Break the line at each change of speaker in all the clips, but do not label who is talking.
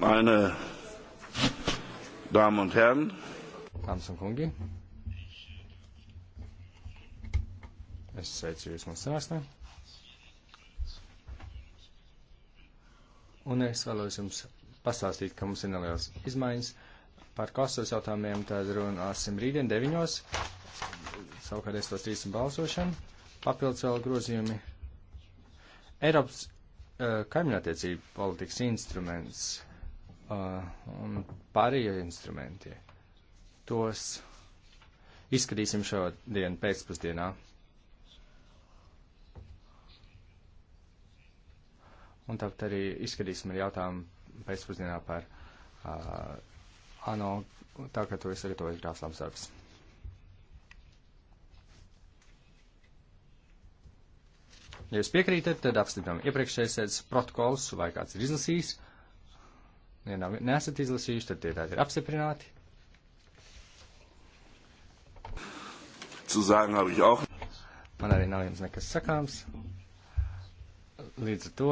Meine Damen und Herren, Dāmas un kungi, es sveicu jūs mūsu sanāksmē. Un es vēlos jums pastāstīt, ka mums ir nelielas izmaiņas par klases jautājumiem, tad runāsim rītdien deviņos, savukārt es tos trīsim balsošanu, papildus vēl grozījumi. Eiropas eh, kaimiņattiecību politikas instruments uh, un pārējie instrumenti. Tos izskatīsim šodien pēcpusdienā. Un tāpat arī izskatīsim ar jautājumu pēcpusdienā par uh, ANO, tā kā to es arī to izgrās labs darbs. Ja jūs piekrītat, tad apstiprinām iepriekšējais protokols vai kāds ir izlasījis ja nav, nesat izlasījuši, tad tie tādi ir apstiprināti. Man arī nav jums nekas sakāms. Līdz ar to.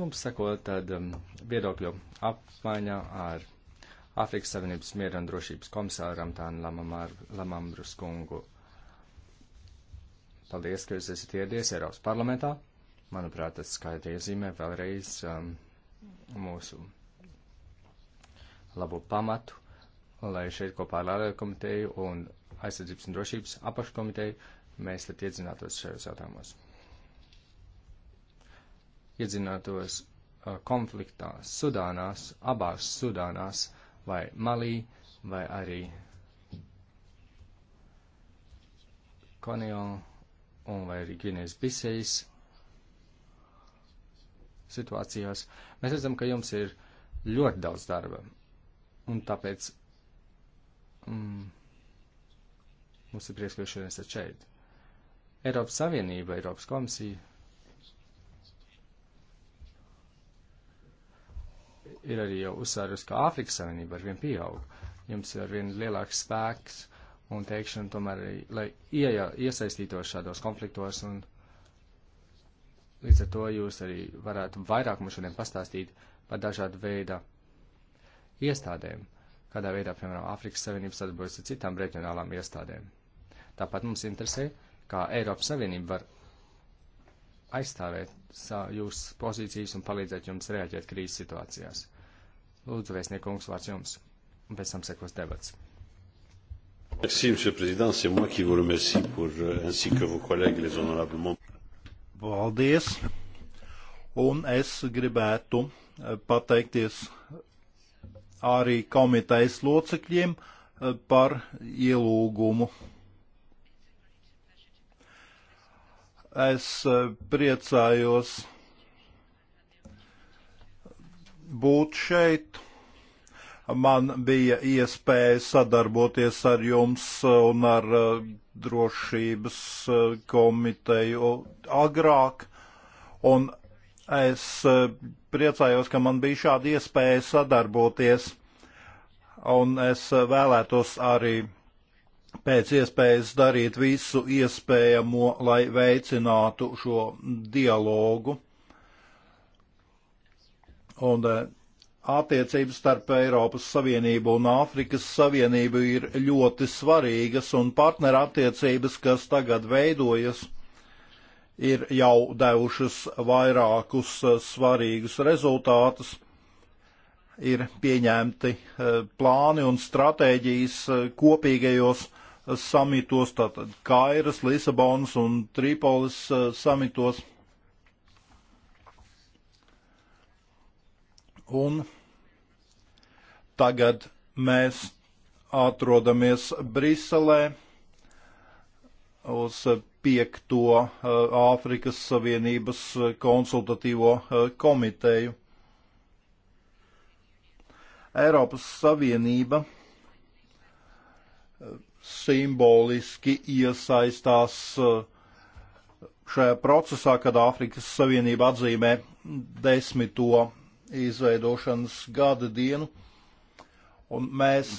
Mums sako tad um, viedokļu apmaiņa ar Āfrikas Savienības miera un drošības komisāram Tānu Lamambrus kungu. Paldies, ka jūs esat ieradies Eiropas parlamentā. Manuprāt, tas skaidri iezīmē vēlreiz um, mūsu labu pamatu, lai šeit kopā ar ārlietu komiteju un aizsardzības un drošības apakškomiteju mēs tad iedzinātos šajos jautājumos. Iedzinātos uh, konfliktā Sudānās, abās Sudānās vai Malī vai arī Konio un vai arī Gvinējas Bisejas situācijās, mēs redzam, ka jums ir ļoti daudz darba. Un tāpēc mm, mums ir prieks, ka jūs šodien esat šeit. Eiropas Savienība, Eiropas komisija ir arī jau uzsvērusi, ka Āfrikas Savienība arvien pieaug. Jums ir arvien lielāks spēks un teikšanu tomēr arī, lai ieja, iesaistītos šādos konfliktos un līdz ar to jūs arī varētu vairāk mums šodien pastāstīt par dažādu veidu iestādēm, kādā veidā, piemēram, Āfrikas Savienība sadarbojas ar citām reģionālām iestādēm. Tāpat mums interesē, kā Eiropas Savienība var aizstāvēt jūsu pozīcijas un palīdzēt jums reaģēt krīzes situācijās. Lūdzu, vēstniekungs, vārds jums, un pēc tam sekos debats.
Merci, Monsieur le Président. C'est moi qui vous remercie pour, euh, ainsi que vos collègues, les honorables membres. Paldies. Un es gribētu uh, pateikties arī komitejas locekļiem uh, par ielūgumu. Es uh, priecājos būt šeit man bija iespēja sadarboties ar jums un ar uh, drošības uh, komiteju agrāk. Un es uh, priecājos, ka man bija šāda iespēja sadarboties. Un es vēlētos arī pēc iespējas darīt visu iespējamo, lai veicinātu šo dialogu. Un attiecības starp Eiropas Savienību un Āfrikas Savienību ir ļoti svarīgas, un partneru attiecības, kas tagad veidojas, ir jau devušas vairākus eh, svarīgus rezultātus. Ir pieņemti eh, plāni un stratēģijas eh, kopīgajos samitos, tātad Kairas, Lisabonas un Tripolis samitos. un Tagad mēs atrodamies Briselē uz piekto eh, Āfrikas Savienības konsultatīvo eh, komiteju. Eiropas Savienība eh, simboliski iesaistās šajā procesā, kad Āfrikas Savienība atzīmē desmito izveidošanas gada dienu. Un mēs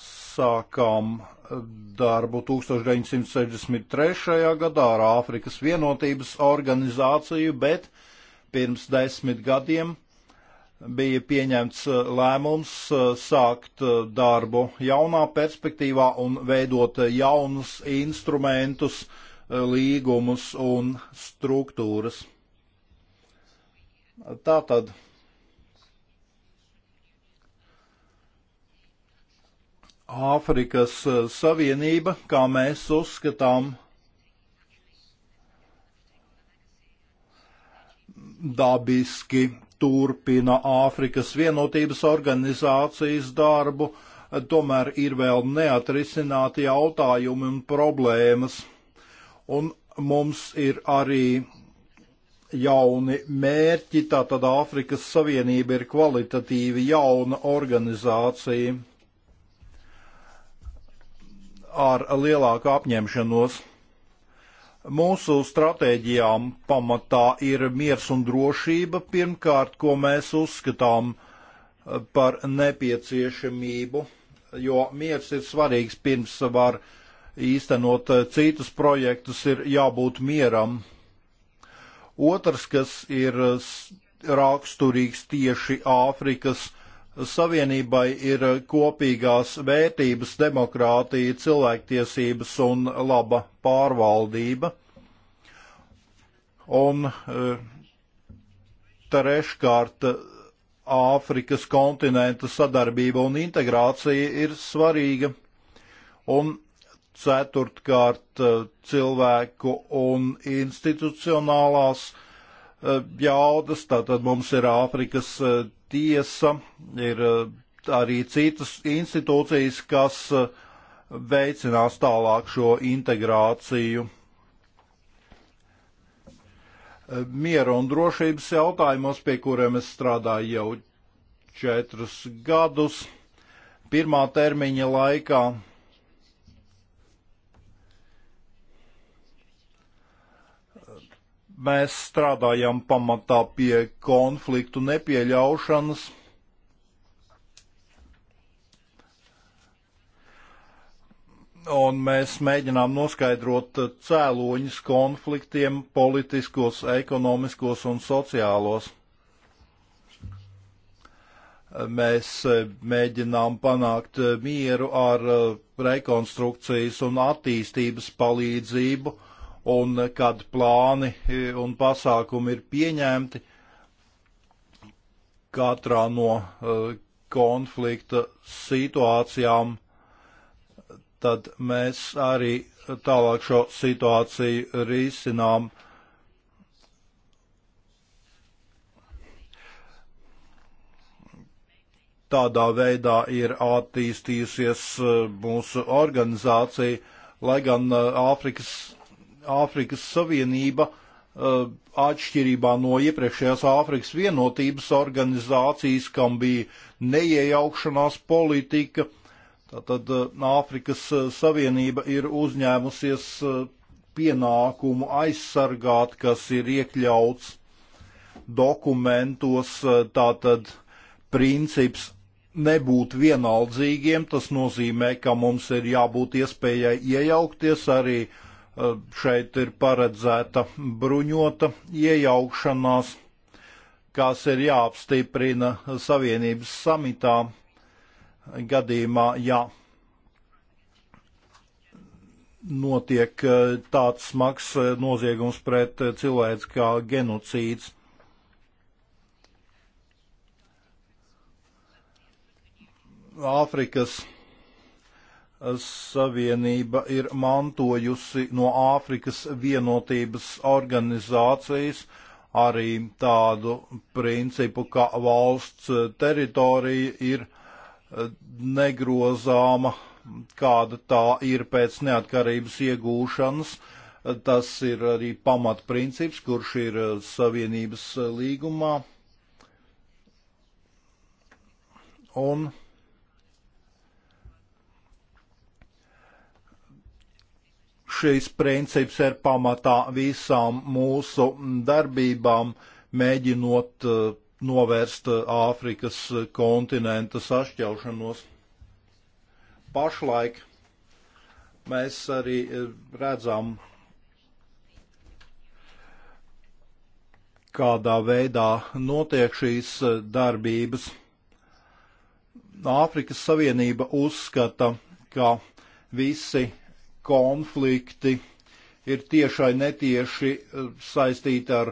sākām darbu 1963. gadā ar Āfrikas vienotības organizāciju, bet pirms desmit gadiem bija pieņemts lēmums sākt darbu jaunā perspektīvā un veidot jaunus instrumentus, līgumus un struktūras. Tātad Āfrikas eh, Savienība, kā mēs uzskatām, dabiski turpina Āfrikas vienotības organizācijas darbu, eh, tomēr ir vēl neatrisināti jautājumi un problēmas. Un mums ir arī jauni mērķi, tātad Āfrikas Savienība ir kvalitatīvi jauna organizācija ar lielāku apņemšanos. Mūsu stratēģijām pamatā ir miers un drošība, pirmkārt, ko mēs uzskatām eh, par nepieciešamību, jo miers ir svarīgs pirms var īstenot eh, citus projektus, ir jābūt mieram. Otrs, kas ir raksturīgs tieši Āfrikas Savienībai ir kopīgās vērtības demokrātija, cilvēktiesības un laba pārvaldība. Un eh, treškārt Āfrikas kontinenta sadarbība un integrācija ir svarīga. Un ceturtkārt cilvēku un institucionālās eh, jaudas, tātad mums ir Āfrikas eh, tiesa, ir eh, arī citas institūcijas, kas eh, veicinās tālāk šo integrāciju. Eh, miera un drošības jautājumos, pie kuriem es strādāju jau četrus gadus, pirmā termiņa laikā mēs strādājam pamatā pie konfliktu nepieļaušanas. Un mēs mēģinām noskaidrot cēloņus konfliktiem politiskos, ekonomiskos un sociālos. Mēs mēģinām panākt mieru ar rekonstrukcijas un attīstības palīdzību un kad plāni e, un pasākumi ir pieņemti katrā no e, konflikta situācijām, tad mēs arī tālāk šo situāciju risinām. Tādā veidā ir attīstījusies e, mūsu organizācija, lai gan Āfrikas Āfrikas Savienība eh, atšķirībā no iepriekšējās Āfrikas vienotības organizācijas, kam bija neiejaukšanās politika, tātad eh, Āfrikas eh, Savienība ir uzņēmusies pienākumu aizsargāt, kas ir iekļauts dokumentos, tātad princips nebūt vienaldzīgiem, tas nozīmē, ka mums ir jābūt iespējai iejaukties arī uh, Šeit ir paredzēta bruņota iejaukšanās, kas ir jāapstiprina Savienības samitā gadījumā, ja notiek e, tāds smags e, noziegums pret e, cilvēks kā genocīds. Āfrikas Savienība ir mantojusi no Āfrikas vienotības organizācijas arī tādu principu, ka valsts teritorija ir eh, negrozāma, kāda tā ir pēc neatkarības iegūšanas. Tas ir arī pamatprincips, kurš ir eh, Savienības eh, līgumā. Un šis princips ir pamatā visām mūsu darbībām, mēģinot eh, novērst eh, Āfrikas kontinenta sašķelšanos. Pašlaik mēs arī eh, redzam, kādā veidā notiek šīs darbības. Āfrikas Savienība uzskata, ka visi konflikti ir tiešai netieši eh, saistīti ar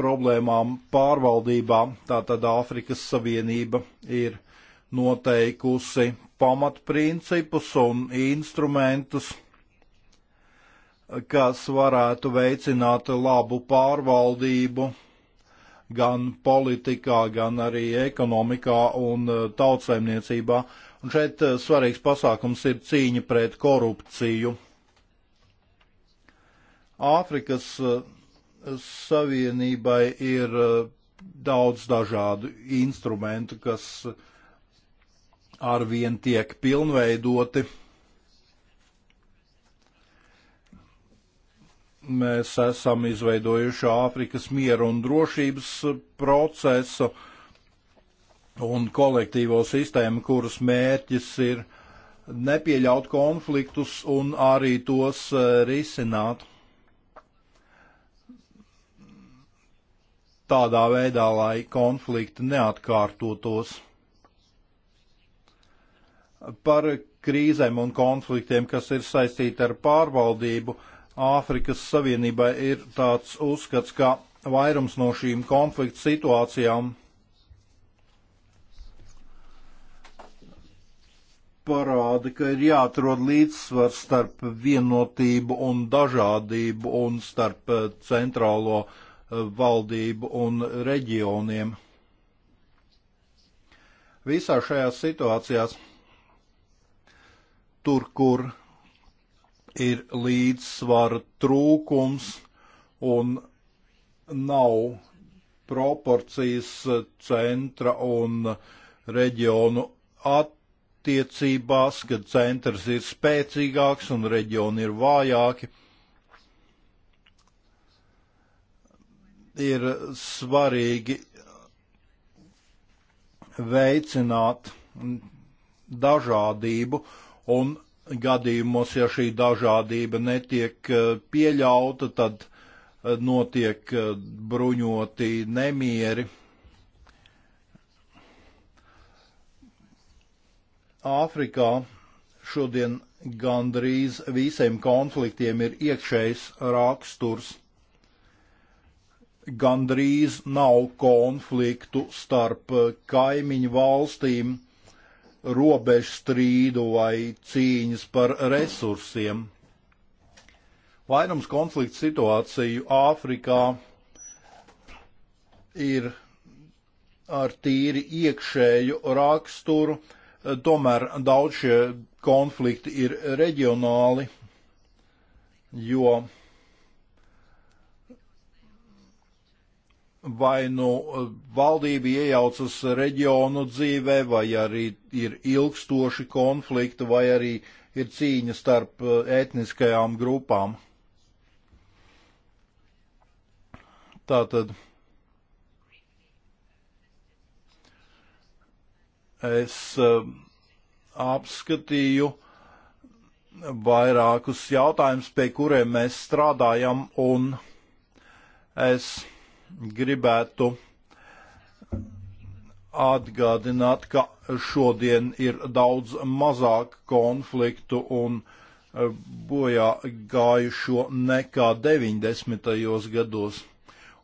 problēmām pārvaldībā. Tātad Āfrikas Savienība ir noteikusi pamatprincipus un instrumentus, kas varētu veicināt labu pārvaldību gan politikā, gan arī ekonomikā un eh, tautsēmniecībā. Un šeit eh, svarīgs pasākums ir cīņa pret korupciju. Āfrikas eh, Savienībai ir eh, daudz dažādu instrumentu, kas arvien tiek pilnveidoti. Mēs esam izveidojuši Āfrikas mieru un drošības procesu, uh, un kolektīvo sistēmu, kuras mērķis ir nepieļaut konfliktus un arī tos e, risināt. Tādā veidā, lai konflikti neatkārtotos. Par krīzēm un konfliktiem, kas ir saistīti ar pārvaldību, Āfrikas Savienībai ir tāds uzskats, ka vairums no šīm konflikta situācijām parāda, ka ir jāatrod līdzsvars starp vienotību un dažādību un starp eh, centrālo eh, valdību un reģioniem. Visā šajās situācijās, tur, kur ir līdzsvara trūkums un nav proporcijas eh, centra un reģionu at attiecībās, kad centrs ir spēcīgāks un reģioni ir vājāki. Ir svarīgi veicināt dažādību un gadījumos, ja šī dažādība netiek eh, pieļauta, tad eh, notiek eh, bruņoti nemieri Āfrikā šodien gandrīz visiem konfliktiem ir iekšējs raksturs. Gandrīz nav konfliktu starp kaimiņu valstīm, robežstrīdu vai cīņas par resursiem. Vairums konfliktu situāciju Āfrikā ir ar tīri iekšēju raksturu, tomēr daudz šie konflikti ir reģionāli, jo vai nu valdība iejaucas reģionu dzīvē, vai arī ir ilgstoši konflikti, vai arī ir cīņa starp eh, etniskajām grupām. Tātad es eh, apskatīju vairākus jautājumus, pie kuriem mēs strādājam, un es gribētu atgādināt, ka šodien ir daudz mazāk konfliktu un eh, bojā gājušo nekā 90. gados.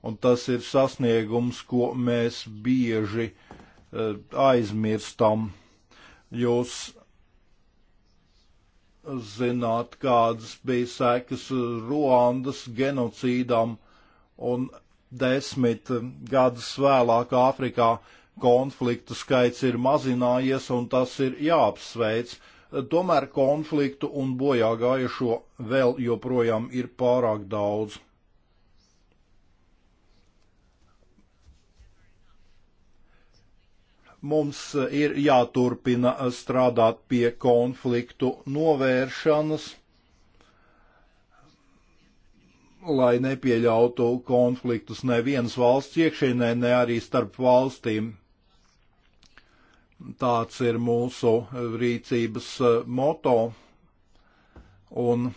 Un tas ir sasniegums, ko mēs bieži Eh, aizmirstam. Jūs zināt, kādas bija sekas Ruandas genocīdam un desmit gadus vēlāk Āfrikā konfliktu skaits ir mazinājies un tas ir jāapsveic. Tomēr konfliktu un bojā gājušo vēl joprojām ir pārāk daudz. Mums eh, ir jāturpina eh, strādāt pie konfliktu novēršanas, lai nepieļautu konfliktus nevienas valsts iekšienē, ne arī starp valstīm. Tāds ir mūsu eh, rīcības moto. Un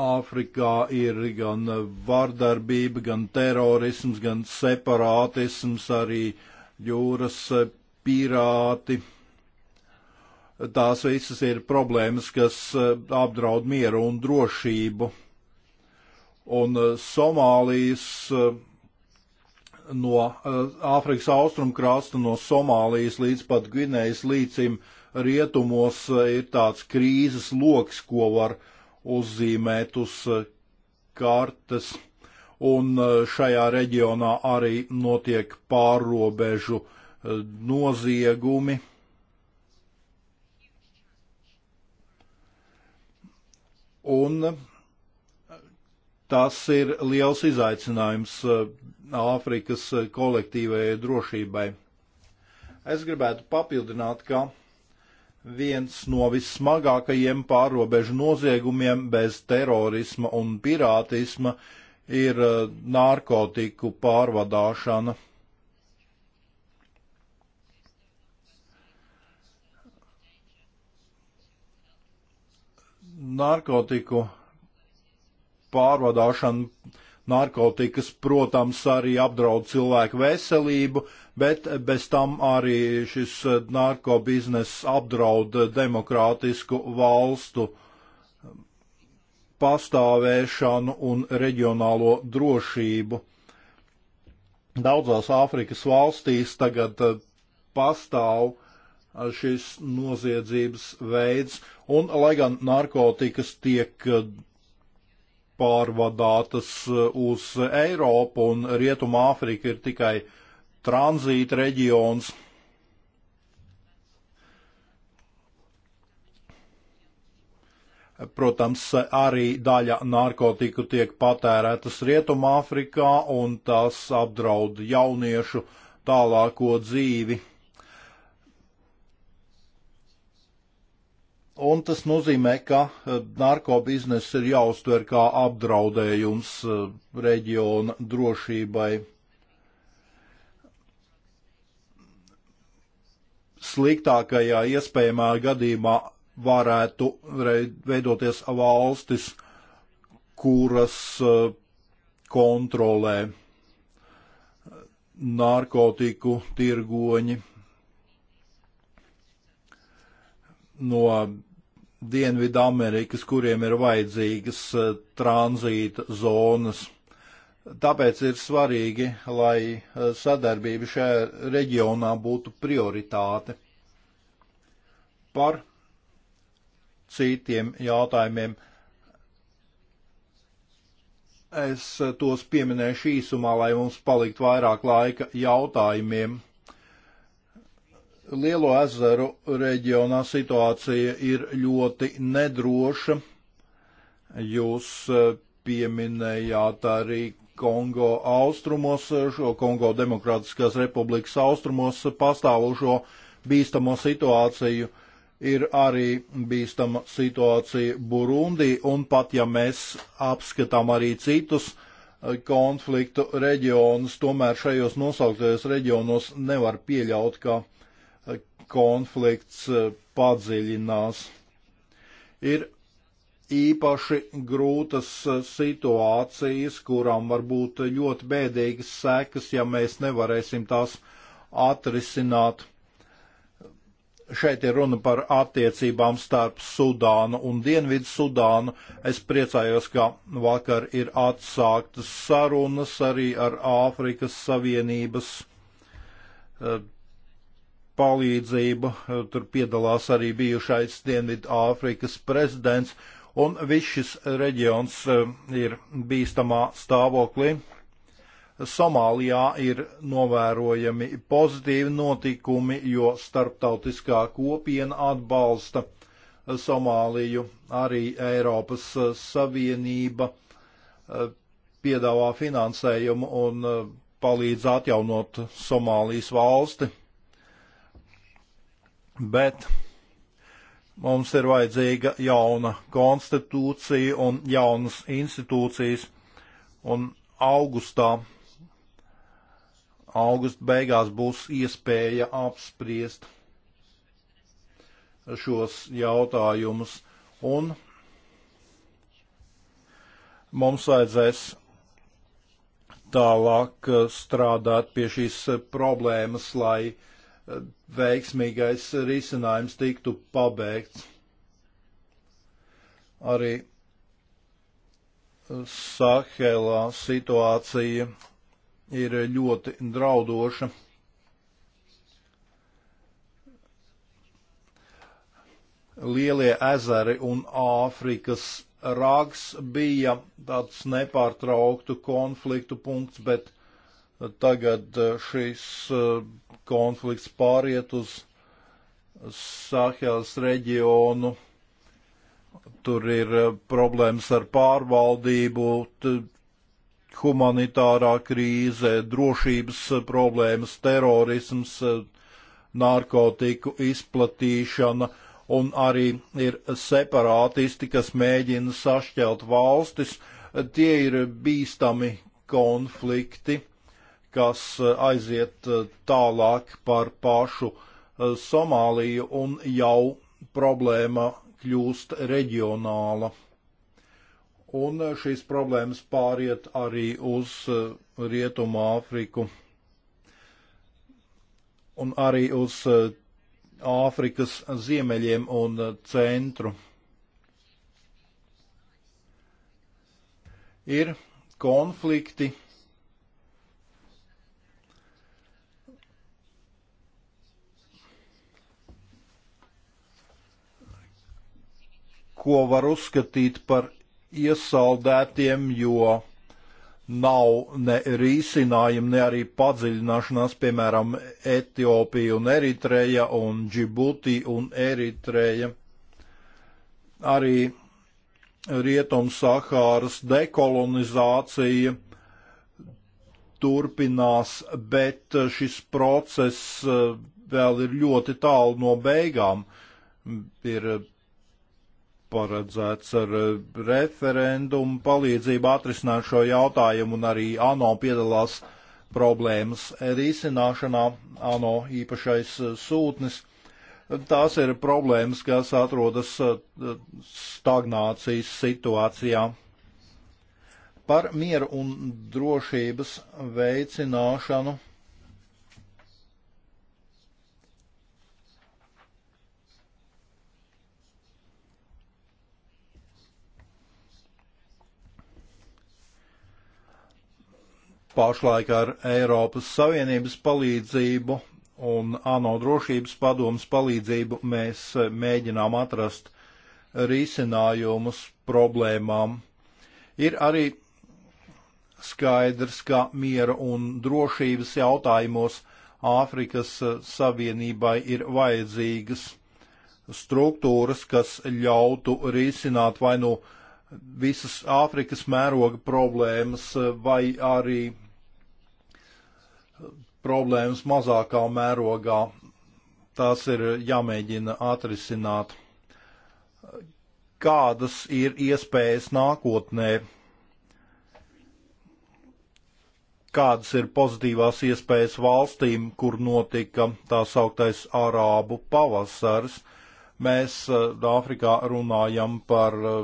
Āfrikā ir gan vardarbība, gan terorisms, gan separātisms, arī jūras pirāti. Tās visas ir problēmas, kas e, apdraud mieru un drošību. Un e, Somālijas e, no Āfrikas austrumkrasta, no Somālijas līdz pat Gvinējas līcim rietumos ir tāds krīzes loks, ko var uh, uzzīmēt uz eh, kartes, un eh, šajā reģionā arī notiek pārrobežu eh, noziegumi. Un tas ir liels izaicinājums Āfrikas kolektīvajai drošībai. Es gribētu papildināt, ka viens no vissmagākajiem pārobežu noziegumiem bez terorisma un pirātisma ir eh, narkotiku pārvadāšana. Narkotiku pārvadāšana narkotikas, protams, arī apdraud cilvēku veselību, bet bez tam arī šis eh, narkobiznes apdraud demokrātisku valstu ehm, pastāvēšanu un reģionālo drošību. Daudzās Āfrikas valstīs tagad eh, pastāv eh, šis noziedzības veids, un lai gan narkotikas tiek pārvadātas eh, uz Eiropu, un Rietuma Āfrika ir tikai tranzīta reģions. Protams, arī daļa narkotiku tiek patērētas Rietumāfrikā, un tas apdraud jauniešu tālāko dzīvi. Un tas nozīmē, ka eh, narkobiznes ir jāuztver kā apdraudējums eh, reģiona drošībai. Sliktākajā iespējamā gadījumā varētu veidoties valstis, kuras eh, kontrolē narkotiku tirgoņi no Dienvidu Amerikas, kuriem ir vajadzīgas eh, tranzīta zonas. Tāpēc ir svarīgi, lai eh, sadarbība šajā reģionā būtu prioritāte. Par citiem jautājumiem es eh, tos pieminēšu īsumā, lai mums palikt vairāk laika jautājumiem. Lielo ezeru reģionā situācija ir ļoti nedroša. Jūs eh, pieminējāt arī Kongo austrumos, šo Kongo Demokrātiskās republikas austrumos pastāvošo bīstamo situāciju. Ir arī bīstama situācija Burundī, un pat ja mēs apskatām arī citus eh, konfliktu reģionus, tomēr šajos nosauktajos reģionos nevar pieļaut, ka konflikts eh, padziļinās. Ir īpaši grūtas eh, situācijas, kurām var būt ļoti bēdīgas sekas, ja mēs nevarēsim tās atrisināt. Šeit ir runa par attiecībām starp Sudānu un Dienvidu Sudānu. Es priecājos, ka vakar ir atsāktas sarunas arī ar Āfrikas Savienības eh, palīdzību. Eh, tur piedalās arī bijušais Dienvidu Āfrikas prezidents, un viss šis reģions eh, ir bīstamā stāvoklī. Somālijā ir novērojami pozitīvi notikumi, jo starptautiskā kopiena atbalsta Somāliju, arī Eiropas eh, Savienība piedāvā finansējumu un palīdz atjaunot Somālijas valsti bet mums ir vajadzīga jauna konstitūcija un jaunas institūcijas, un augustā, augusta beigās būs iespēja apspriest šos jautājumus, un mums vajadzēs tālāk eh, strādāt pie šīs eh, problēmas, lai uh, veiksmīgais risinājums tiktu pabeigts. Arī Sahelā situācija ir ļoti draudoša. Lielie ezeri un Āfrikas rags bija tāds nepārtrauktu konfliktu punkts, bet tagad eh, šis eh, konflikts pāriet uz Sahels reģionu. Tur ir eh, problēmas ar pārvaldību, humanitārā krīze, drošības problēmas, terorisms, narkotiku izplatīšana un arī ir separātisti, kas mēģina sašķelt valstis. Tie ir bīstami konflikti kas eh, aiziet eh, tālāk par pašu eh, Somāliju un jau problēma kļūst reģionāla. Un šīs problēmas pāriet arī uz Rietumu Āfriku un arī uz Āfrikas ziemeļiem un centru. Ir konflikti ko var uzskatīt par iesaldētiem, jo nav ne risinājumi, ne arī padziļināšanās, piemēram, Etiopija un Eritreja un Džibuti un Eritreja. Arī Rietum-Sahāras dekolonizācija turpinās, bet šis process eh, vēl ir ļoti tālu no beigām. Ir paredzēts ar eh, referendumu palīdzību atrisināt šo jautājumu, un arī ANO piedalās problēmas risināšanā, ANO īpašais eh, sūtnis. Tās ir problēmas, kas atrodas eh, stagnācijas situācijā. Par mieru un drošības veicināšanu pašlaik ar Eiropas Savienības palīdzību un ANO drošības padomas palīdzību mēs e, mēģinām atrast risinājumus problēmām. Ir arī skaidrs, ka miera un drošības jautājumos Āfrikas e, Savienībai ir vajadzīgas struktūras, kas ļautu risināt vai nu visas Āfrikas mēroga problēmas, e, vai arī problēmas mazākā mērogā. Tās ir jāmēģina atrisināt. Kādas ir iespējas nākotnē? Kādas ir pozitīvās iespējas valstīm, kur notika tā sauktais arābu pavasars? Mēs eh, Āfrikā runājam par eh,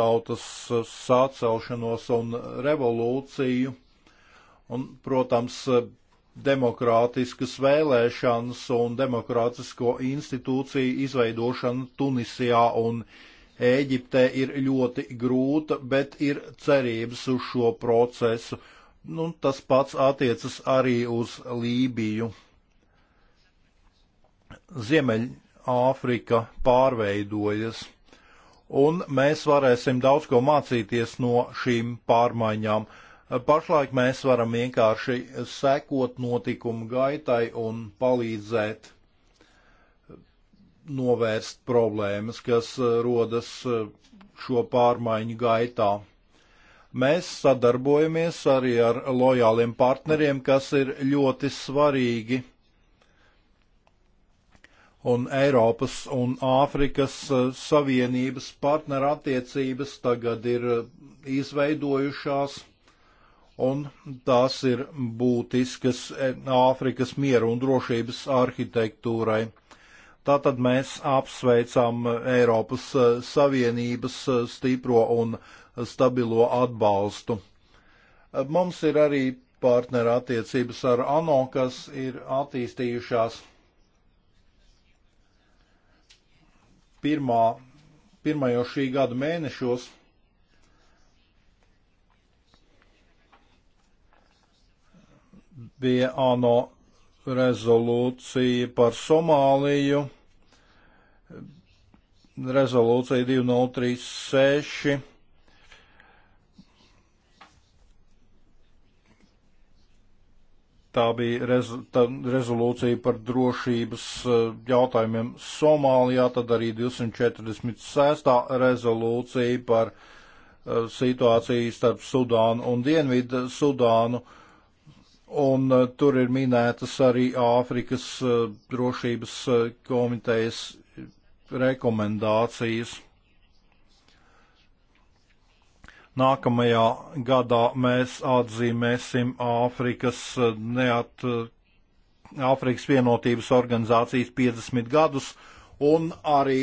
tautas eh, sacelšanos un revolūciju. Un, protams, demokrātiskas vēlēšanas un demokrātisko institūciju izveidošana Tunisijā un Ēģiptē ir ļoti grūta, bet ir cerības uz šo procesu. Nu, tas pats attiecas arī uz Lībiju. Ziemeļāfrika pārveidojas, un mēs varēsim daudz ko mācīties no šīm pārmaiņām. Uh, Pašlaik mēs varam vienkārši sekot notikumu gaitai un palīdzēt novērst problēmas, kas eh, rodas eh, šo pārmaiņu gaitā. Mēs sadarbojamies arī ar lojāliem partneriem, kas ir ļoti svarīgi. Un Eiropas un Āfrikas eh, Savienības partnerattiecības tagad ir izveidojušās un tās ir būtiskas e, Āfrikas mieru un drošības arhitektūrai. Tātad mēs apsveicam Eiropas e, Savienības e, stipro un stabilo atbalstu. Mums ir arī partnera attiecības ar ANO, kas ir attīstījušās. Pirmā, pirmajos šī gada mēnešos bija ANO rezolūcija par Somāliju, rezolūcija 2036. Tā bija rez, tā rezolūcija par drošības e, jautājumiem Somālijā, tad arī 246. rezolūcija par e, situāciju starp Sudānu un Dienvidu Sudānu. Uh, Un uh, tur ir minētas arī Āfrikas uh, drošības uh, komitejas rekomendācijas. Nākamajā gadā mēs atzīmēsim Āfrikas, neat, Āfrikas vienotības organizācijas 50 gadus un arī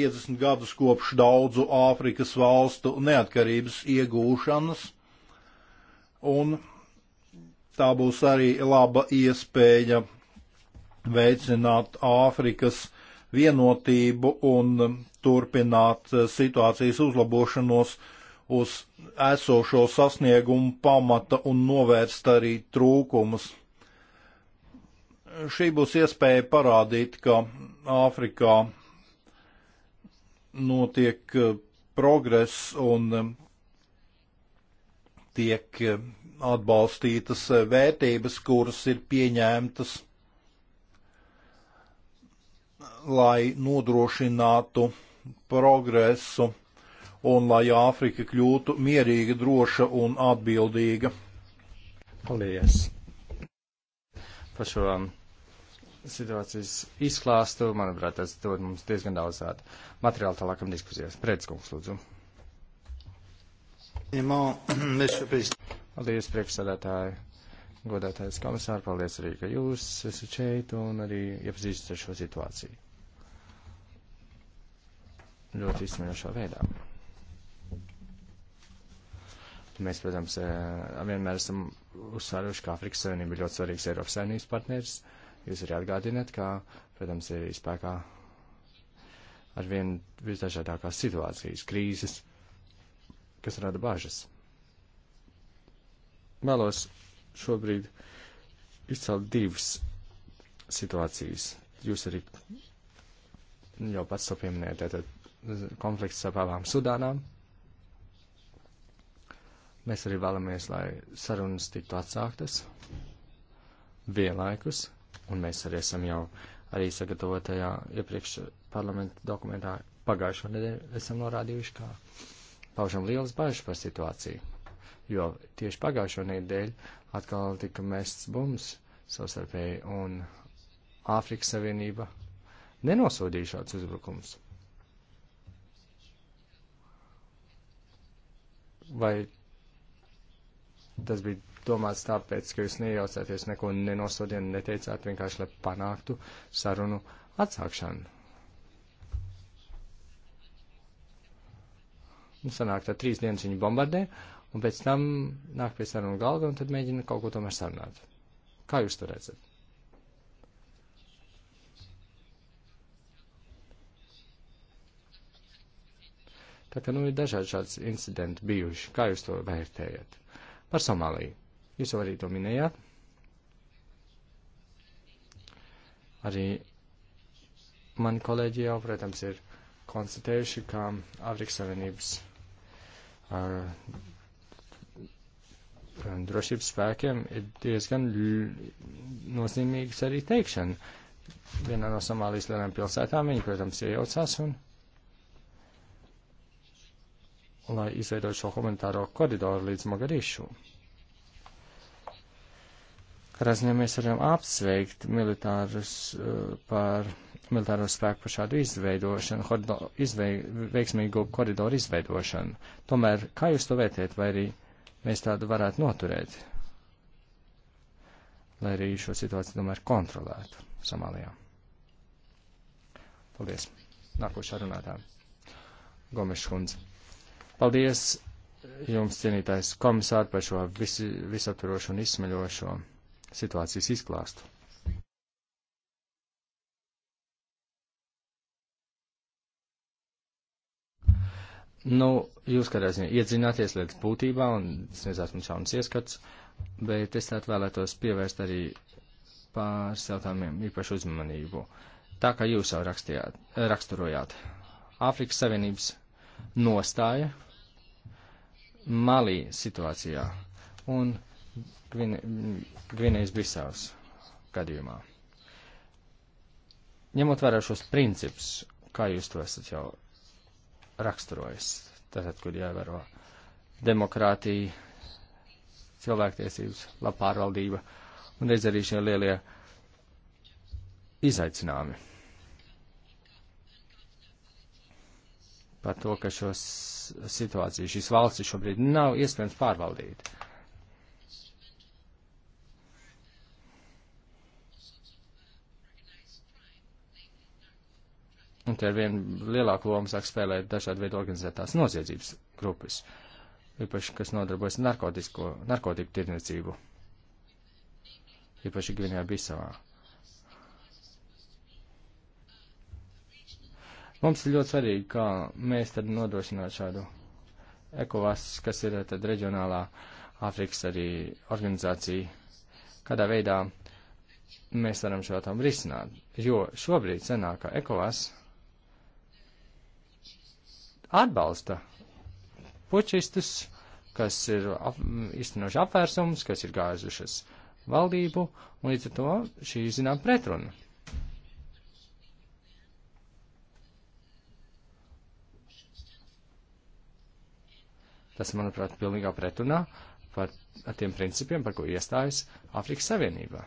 50 gadus kopš daudzu Āfrikas valstu neatkarības iegūšanas. Un tā būs arī laba iespēja veicināt Āfrikas vienotību un turpināt situācijas uzlabošanos uz esošo sasniegumu pamata un novērst arī trūkumus. Šī būs iespēja parādīt, ka Āfrikā notiek eh, progress un eh, tiek eh, atbalstītas eh, vērtības, kuras ir pieņemtas, lai nodrošinātu progresu un lai Āfrika kļūtu
mierīga, droša un atbildīga. Paldies par šo um, situācijas izklāstu. Manuprāt, tas dod mums diezgan daudz tādu uh, materiālu tālākam diskusijās. Prēdz kungs, lūdzu. Paldies, priekšsādātāji, godātais komisāri, paldies arī, ka jūs esat šeit un arī iepazīstat ar šo situāciju. Ļoti izsmeļošā veidā. Mēs, protams, eh, vienmēr esam uzsvēruši, ka Afrikas Savienība ir ļoti svarīgs Eiropas Savienības partners. Jūs arī atgādināt, ka, protams, ir spēkā ar vien visdažādākās situācijas, krīzes, kas rada bažas vēlos šobrīd izcelt divas situācijas. Jūs arī jau pats to pieminējāt, tātad konflikts ar abām Sudānām. Mēs arī vēlamies, lai sarunas tiktu atsāktas vienlaikus, un mēs arī esam jau arī sagatavotajā iepriekš parlamenta dokumentā pagājušo nedēļu esam norādījuši, kā paužam lielas bažas par situāciju jo tieši pagājušo nedēļu atkal tika mests bumbas savstarpēji un Āfrikas Savienība nenosodīja šāds uzbrukums. Vai tas bija domāts tāpēc, ka jūs neiejaucāties neko nenosodiet, neteicāt vienkārši, lai panāktu sarunu atsākšanu? Un nu, sanāk, tad trīs dienas viņi bombardē, un pēc tam nāk pie sarunu galda un tad mēģina kaut ko tomēr sarunāt. Kā jūs to redzat? Tā kā nu ir dažādi šāds incidenti bijuši. Kā jūs to vērtējat? Par Somāliju. Jūs jau arī to minējāt. Arī mani kolēģi jau, protams, ir konstatējuši, ka Afrikas Savienības uh, un drošības spēkiem ir diezgan nozīmīgs arī teikšana. Vienā no Somālijas lielajām pilsētām viņi, protams, iejaucās un, lai izveidot šo humanitāro koridoru līdz Mogadīšu. Katrā ziņā mēs varam apsveikt militārus eh, par militāro spēku par šādu izveidošanu, horido, izvei, veiksmīgu koridoru izveidošanu. Tomēr, kā jūs to vērtējat, vai arī mēs tādu varētu noturēt, lai arī šo situāciju tomēr kontrolētu Somālijā. Paldies. Nākošā runātā. Gomeša kundze. Paldies jums, cienītais komisāri, par šo visi, visaptvarošo un izsmeļošo situācijas izklāstu. Nu, jūs kādā ziņā iedzināties lietas būtībā, un es nezinu, man šauns ieskats, bet es tātad vēlētos pievērst arī pāris jautājumiem īpašu uzmanību. Tā kā jūs jau rakstījāt, raksturojāt, Āfrikas Savienības nostāja Malī situācijā un Gvinējas Bisavas gadījumā. Ņemot vērā šos principus, kā jūs to esat jau raksturojas. Tātad, kur jāievēro demokrātija, cilvēktiesības, labpārvaldība un reiz arī šie lielie izaicinājumi. Par to, ka šos situāciju šīs valstis šobrīd nav iespējams pārvaldīt. Un te ar vien lielāku lomu sāk spēlēt dažādi veidi organizētās noziedzības grupas, īpaši, kas nodarbojas narkotisko, narkotiku tirniecību, īpaši Gvinējā Bisavā. Mums ir ļoti svarīgi, kā mēs tad nodrošināt šādu ECOVAS, kas ir tad reģionālā Āfrikas arī organizācija, kādā veidā mēs varam šo tam risināt. Jo šobrīd senākā ECOVAS atbalsta pučistus, kas ir ap, iztenoši apvērsums, kas ir gājušas valdību, un līdz ar to šī zinām pretruna. Tas, manuprāt, pilnīgā pretrunā par tiem principiem, par ko iestājas Afrikas Savienībā.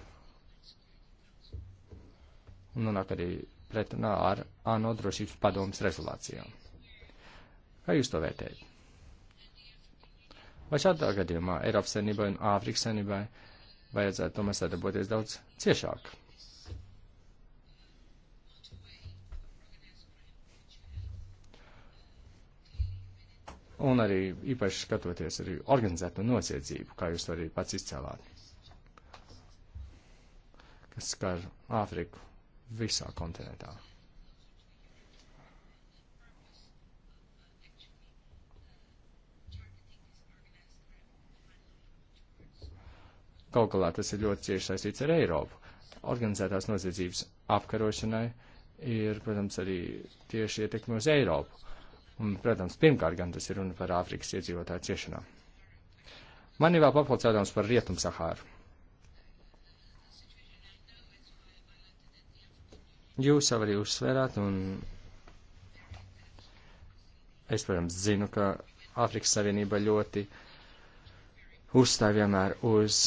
Un nonāk arī pretrunā ar ANO drošības padomas rezolācijām. Kā jūs to vērtējat? Vai šādā gadījumā Eiropas senībai un Āfrikas senībai vajadzētu tomēr sadarboties daudz ciešāk? Un arī īpaši skatoties arī organizēto nociedzību, kā jūs to arī pats izcēlāt, kas skar Āfriku visā kontinentā. Kaut galā tas ir ļoti cieši saistīts ar Eiropu. Organizētās noziedzības apkarošanai ir, protams, arī tieši ietekmi uz Eiropu. Un, protams, pirmkārt gan tas ir runa par Āfrikas iedzīvotāju ciešanām. Man ir vēl papildus jautājums par Rietumu Sahāru. Jūs jau arī uzsverāt, un es, protams, zinu, ka Āfrikas Savienība ļoti uzstāv vienmēr uz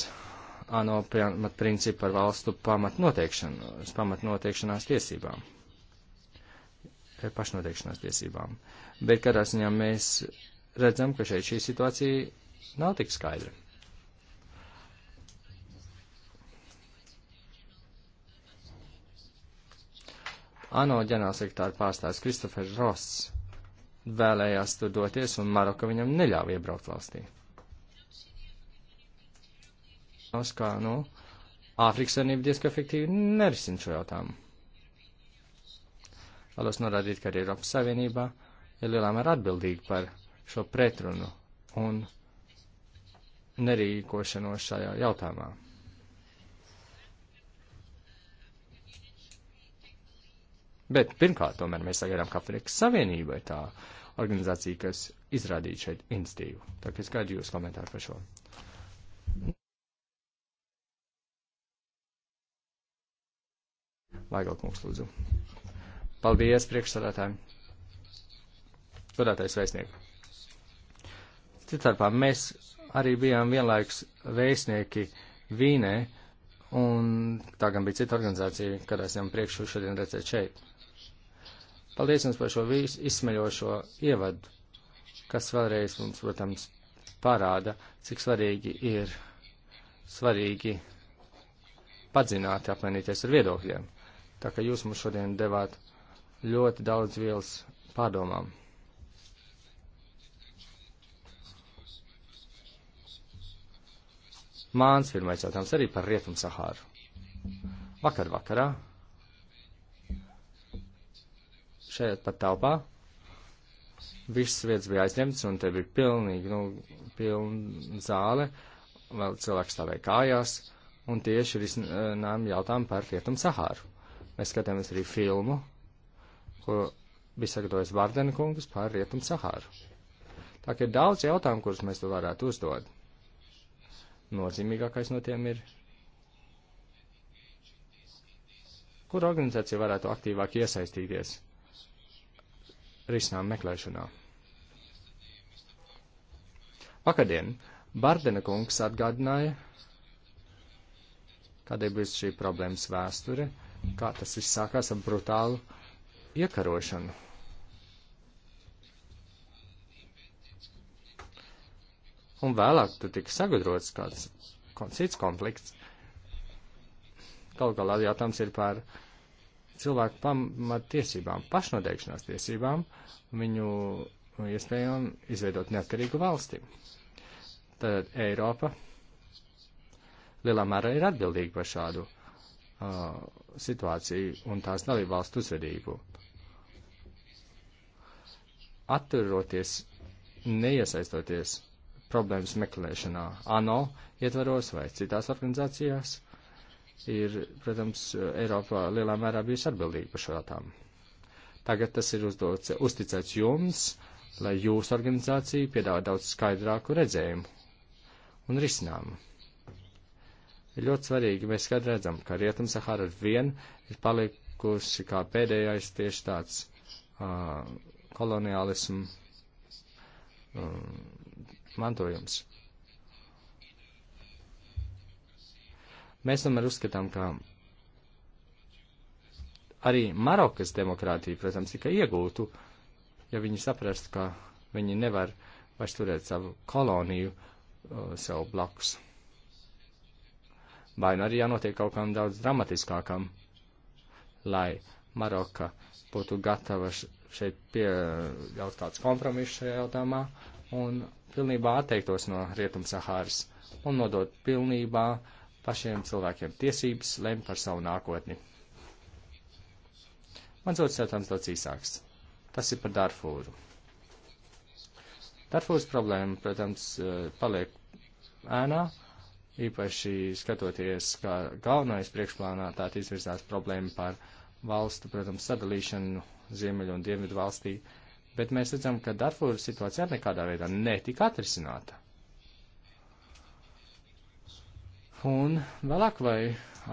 ANO pamatprincipu par valstu pamatnoteikšanos, pamatnoteikšanās tiesībām, eh, pašnoteikšanās tiesībām. Bet kādā ziņā mēs redzam, ka šeit šī situācija nav tik skaidra. ANO ģenerālsekretāra pārstāvis Kristofers Ross vēlējās tur doties, un Maroka viņam neļāva iebraukt valstī. Tas, kā, nu, Āfrikas Savienība diezgan efektīvi nerisina šo jautājumu. Vēlos norādīt, ka arī Eiropas Savienībā ir lielā mērā atbildīga par šo pretrunu un nerīkošanos šajā jautājumā. Bet pirmkārt, tomēr mēs sagaidām, ka Afrikas Savienība ir tā organizācija, kas izrādīja šeit instīvu. Tā kā es gaidu jūs komentāru par šo. Laigalkungs, lūdzu. Paldies, priekšsādātāji. Godātais vēstnieks. Citāpā mēs arī bijām vienlaiks vēstnieki Vīnē, un tā gan bija cita organizācija, kad esam priekšu šodien redzēt šeit. Paldies jums par šo visu izsmeļošo ievadu, kas vēlreiz mums, protams, parāda, cik svarīgi ir svarīgi padzināt, apmainīties ar viedokļiem tā ka jūs mums šodien devāt ļoti daudz vielas pārdomām. Mans pirmais jautājums arī par Rietumu Sahāru. Vakar vakarā šeit pat telpā viss vietas bija aizņemts un te bija pilnīgi, nu, pilna zāle, vēl cilvēks stāvēja kājās un tieši risinām jautājumu par Rietumu Sahāru. Mēs skatāmies arī filmu, ko bija sagatavojis Vardena kungs par Rietumu Sahāru. Tā kā ir daudz jautājumu, kurus mēs tu varētu uzdot. Nozīmīgākais no tiem ir, kur organizācija varētu aktīvāk iesaistīties risinām meklēšanā. Vakardien Bardena kungs atgādināja, kāda ir bijusi šī problēmas vēsture, kā tas viss sākās ar brutālu iekarošanu. Un vēlāk tad tika sagudrots kāds cits konflikts. Galu galā jautājums ir par cilvēku pamatiesībām, pašnoteikšanās tiesībām, viņu iespējām izveidot neatkarīgu valsti. Tad Eiropa lielā mērā ir atbildīga par šādu uh, situāciju un tās dalību valstu uzvedību. Atturoties, neiesaistoties problēmas meklēšanā, ANO ietvaros vai citās organizācijās, ir, protams, Eiropa lielā mērā bijusi atbildīga par šo jautājumu. Tagad tas ir uzdots, uzticēts jums, lai jūsu organizācija piedāvā daudz skaidrāku redzējumu un risinājumu ir ļoti svarīgi. Mēs kad redzam, ka Rietum Sahara ar vien ir palikusi kā pēdējais tieši tāds uh, koloniālismu uh, mantojums. Mēs tomēr uzskatām, ka arī Marokas demokrātija, protams, tika iegūtu, ja viņi saprastu, ka viņi nevar vairs turēt savu koloniju uh, sev blakus vai nu arī jānotiek kaut kam daudz dramatiskākam, lai Maroka būtu gatava šeit pieļaut kāds kompromiss šajā jautājumā un pilnībā atteiktos no Rietum Sahāras un nodot pilnībā pašiem cilvēkiem tiesības lemt par savu nākotni. Mans otrs jautājums daudz īsāks. Tas ir par Darfūru. Darfūras problēma, protams, eh, paliek ēnā, īpaši skatoties, kā galvenais priekšplānā tā izvirzās problēma par valstu, protams, sadalīšanu ziemeļu un dienvidu valstī, bet mēs redzam, ka Darfūras situācija nekādā veidā netika atrisināta. Un vēlāk vai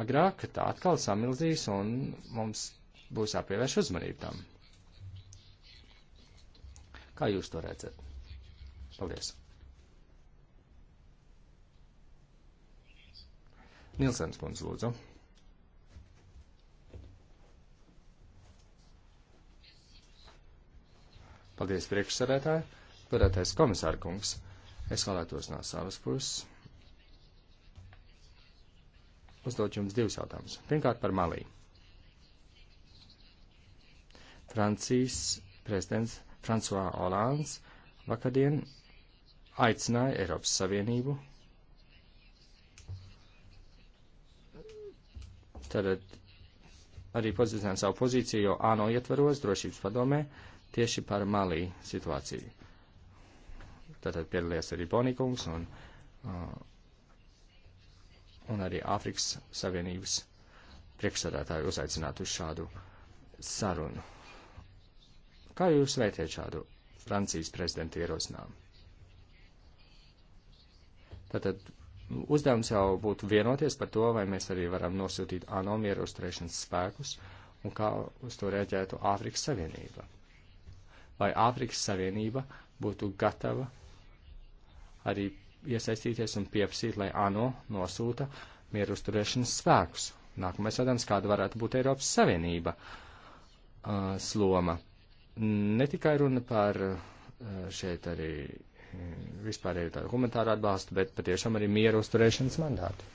agrāk tā atkal samilzīs un mums būs jāpievērš uzmanību tam. Kā jūs to redzat? Paldies! Nilsens kundze, lūdzu. Paldies, priekšsarētāji, parētais komisāra kungs. Es vēlētos no savas puses uzdot jums divus jautājumus. Pirmkārt par Malī. Francijas prezidents François Hollands vakardien aicināja Eiropas Savienību Tātad arī pozicionējam savu pozīciju, jo ANO ietvaros drošības padomē tieši par Malī situāciju. Tātad piedalījās arī Bonīkums un, uh, un arī Āfrikas Savienības priekšsādātāju uzaicināt uz šādu sarunu. Kā jūs vērtējat šādu Francijas prezidenta ierosinājumu? Tātad uzdevums jau būtu vienoties par to, vai mēs arī varam nosūtīt ANO mieru uzturēšanas spēkus un kā uz to rēģētu Āfrikas Savienība. Vai Āfrikas Savienība būtu gatava arī iesaistīties un pieprasīt, lai ANO nosūta mieru uzturēšanas spēkus. Nākamais jautājums, kāda varētu būt Eiropas Savienība uh, sloma? Ne tikai runa par uh, šeit arī vispārēju tādu humanitāru atbalstu, bet patiešām arī mieru uzturēšanas mandātu.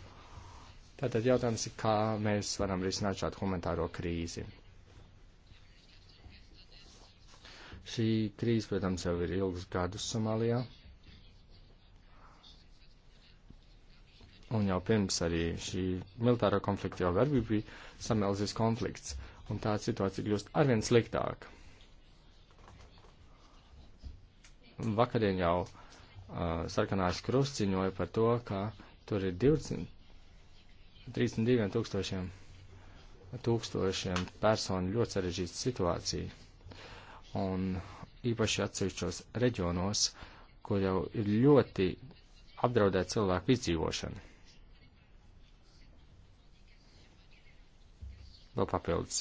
Tātad jautājums ir, kā mēs varam risināt šādu humanitāro krīzi. Šī krīze, protams, jau ir ilgus gadus Somālijā. Un jau pirms arī šī militāra konflikta jau darbība bija samilzis konflikts, un tā situācija kļūst arvien sliktāka. Vakarien jau uh, sarkanās krusts ziņoja par to, ka tur ir 20, 32 tūkstošiem, tūkstošiem personu ļoti sarežģīta situācija. Un īpaši atsevišķos reģionos, kur jau ir ļoti apdraudēta cilvēku izdzīvošana. Vēl papildus.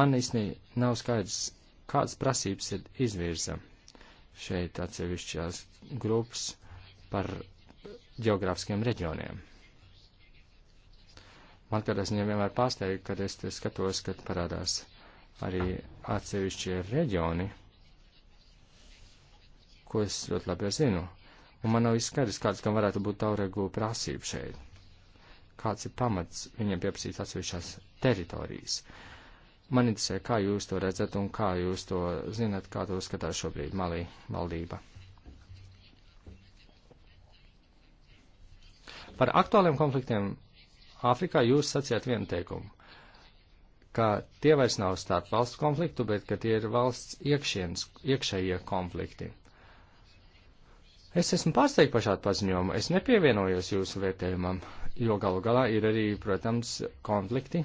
Man īstenībā nav skaidrs, kādas prasības ir izvirza šeit atsevišķās grupas par geogrāfiskiem reģioniem. Man kādā ziņā vienmēr pārsteig, kad es te skatos, kad parādās arī atsevišķie reģioni, ko es ļoti labi jau zinu. Un man nav izskaidrs, kāds gan varētu būt tauregu prasība šeit. Kāds ir pamats viņiem pieprasīt atsevišķās teritorijas. Uh, Man interesē, kā jūs to redzat un kā jūs to zinat, kā to skatās šobrīd Malī valdība. Par aktuāliem konfliktiem Āfrikā jūs sacījāt vienu teikumu, ka tie vairs nav starp valstu konfliktu, bet ka tie ir valsts iekšienas, iekšējie konflikti. Es esmu pārsteigts par šādu paziņojumu. Es nepievienojos jūsu vērtējumam, jo galu galā ir arī, protams, konflikti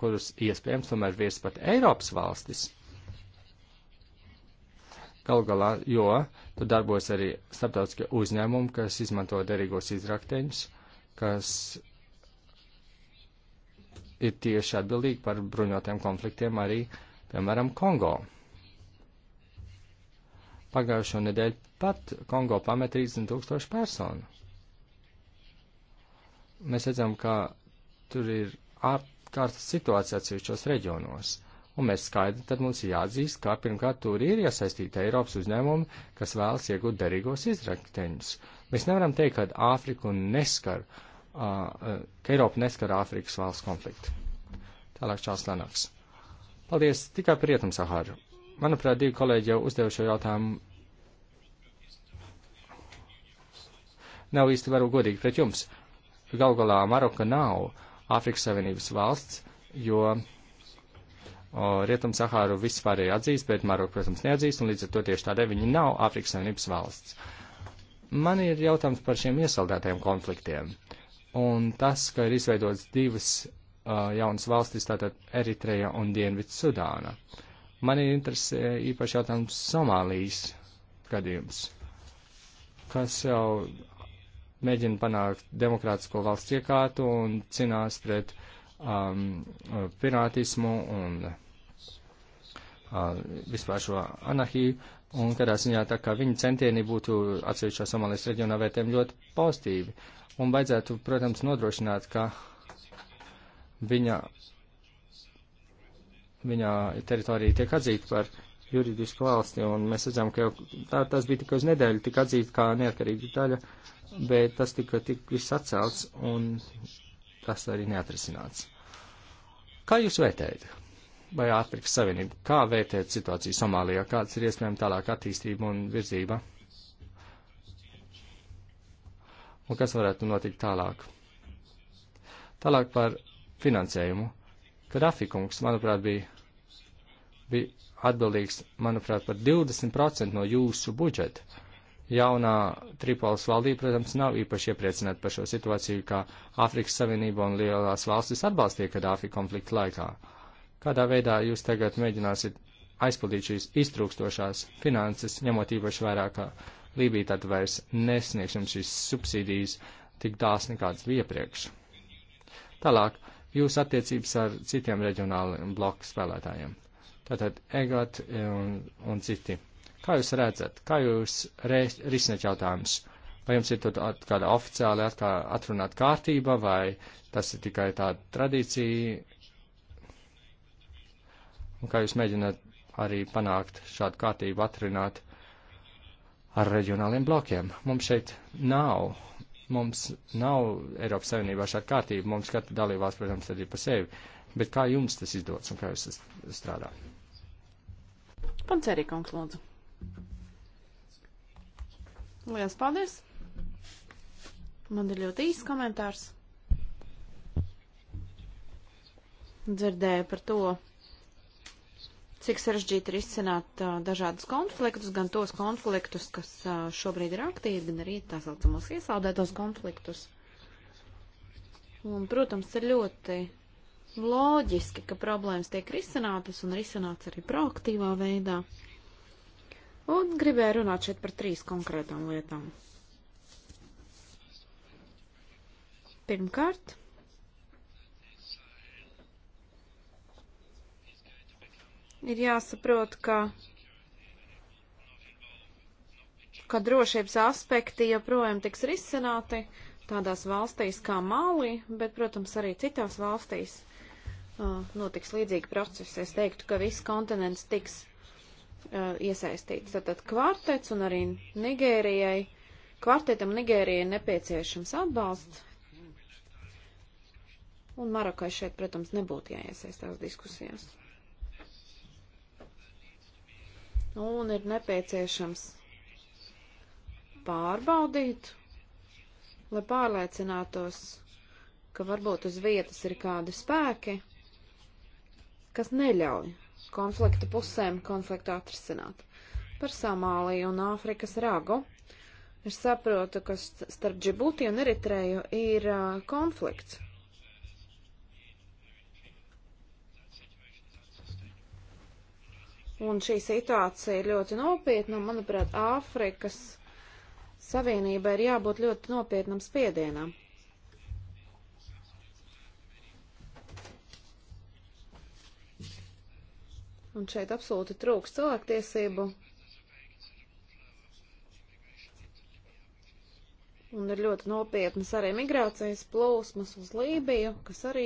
kurus iespējams tomēr virs pat Eiropas valstis. Galu galā, jo tur darbojas arī starptautiskie uzņēmumi, kas izmanto derīgos izrakteņus, kas ir tieši atbildīgi par bruņotiem konfliktiem arī, piemēram, Kongo. Pagājušo nedēļu pat Kongo pamet 30 tūkstoši personu. Mēs redzam, ka tur ir ap kārtas situācija atsevišķos reģionos. Un mēs skaidri tad mums ir jāatzīst, ka pirmkārt tur ir iesaistīta Eiropas uzņēmumi, kas vēlas iegūt derīgos izrakteņus. Mēs nevaram teikt, ka Āfriku neskar, uh, ka Eiropa neskar Āfrikas valsts konfliktu. Tālāk Čāls Lenaks. Paldies tikai par rietumu Sahāru. Manuprāt, divi kolēģi jau uzdeva šo jautājumu. Nav īsti varu godīgi pret jums. Galgalā Maroka nav Āfrikas Savienības valsts, jo Rietumu Sahāru vispārēji atzīst, bet Maroku, protams, neatzīst, un līdz ar to tieši tādēļ viņi nav Āfrikas Savienības valsts. Man ir jautājums par šiem iesaldētajiem konfliktiem. Un tas, ka ir izveidots divas uh, jaunas valstis, tātad Eritreja un Dienvids Sudāna. Man ir interesē īpaši jautājums Somālijas gadījums, kas jau mēģina panākt demokrātisko valsts iekārtu un cīnās pret um, pirātismu un uh, vispār šo anahiju. Un kādā ziņā tā kā viņa centieni būtu atsevišķā Somālijas reģionā vērtējumi ļoti pozitīvi. Un vajadzētu, protams, nodrošināt, ka viņa, viņa teritorija tiek atzīta par juridisku valsti, un mēs redzam, ka jau tā, tas bija tikai uz nedēļu, tika atzīta kā neatkarīga daļa, bet tas tika tik viss atcelts, un tas arī neatrisināts. Kā jūs vērtējat? Vai Āfrikas Savienība? Kā vērtējat situāciju Somālijā? Kāds ir iespējams tālāk attīstība un virzība? Un kas varētu notikt tālāk? Tālāk par finansējumu. Grafikums, manuprāt, bija, bija atbildīgs, manuprāt, par 20% no jūsu budžeta. Jaunā Tripolis valdība, protams, nav īpaši iepriecināta par šo situāciju, kā Āfrikas Savienība un lielās valstis atbalstīja Kadāfi konflikta laikā. Kādā veidā jūs tagad mēģināsiet aizpildīt šīs iztrūkstošās finanses, ņemot īpaši vērā, ka Lībija tad vairs nesniegs jums šīs subsīdijas tik dāsni kāds bija iepriekš. Tālāk, jūsu attiecības ar citiem reģionāliem bloku spēlētājiem. Tātad EGAT un, un citi. Kā jūs redzat, kā jūs risināt jautājumus? Vai jums ir at, kāda oficiāli atkā, atrunāta kārtība, vai tas ir tikai tāda tradīcija? Un kā jūs mēģināt arī panākt šādu kārtību atrunāt ar reģionāliem blokiem? Mums šeit nav mums nav Eiropas Savienībā šāda kārtība, mums katra dalībās, protams, ir pa sevi, bet kā jums tas izdodas un kā jūs strādājat?
Pancerī, kungs, lūdzu. Lielas paldies! Man ir ļoti īsts komentārs. Dzirdēju par to, cik sarežģīti ir izcināt uh, dažādus konfliktus, gan tos konfliktus, kas uh, šobrīd ir aktīvi, gan arī tā saucamos iesaldētos konfliktus. Un, protams, ir ļoti loģiski, ka problēmas tiek risinātas un risināts arī proaktīvā veidā. Un gribēju runāt šeit par trīs konkrētām lietām. Pirmkārt, ir jāsaprot, ka, ka drošības aspekti joprojām tiks risināti tādās valstīs kā Mali, bet, protams, arī citās valstīs notiks līdzīgi procesi. Es teiktu, ka viss kontinents tiks uh, iesaistīts. Tātad kvartets un arī Nigērijai. Kvartetam Nigērijai nepieciešams atbalsts. Un Marokai šeit, protams, nebūtu jāiesaistās diskusijās. Un ir nepieciešams pārbaudīt, lai pārliecinātos, ka varbūt uz vietas ir kādi spēki, kas neļauj konflikta pusēm konfliktu atrisināt. Par Somāliju un Āfrikas ragu. Es saprotu, ka starp Džibūti un Eritreju ir uh, konflikts. Un šī situācija ir ļoti nopietna, un, manuprāt, Āfrikas Savienībai ir jābūt ļoti nopietnam spiedienam. Un šeit absolūti trūks cilvēktiesību. Un ir ļoti nopietnas arī migrācijas plūsmas uz Lībiju, kas arī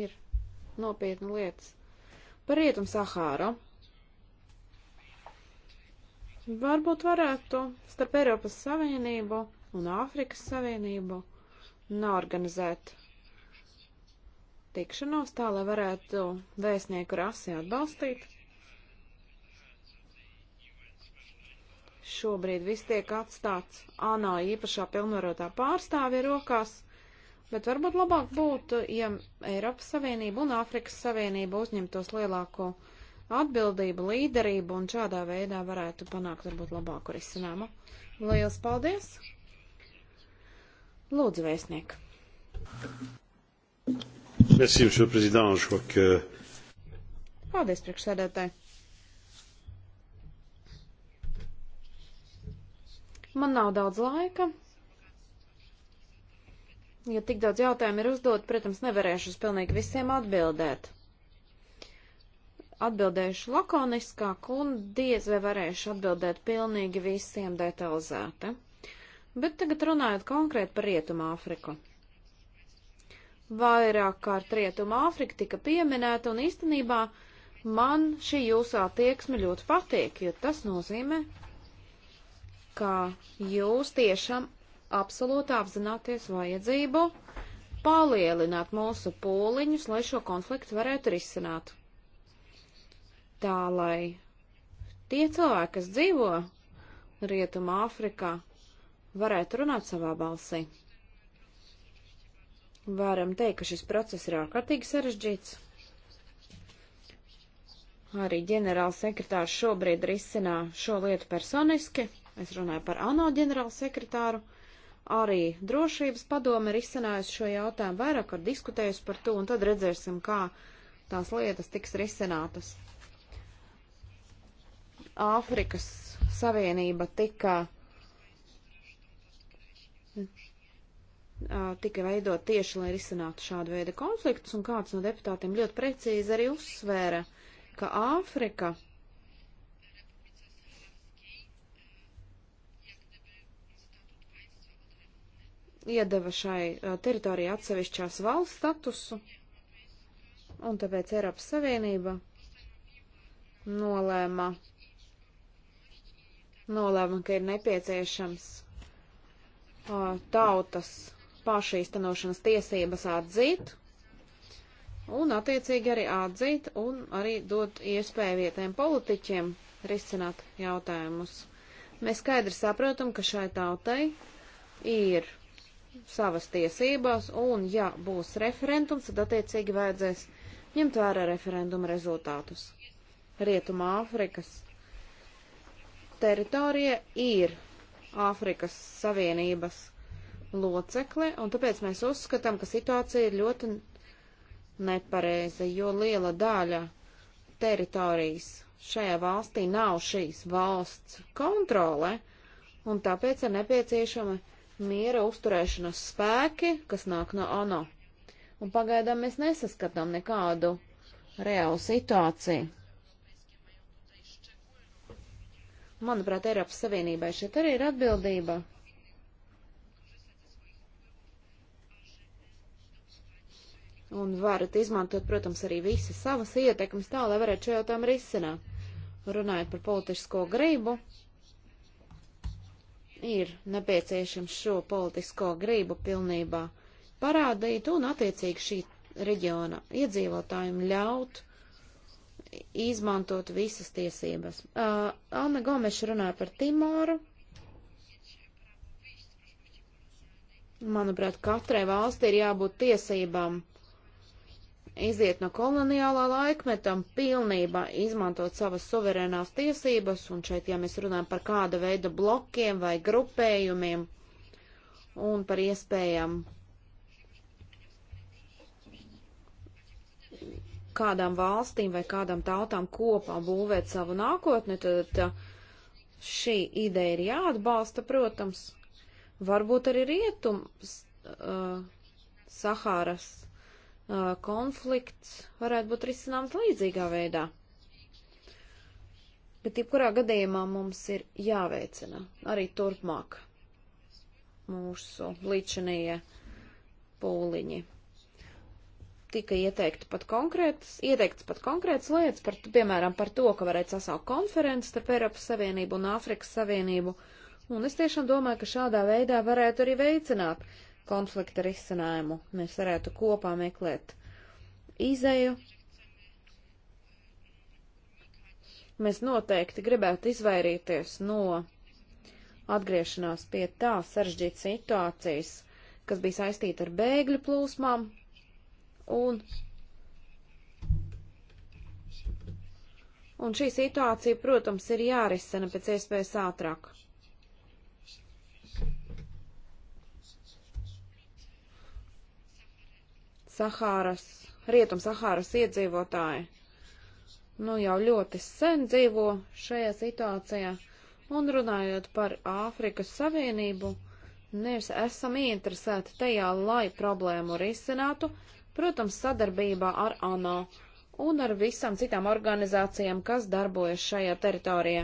ir nopietna lietas. Par rietumu Sahāru. Varbūt varētu starp Eiropas Savienību un Āfrikas Savienību norganizēt tikšanos, tā lai varētu vēstnieku rasi atbalstīt. Šobrīd viss tiek atstāts ANO īpašā pilnvarotā pārstāvja rokās, bet varbūt labāk būtu, ja Eiropas Savienība un Āfrikas Savienība uzņemtos lielāko atbildību, līderību un šādā veidā varētu panākt varbūt labāku risinājumu. Lielas paldies! Lūdzu, vēstnieki!
Thank you. Merci, monsieur le président. Je crois que...
Paldies, priekšsēdētāji. Man nav daudz laika. Ja tik daudz jautājumu ir uzdot, protams, nevarēšu uz pilnīgi visiem atbildēt. Atbildēšu lakoniskāk un diez vai varēšu atbildēt pilnīgi visiem detalizēti. Bet tagad runājot konkrēti par Rietumu Āfriku vairāk kārt Rietuma Āfrika tika pieminēta, un īstenībā man šī jūsu attieksme ļoti patīk, jo tas nozīmē, ka jūs tiešām absolūti apzināties vajadzību palielināt mūsu pūliņus, lai šo konfliktu varētu risināt. Tā lai tie cilvēki, kas dzīvo Rietumā Āfrikā, varētu runāt savā balsī varam teikt, ka šis process ir ārkārtīgi sarežģīts. Arī ģenerāls sekretārs šobrīd risinā šo lietu personiski. Es runāju par ANO ģenerālu sekretāru. Arī drošības padome ir izcinājusi šo jautājumu, vairāk ir diskutējusi par to, un tad redzēsim, kā tās lietas tiks risinātas. Āfrikas Savienība tika tika veidot tieši, lai risinātu šādu veidu konfliktus, un kāds no deputātiem ļoti precīzi arī uzsvēra, ka Āfrika iedeva šai teritorijai atsevišķās valsts statusu, un tāpēc Eiropas Savienība nolēma, nolēma ka ir nepieciešams tautas pašīstenošanas tiesības atzīt un attiecīgi arī atzīt un arī dot iespēju vietējiem politiķiem risināt jautājumus. Mēs skaidri saprotam, ka šai tautai ir savas tiesībās, un ja būs referendums, tad attiecīgi vajadzēs ņemt vērā referenduma rezultātus. Rietumā Āfrikas teritorija ir Āfrikas Savienības locekli, un tāpēc mēs uzskatām, ka situācija ir ļoti nepareiza, jo liela daļa teritorijas šajā valstī nav šīs valsts kontrole, un tāpēc ir nepieciešama miera uzturēšanas spēki, kas nāk no ANO. Un pagaidām mēs nesaskatām nekādu reālu situāciju. Manuprāt, Eiropas Savienībai šeit arī ir atbildība un varat izmantot, protams, arī visas savas ietekmes tā, lai varētu šo jautājumu risināt. Runājot par politisko gribu, ir nepieciešams šo politisko gribu pilnībā parādīt un attiecīgi šī reģiona iedzīvotājiem ļaut izmantot visas tiesības. Uh, Anna Gomeša runāja par Timoru. Manuprāt, katrai valstī ir jābūt tiesībām iziet no koloniālā laikmetam, pilnībā izmantot savas suverēnās tiesības, un šeit, ja mēs runājam par kādu veidu blokiem vai grupējumiem un par iespējām kādām valstīm vai kādām tautām kopā būvēt savu nākotni, tad šī ideja ir jāatbalsta, protams. Varbūt arī rietums uh, Saharas konflikts varētu būt risināms līdzīgā veidā. Bet jebkurā gadījumā mums ir jāveicina arī turpmāk mūsu līdšanīja pūliņi. Tika ieteikti pat konkrētas, ieteikts pat konkrētas lietas, par, piemēram, par to, ka varētu sasaukt konferences starp Eiropas Savienību un Āfrikas Savienību. Un es tiešām domāju, ka šādā veidā varētu arī veicināt uh, konflikta risinājumu. Mēs varētu kopā meklēt izēju. Mēs noteikti gribētu izvairīties no atgriešanās pie tā sarežģīta situācijas, kas bija saistīta ar bēgļu plūsmām un Un šī situācija, protams, ir jārisina pēc iespējas ātrāk. Sahāras, Rietum Sahāras iedzīvotāji nu jau ļoti sen dzīvo šajā situācijā, un runājot par Āfrikas Savienību, mēs esam ieinteresēti tajā, lai problēmu risinātu, protams, sadarbībā ar ANO un ar visām citām organizācijām, kas darbojas šajā teritorijā.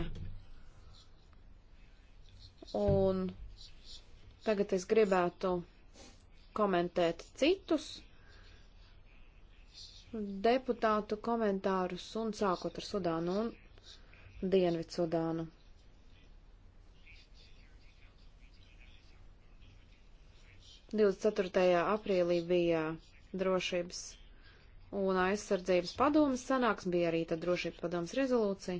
Un tagad es gribētu komentēt citus deputātu komentārus un sākot ar Sudānu un Dienvidsudānu. aprīlī bija drošības un aizsardzības padomas sanāks, bija arī tad drošības padomas rezolūcija,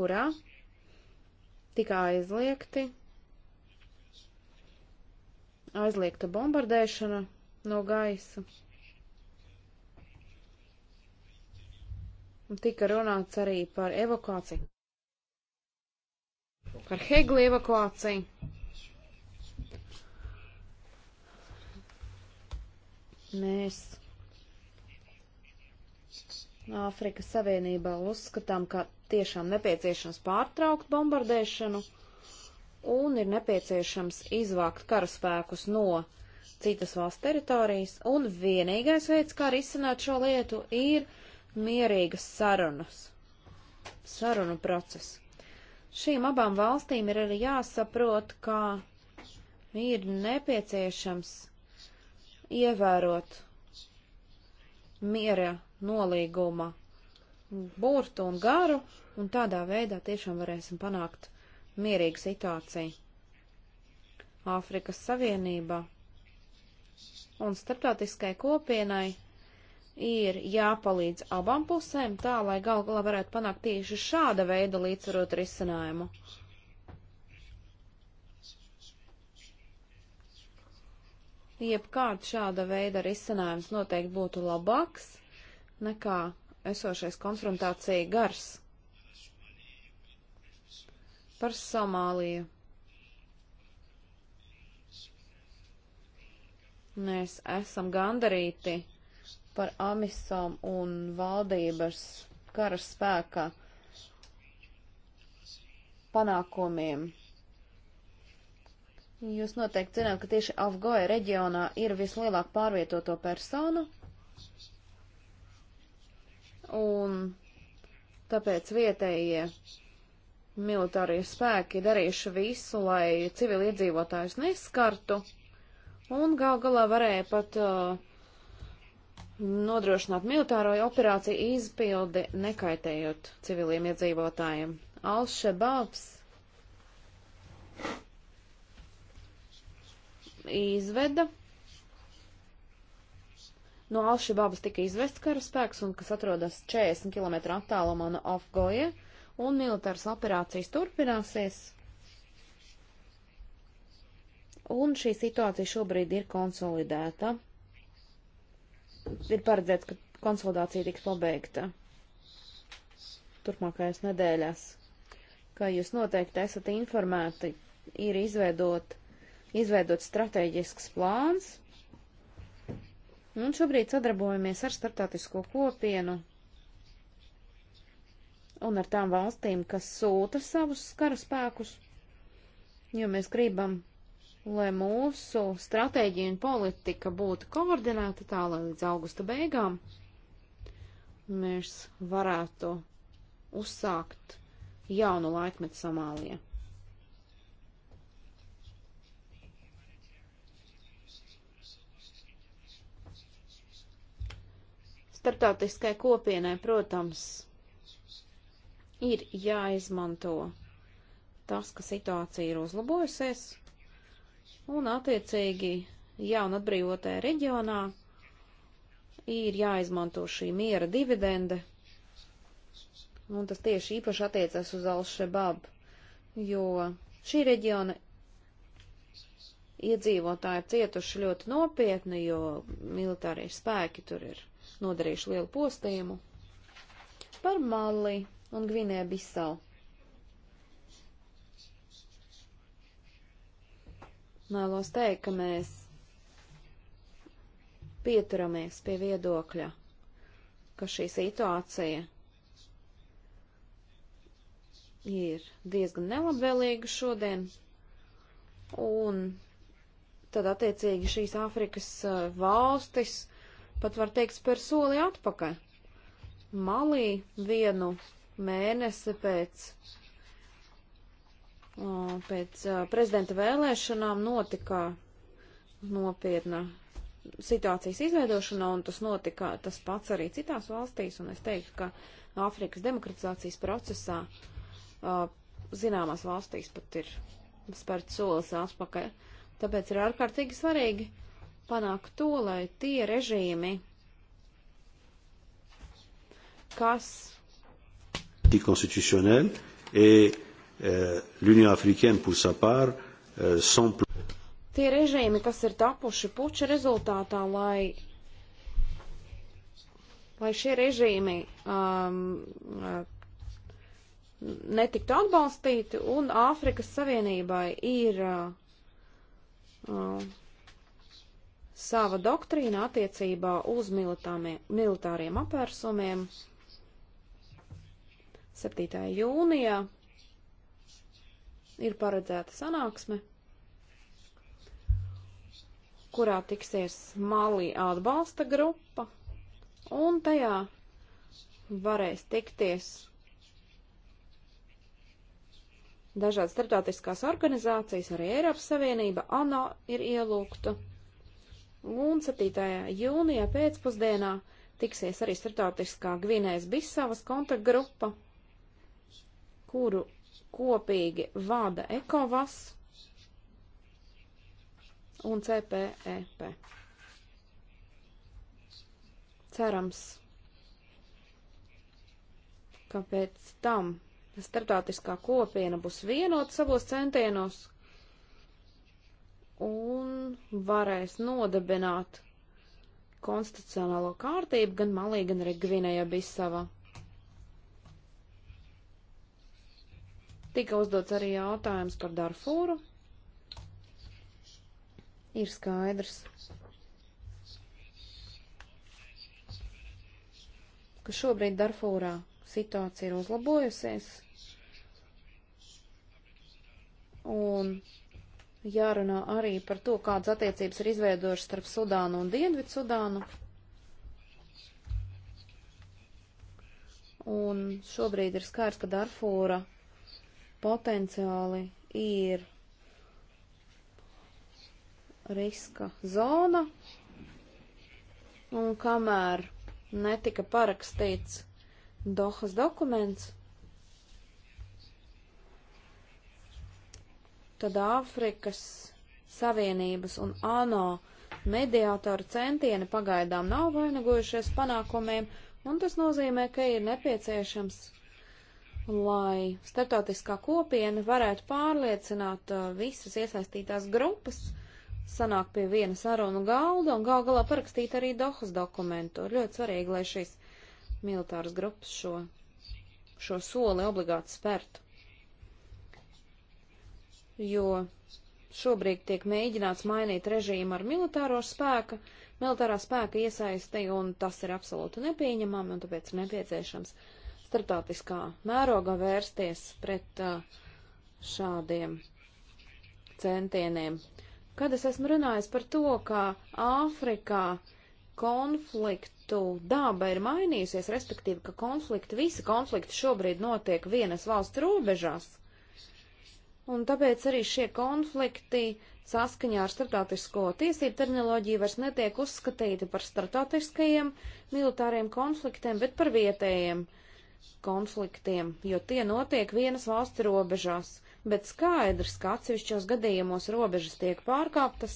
kurā tika aizliegti, aizliegta bombardēšana no gaisa. Un tika runāts arī par evakuāciju. Par Hegli evakuāciju. Mēs Āfrikas Savienībā uzskatām, ka tiešām nepieciešams pārtraukt bombardēšanu un ir nepieciešams izvākt karaspēkus no citas valsts teritorijas, un vienīgais veids, kā risināt šo lietu, ir mierīgas sarunas, sarunu procesu. Šīm abām valstīm ir arī jāsaprot, ka ir nepieciešams ievērot miera nolīguma burtu un garu, un tādā veidā tiešām varēsim panākt mierīgu situāciju Āfrikas Savienībā un starptautiskai kopienai ir jāpalīdz abām pusēm tā, lai gal galā varētu panākt tieši šāda veida līdzsvarot risinājumu. Jebkārt šāda veida risinājums noteikti būtu labāks nekā esošais konfrontācija gars par Somāliju. Mēs esam gandarīti par amisom un valdības kara spēka panākumiem. Jūs noteikti zināt, ka tieši Afgoja reģionā ir vislielāk pārvietoto personu, un tāpēc vietējie militārie spēki darījuši visu, lai civiliedzīvotājus neskartu, un gal galā varēja pat uh, nodrošināt militāro operāciju izpildi, nekaitējot civiliem iedzīvotājiem. Al-Shabaabs izveda. No Alšibabas tika izvests karaspēks, un kas atrodas 40 km attālumā no Afgoja, un militāras operācijas turpināsies. Un šī situācija šobrīd ir konsolidēta ir paredzēts, ka konsultācija tiks pabeigta turpmākajās nedēļās. Kā jūs noteikti esat informēti, ir izveidot, izveidot strateģisks plāns, un šobrīd sadarbojamies ar startautisko kopienu un ar tām valstīm, kas sūta savus kara spēkus, jo mēs gribam lai mūsu stratēģija un politika būtu koordinēta tā, lai līdz augusta beigām mēs varētu uzsākt jaunu laikmetu Somālijā. Startautiskai kopienai, protams, ir jāizmanto tas, ka situācija ir uzlabojusies un attiecīgi jaun atbrīvotē reģionā ir jāizmanto šī miera dividende, un tas tieši īpaši attiecas uz Alšebab, jo šī reģiona iedzīvotāji cietuši ļoti nopietni, jo militārie spēki tur ir nodarījuši lielu postījumu par Mali un Gvinē Bisau. Vēlos teikt, ka mēs pieturamies pie viedokļa, ka šī situācija ir diezgan nelabvēlīga šodien, un tad attiecīgi šīs Āfrikas eh, valstis pat var teikt par soli atpakaļ. Malī vienu mēnesi pēc Pēc prezidenta vēlēšanām notika nopietna situācijas izveidošana, un tas notika tas pats arī citās valstīs, un es teiktu, ka Āfrikas demokratizācijas procesā zināmās valstīs pat ir spērt solis atpakaļ. Tāpēc ir ārkārtīgi svarīgi panākt to, lai tie režīmi, kas. Konstitucionāli. Et
Eh, l'Union africaine, pour sa part, eh, son.
Tie režīmi, kas ir tapuši puča rezultātā, lai, lai šie režīmi um, eh, netiktu atbalstīti, un Āfrikas Savienībai ir uh, sava doktrīna attiecībā uz militāriem apvērsumiem. 7. jūnijā ir paredzēta sanāksme, kurā tiksies Malī atbalsta grupa, un tajā varēs tikties dažādas starptautiskās organizācijas, arī Eiropas Savienība, ANO ir ielūgta, un 7. jūnijā pēcpusdienā tiksies arī starptautiskā Gvinējas Bisavas kontaktgrupa, kuru kopīgi vada ECOVAS un CPEP. E Cerams, ka pēc tam starptautiskā kopiena būs vienota savos centienos un varēs nodabināt konstitucionālo kārtību gan Malī, gan arī Gvinējā Bisava. Tika uzdots arī jautājums par Darfūru. Ir skaidrs, ka šobrīd Darfūrā situācija ir uzlabojusies. Un jārunā arī par to, kādas attiecības ir izveidojušas starp Sudānu un Dienvidu Sudānu. Un šobrīd ir skārs, ka Darfūra potenciāli ir riska zona, un kamēr netika parakstīts Dohas dokuments, tad Āfrikas Savienības un ANO mediātoru centieni pagaidām nav vainagojušies panākumiem, un tas nozīmē, ka ir nepieciešams lai starptautiskā kopiena varētu pārliecināt uh, visas iesaistītās grupas, sanākt pie viena sarunu galda un gal galā parakstīt arī Dohas dokumentu. Ir ļoti svarīgi, lai šīs militāras grupas šo, šo soli obligāti spērtu. Jo šobrīd tiek mēģināts mainīt režīmu ar militāro spēku, militārā spēka iesaisti, un tas ir absolūti nepieņemami, un tāpēc nepieciešams starptautiskā mērogā vērsties pret uh, šādiem centieniem. Kad es esmu runājis par to, ka Āfrikā konfliktu daba ir mainījusies, respektīvi, ka konflikti, visi konflikti šobrīd notiek vienas valsts robežās, un tāpēc arī šie konflikti saskaņā ar starptautisko tiesību terminoloģiju vairs netiek uzskatīti par starptautiskajiem militāriem konfliktiem, bet par vietējiem uh, konfliktiem, jo tie notiek vienas valsts robežās, bet skaidrs, ka atsevišķos gadījumos robežas tiek pārkāptas,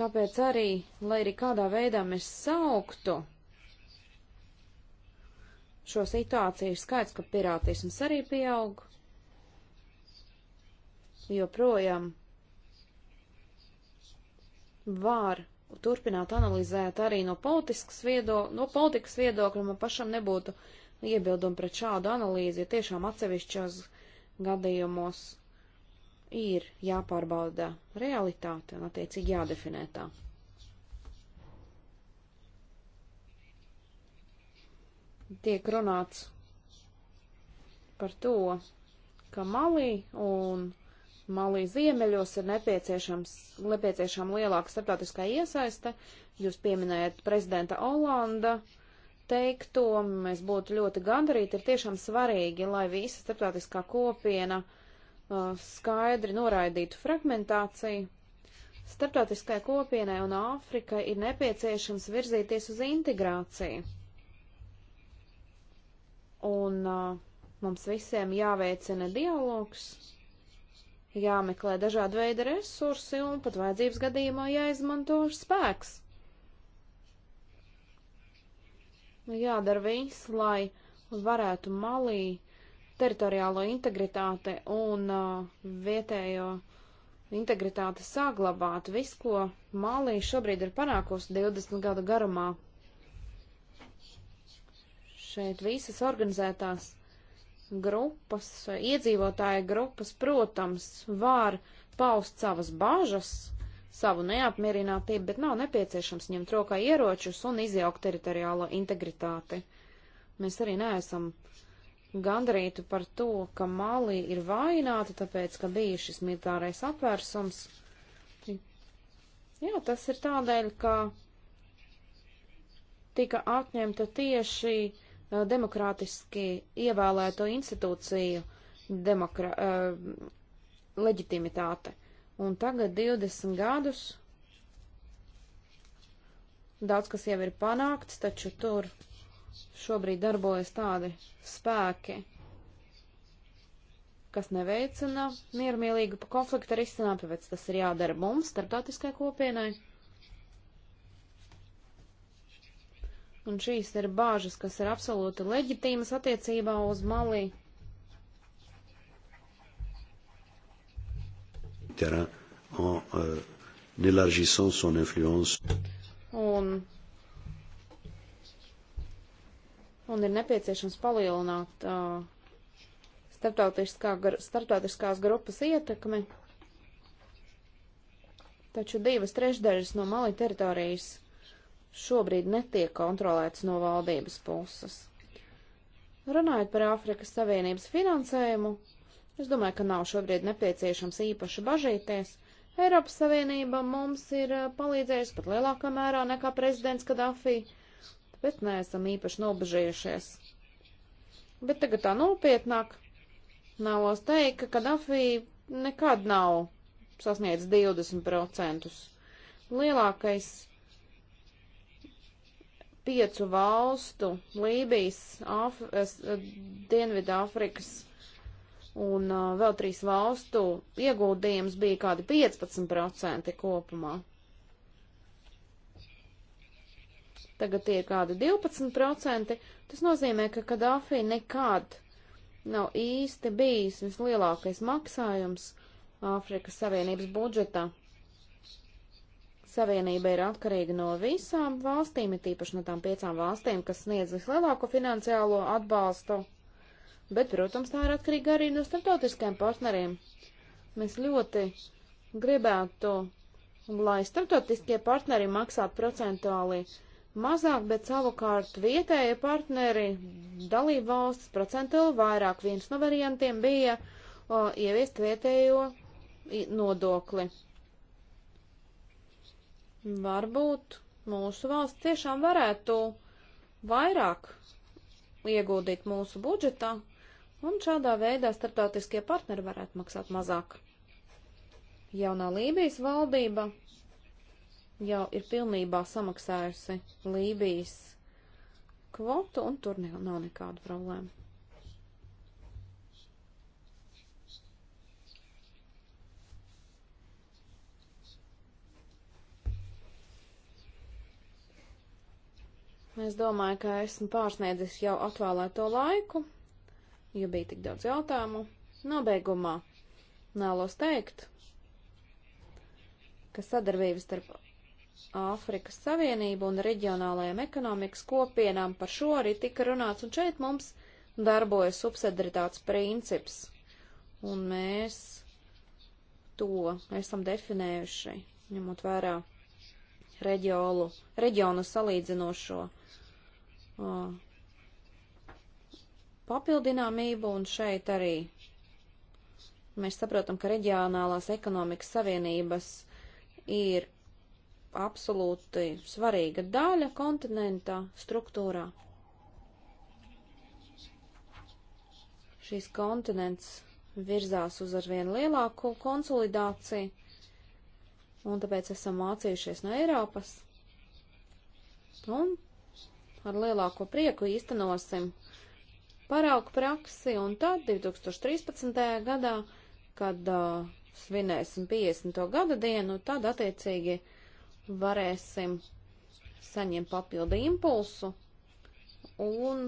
tāpēc arī, lai arī kādā veidā mēs sauktu šo situāciju, ir skaidrs, ka pirātisms arī pieaug, joprojām var turpināt analizēt arī no, viedokļa, no politikas viedokļa, man pašam nebūtu iebildumi pret šādu analīzi, jo ja tiešām atsevišķos gadījumos ir jāpārbauda realitāte un attiecīgi jādefinē tā. Tiek runāts par to, ka Malī un Malī ziemeļos ir nepieciešama lielāka starptautiskā iesaiste. Jūs pieminējat prezidenta Olanda teikto, mēs būtu ļoti gandarīti, ir tiešām svarīgi, lai visa starptautiskā kopiena uh, skaidri noraidītu fragmentāciju. Starptautiskai kopienai un Āfrikai ir nepieciešams virzīties uz integrāciju. Un uh, mums visiem jāveicina dialogs jāmeklē dažādi veidi resursi un pat vajadzības gadījumā jāizmanto spēks. Jādara viss, lai varētu malī teritoriālo integritāte un uh, vietējo integritāte saglabāt visu, ko Malī šobrīd ir panākusi 20 gadu garumā. Šeit visas organizētās grupas, iedzīvotāja grupas, protams, var paust savas bažas, savu neapmierinātību, bet nav nepieciešams ņemt rokā ieročus un izjaukt teritoriālo integritāti. Mēs arī neesam gandarīti par to, ka Mali ir vājināta, tāpēc, ka bija šis militārais apvērsums. Jā, tas ir tādēļ, ka tika atņemta tieši Eh, demokrātiski ievēlēto institūciju demokrā, eh, leģitimitāte. Un tagad 20 gadus daudz kas jau ir panākts, taču tur šobrīd darbojas tādi spēki, kas neveicina miermīlīgu konflikta risinājumu, tāpēc tas ir jādara mums, starptautiskai kopienai. Un šīs ir bāžas, kas ir absolūti leģitīmas attiecībā uz Mali.
Terrain, en, euh, élargissant son influence.
Un, un ir nepieciešams palielināt uh, starptautiskā, starptautiskās grupas ietekmi, taču divas trešdaļas no Mali teritorijas šobrīd netiek kontrolēts no valdības puses. Runājot par Āfrikas Savienības finansējumu, es domāju, ka nav šobrīd nepieciešams īpaši bažīties. Eiropas Savienība mums ir eh, palīdzējusi pat lielākā mērā nekā prezidents Kadafī, bet neesam īpaši nobežījušies. Bet tagad tā nopietnāk. Navos teikt, ka Kadafī nekad nav sasniedz 20%. Lielākais piecu valstu - Lībijas, Af eh, Dienvidāfrikas un uh, vēl trīs valstu ieguldījums bija kādi 15% kopumā. Tagad tie ir kādi 12%. Tas nozīmē, ka Kadāfī nekad nav īsti bijis vislielākais maksājums Āfrikas Savienības budžetā. Savienība ir atkarīga no visām valstīm, ir tīpaši no tām piecām valstīm, kas sniedz vislielāko finansiālo atbalstu, bet, protams, tā ir atkarīga arī no starptautiskiem partneriem. Mēs ļoti gribētu, lai starptautiskie partneri maksātu procentuāli mazāk, bet savukārt vietējie partneri dalību valsts procentuāli vairāk. Viens no variantiem bija o, ieviest vietējo nodokli. Varbūt mūsu valsts tiešām varētu vairāk ieguldīt mūsu budžetā, un šādā veidā starptautiskie partneri varētu maksāt mazāk. Jaunā Lībijas valdība jau ir pilnībā samaksājusi Lībijas kvotu, un tur nav nekāda problēma. Es domāju, ka esmu pārsniedzis jau atvēlēto laiku, jo bija tik daudz jautājumu. Nobeigumā nālos teikt, ka sadarbības starp Āfrikas Savienību un reģionālajām ekonomikas kopienām par šo arī tika runāts, un šeit mums darbojas subsidaritātes princips, un mēs to esam definējuši, ņemot vērā reģiolu, reģionu salīdzinošo uh, papildināmību, un šeit arī mēs saprotam, ka reģionālās ekonomikas savienības ir absolūti svarīga daļa kontinenta struktūrā. Šīs kontinents virzās uz arvien lielāku konsolidāciju, un tāpēc esam mācījušies no Eiropas. Un ar lielāko prieku īstenosim paraugu praksi, un tad 2013. gadā, kad uh, svinēsim 50. gada dienu, tad attiecīgi varēsim saņemt papildu impulsu un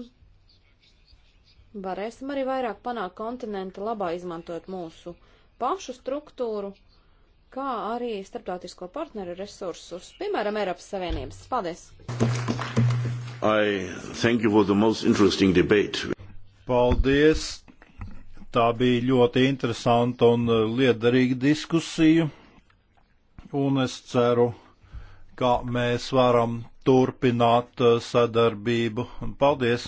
varēsim arī vairāk panākt kontinenta labā, izmantojot mūsu pašu struktūru, kā arī starptautisko partneru resursus, piemēram, Eiropas Savienības. Paldies!
I thank you for the most interesting debate. Paldies! Tā bija ļoti interesanta un uh, liederīga diskusija, un es ceru, ka mēs varam turpināt uh, sadarbību. Paldies!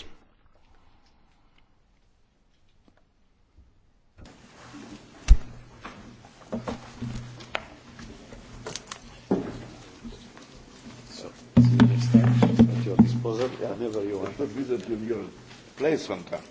never you are. Visit your place sometime.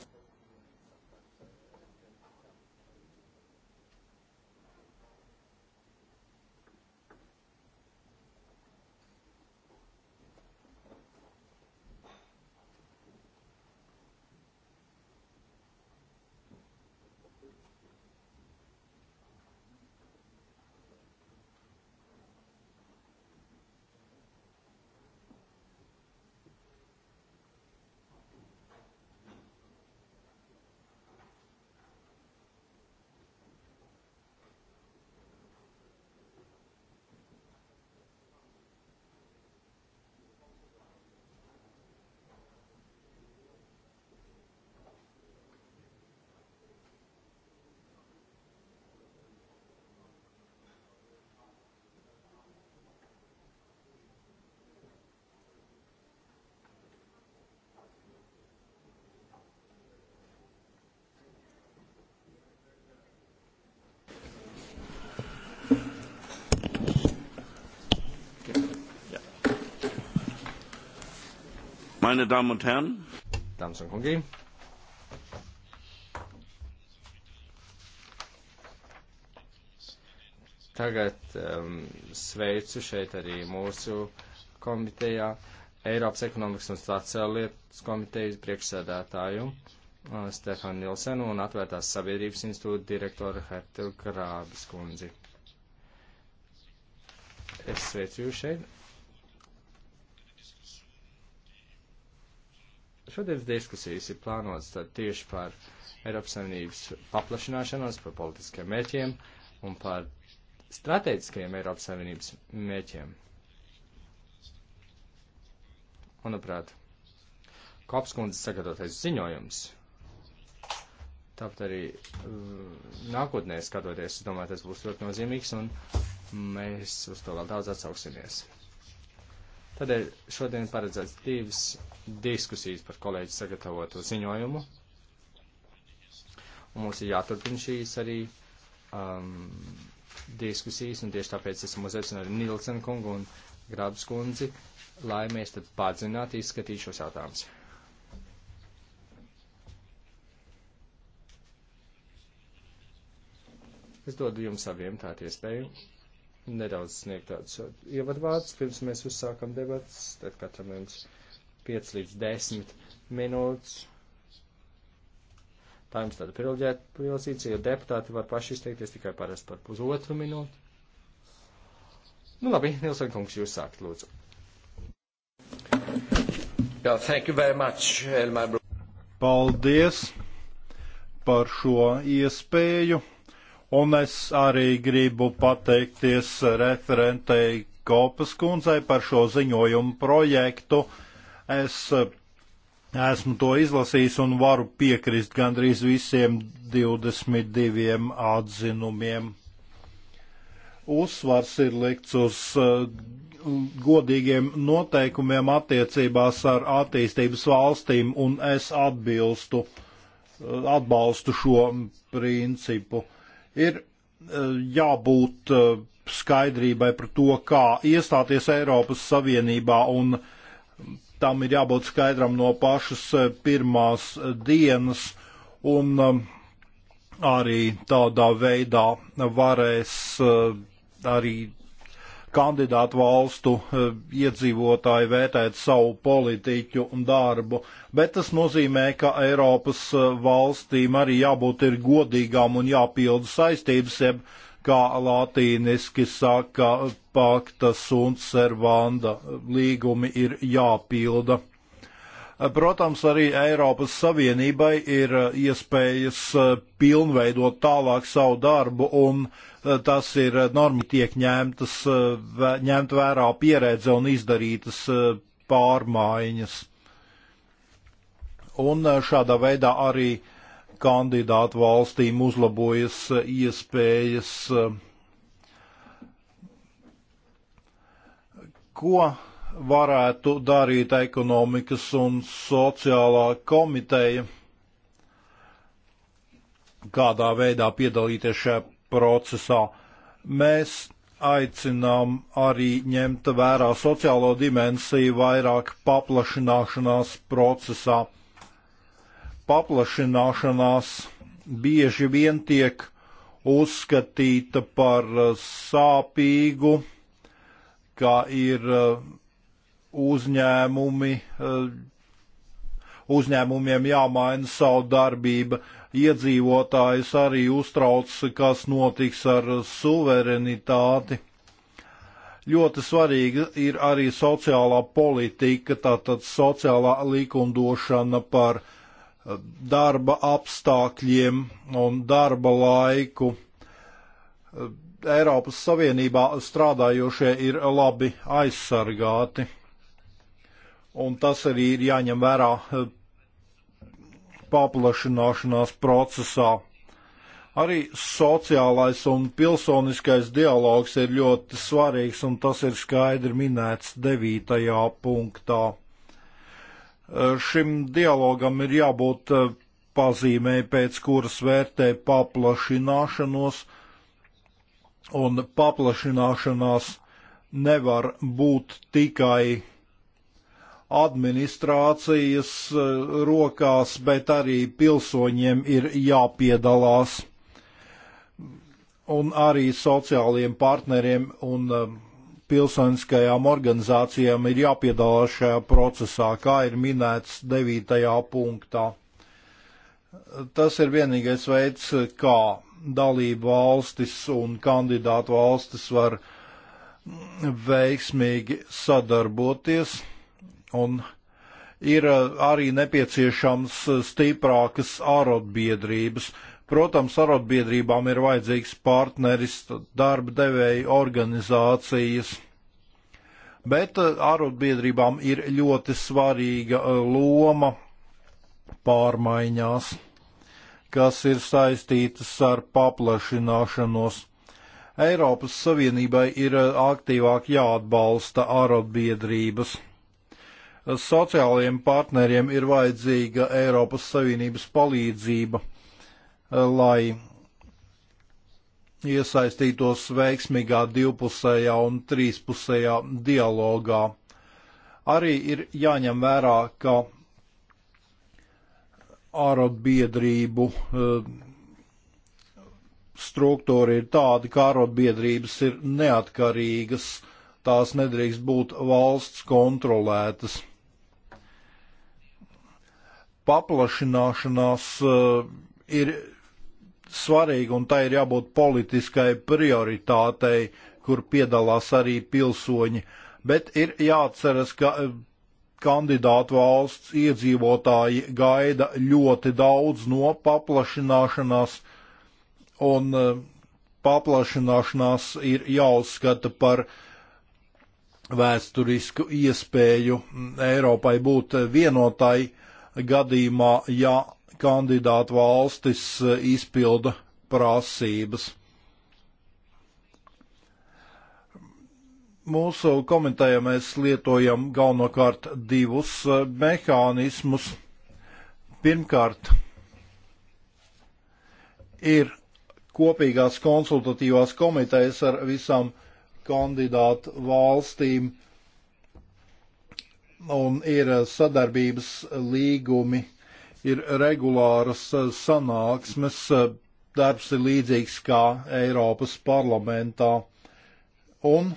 Meine Damen und Herren, Dāmas un kungi, tagad um, sveicu šeit arī mūsu komitejā Eiropas ekonomikas un sociālo lietas komitejas priekšsēdētāju uh, Stefanu Nilsenu un atvērtās sabiedrības institūta direktoru Hertu Grābis kundzi. Es sveicu jūs šeit. Šodienas diskusijas ir plānotas tieši par Eiropas Savienības paplašināšanos, par politiskiem mērķiem un par strateģiskajiem Eiropas Savienības mērķiem. Manuprāt, Kopskundzes sagatavotais ziņojums, tāpat arī uh, nākotnē skatoties, es domāju, tas būs ļoti nozīmīgs un mēs uz to vēl daudz atsauksimies. Tādēļ šodien paredzēts divas diskusijas par kolēģi sagatavotu ziņojumu. Un mums ir jāturpina šīs arī um, diskusijas, un tieši tāpēc esam uzaicinājuši Nilsen kungu un Grabs kundzi, lai mēs tad padzinātu izskatītu šos jautājumus. Es dodu jums saviem tādu iespēju nedaudz sniegt tādus uh, ievadvārdus. Pirms mēs uzsākam debats, tad katram jums 5 līdz 10 minūtes. Tā jums tāda privilēģēta, jo deputāti var paši izteikties tikai parasti par pusotru minūti. Nu labi, Nilsen kungs, jūs sākt lūdzu. Yeah, thank you very much, Elmar.
Paldies par šo iespēju Un es arī gribu pateikties referentei Kopas kundzei par šo ziņojumu projektu. Es eh, esmu to izlasījis un varu piekrist gandrīz visiem 22 atzinumiem. Uzsvars ir likts uz eh, godīgiem noteikumiem attiecībās ar attīstības valstīm, un es atbilstu, eh, atbalstu šo principu Ir e, jābūt e, skaidrībai par to, kā iestāties Eiropas Savienībā, un tam ir jābūt skaidram no pašas e, pirmās dienas, un arī tādā veidā varēs arī kandidātu valstu e, iedzīvotāji vērtēt savu politiķu darbu, bet tas nozīmē, ka Eiropas e, valstīm arī jābūt ir godīgām un jāpilda saistības, jeb kā latīniski saka, paktas un servanda e, līgumi ir jāpilda. Protams, arī Eiropas Savienībai ir uh, iespējas uh, pilnveidot tālāk savu darbu, un uh, tas ir normi tiek ņemtas, ņemt vērā pieredze un izdarītas pārmaiņas. Un šādā veidā arī kandidātu valstīm uzlabojas iespējas, ko varētu darīt ekonomikas un sociālā komiteja, kādā veidā piedalīties šajā procesā. Mēs aicinām arī ņemt vērā sociālo dimensiju vairāk paplašināšanās procesā. Paplašināšanās bieži vien tiek uzskatīta par sāpīgu, kā ir uzņēmumi, eh, uzņēmumiem jāmaina savu darbību, iedzīvotājus arī uztrauc, kas notiks ar suverenitāti. Ļoti svarīga ir arī sociālā politika, tātad sociālā likumdošana par eh, darba apstākļiem un darba laiku. Eh, Eiropas Savienībā strādājošie ir labi aizsargāti un tas arī ir jāņem vērā eh, paplašināšanās procesā. Arī sociālais un pilsoniskais dialogs ir ļoti svarīgs, un tas ir skaidri minēts devītajā punktā. Eh, šim dialogam ir jābūt eh, pazīmē, pēc kuras vērtē paplašināšanos, un paplašināšanās nevar būt tikai administrācijas e, rokās, bet arī pilsoņiem ir jāpiedalās un arī sociālajiem partneriem un e, pilsoniskajām organizācijām ir jāpiedalās šajā procesā, kā ir minēts 9. punktā. Tas ir vienīgais veids, kā dalību valstis un kandidātu valstis var veiksmīgi sadarboties Un ir eh, arī nepieciešams eh, stiprākas arotbiedrības. Protams, arotbiedrībām ir vajadzīgs partneris, darba devēja organizācijas, bet eh, arotbiedrībām ir ļoti svarīga loma pārmaiņās, kas ir saistītas ar paplašināšanos. Eiropas Savienībai ir aktīvāk jāatbalsta arotbiedrības sociālajiem partneriem ir vajadzīga Eiropas Savienības palīdzība, eh, lai iesaistītos veiksmīgā divpusējā un trīspusējā dialogā. Arī ir jāņem vērā, ka ārotbiedrību eh, struktūra ir tāda, ka ārotbiedrības ir neatkarīgas, tās nedrīkst būt valsts kontrolētas paplašināšanās eh, ir svarīga un tai ir jābūt politiskai prioritātei, kur piedalās arī pilsoņi, bet ir jāatceras, ka eh, kandidātu valsts iedzīvotāji gaida ļoti daudz no paplašināšanās, un eh, paplašināšanās ir jāuzskata par vēsturisku iespēju mm, Eiropai būt vienotai, gadījumā, ja kandidātu valstis e, izpilda prasības. Mūsu komitējā mēs lietojam galvenokārt divus e, mehānismus. Pirmkārt, ir kopīgās konsultatīvās komitejas ar visām kandidātu valstīm un ir eh, sadarbības līgumi, ir regulāras eh, sanāksmes, eh, darbs ir līdzīgs kā Eiropas parlamentā. Un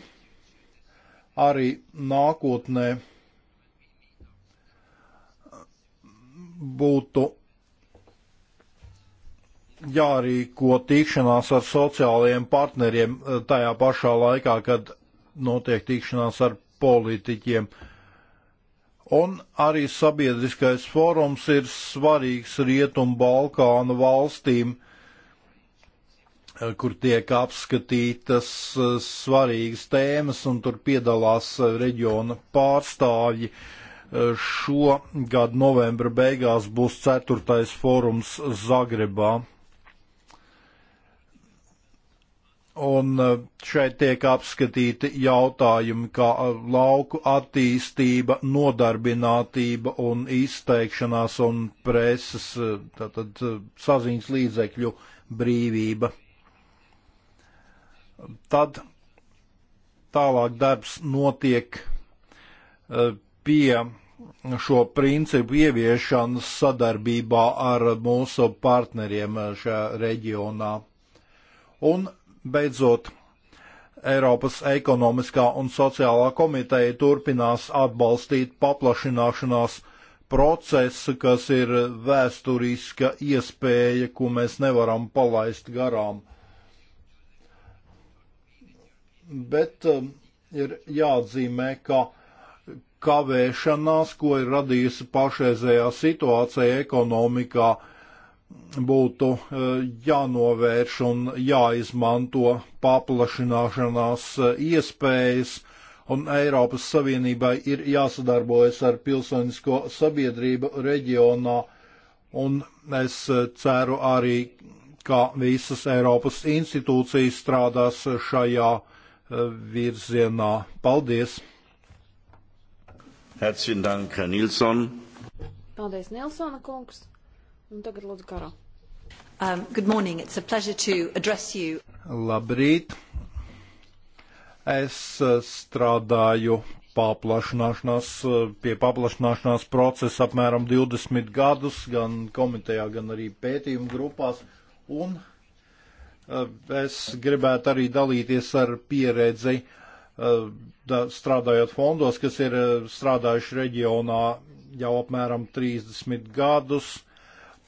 arī nākotnē būtu jārīko tikšanās ar sociālajiem partneriem tajā pašā laikā, kad notiek tikšanās ar politiķiem. Uh, Un arī sabiedriskais fórums ir svarīgs Rietumu Balkānu valstīm, kur tiek apskatītas eh, svarīgas tēmas un tur piedalās eh, reģiona pārstāvji. Eh, Šo gadu novembra beigās būs ceturtais fórums Zagrebā. Un uh, šeit tiek apskatīti jautājumi kā uh, lauku attīstība, nodarbinātība un izteikšanās un preses, uh, tātad saziņas līdzekļu brīvība. Tad tālāk darbs notiek pie šo principu ieviešanas sadarbībā ar mūsu partneriem šajā reģionā. Un Beidzot, Eiropas ekonomiskā un sociālā komiteja turpinās atbalstīt paplašināšanās procesu, kas ir vēsturiska iespēja, ko mēs nevaram palaist garām. Bet um, ir jāatzīmē, ka kavēšanās, ko ir radījusi pašreizējā situācija ekonomikā, uh, būtu e, jānovērš un jāizmanto paplašināšanās e, iespējas, un Eiropas Savienībai ir jāsadarbojas ar pilsonisko sabiedrību reģionā, un es e, ceru arī, ka visas Eiropas institūcijas strādās šajā virzienā. Paldies! Herzlichen Dank, Herr Nilsson.
Paldies, Nilsona kungs. Un tagad lūdzu Karo.
Um, good morning, it's a pleasure to address you.
Labrīt. Es uh, strādāju paplašināšanās, uh, pie paplašināšanās procesa apmēram 20 gadus, gan komitejā, gan arī pētījumu grupās. Un uh, es gribētu arī dalīties ar pieredzi strādājot fondos, kas ir strādājuši reģionā jau apmēram 30 gadus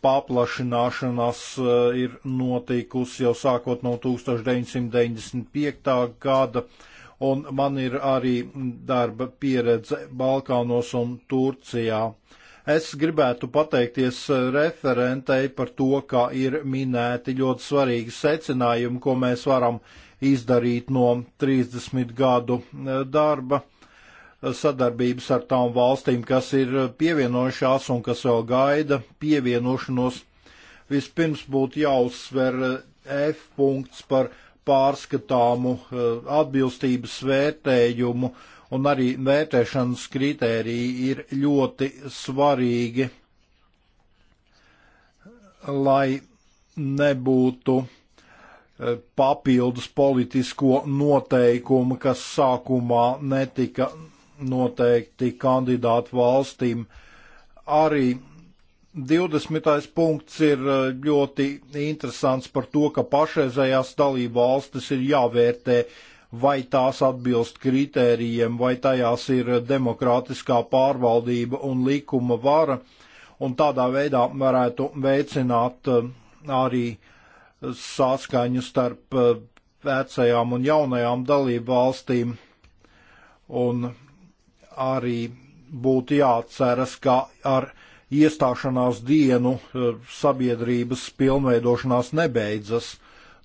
paplašināšanās eh, ir notikusi jau sākot no 1995. gada, un man ir arī darba pieredze Balkānos un Turcijā. Es gribētu pateikties eh, referentei par to, ka ir minēti ļoti svarīgi secinājumi, ko mēs varam izdarīt no 30 gadu eh, darba sadarbības ar tām valstīm, kas ir pievienojušās un kas vēl gaida pievienošanos. Vispirms būtu jāuzsver eh, F punkts par pārskatāmu eh, atbilstības vērtējumu un arī vērtēšanas kritēriji ir ļoti svarīgi, lai nebūtu eh, papildus politisko noteikumu, kas sākumā netika noteikti kandidātu valstīm. Arī 20. punkts ir eh, ļoti interesants par to, ka pašreizējās dalību valstis ir jāvērtē, vai tās atbilst kritērijiem, vai tajās ir demokrātiskā pārvaldība un likuma vara, un tādā veidā varētu veicināt eh, arī saskaņu starp eh, vecajām un jaunajām dalību valstīm. Un arī būtu jāatceras, ka ar iestāšanās dienu eh, sabiedrības pilnveidošanās nebeidzas.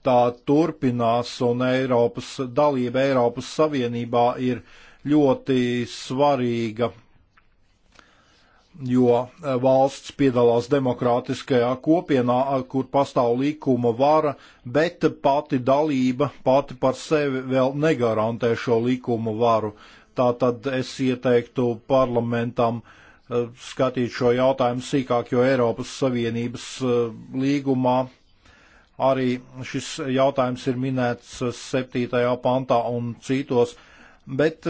Tā turpinās un Eiropas dalība Eiropas Savienībā ir ļoti svarīga, jo eh, valsts piedalās demokrātiskajā kopienā, kur pastāv likuma vara, bet pati dalība pati par sevi vēl negarantē šo likuma varu. Uh, Tā tad es ieteiktu parlamentam eh, skatīt šo jautājumu sīkāk, jo Eiropas Savienības eh, līgumā arī šis jautājums ir minēts 7. Eh, pantā un citos, bet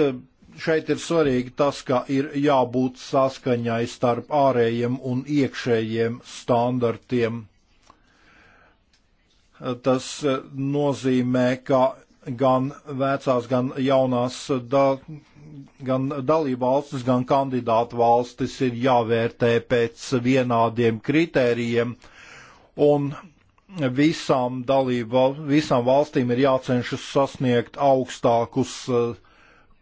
šeit ir svarīgi tas, ka ir jābūt saskaņai starp ārējiem un iekšējiem standartiem. Tas nozīmē, ka gan vecās, gan jaunās, da, gan dalībvalstis, gan kandidātu valstis ir jāvērtē pēc vienādiem kritērijiem, un visām dalību, visām valstīm ir jācenšas sasniegt augstākus eh,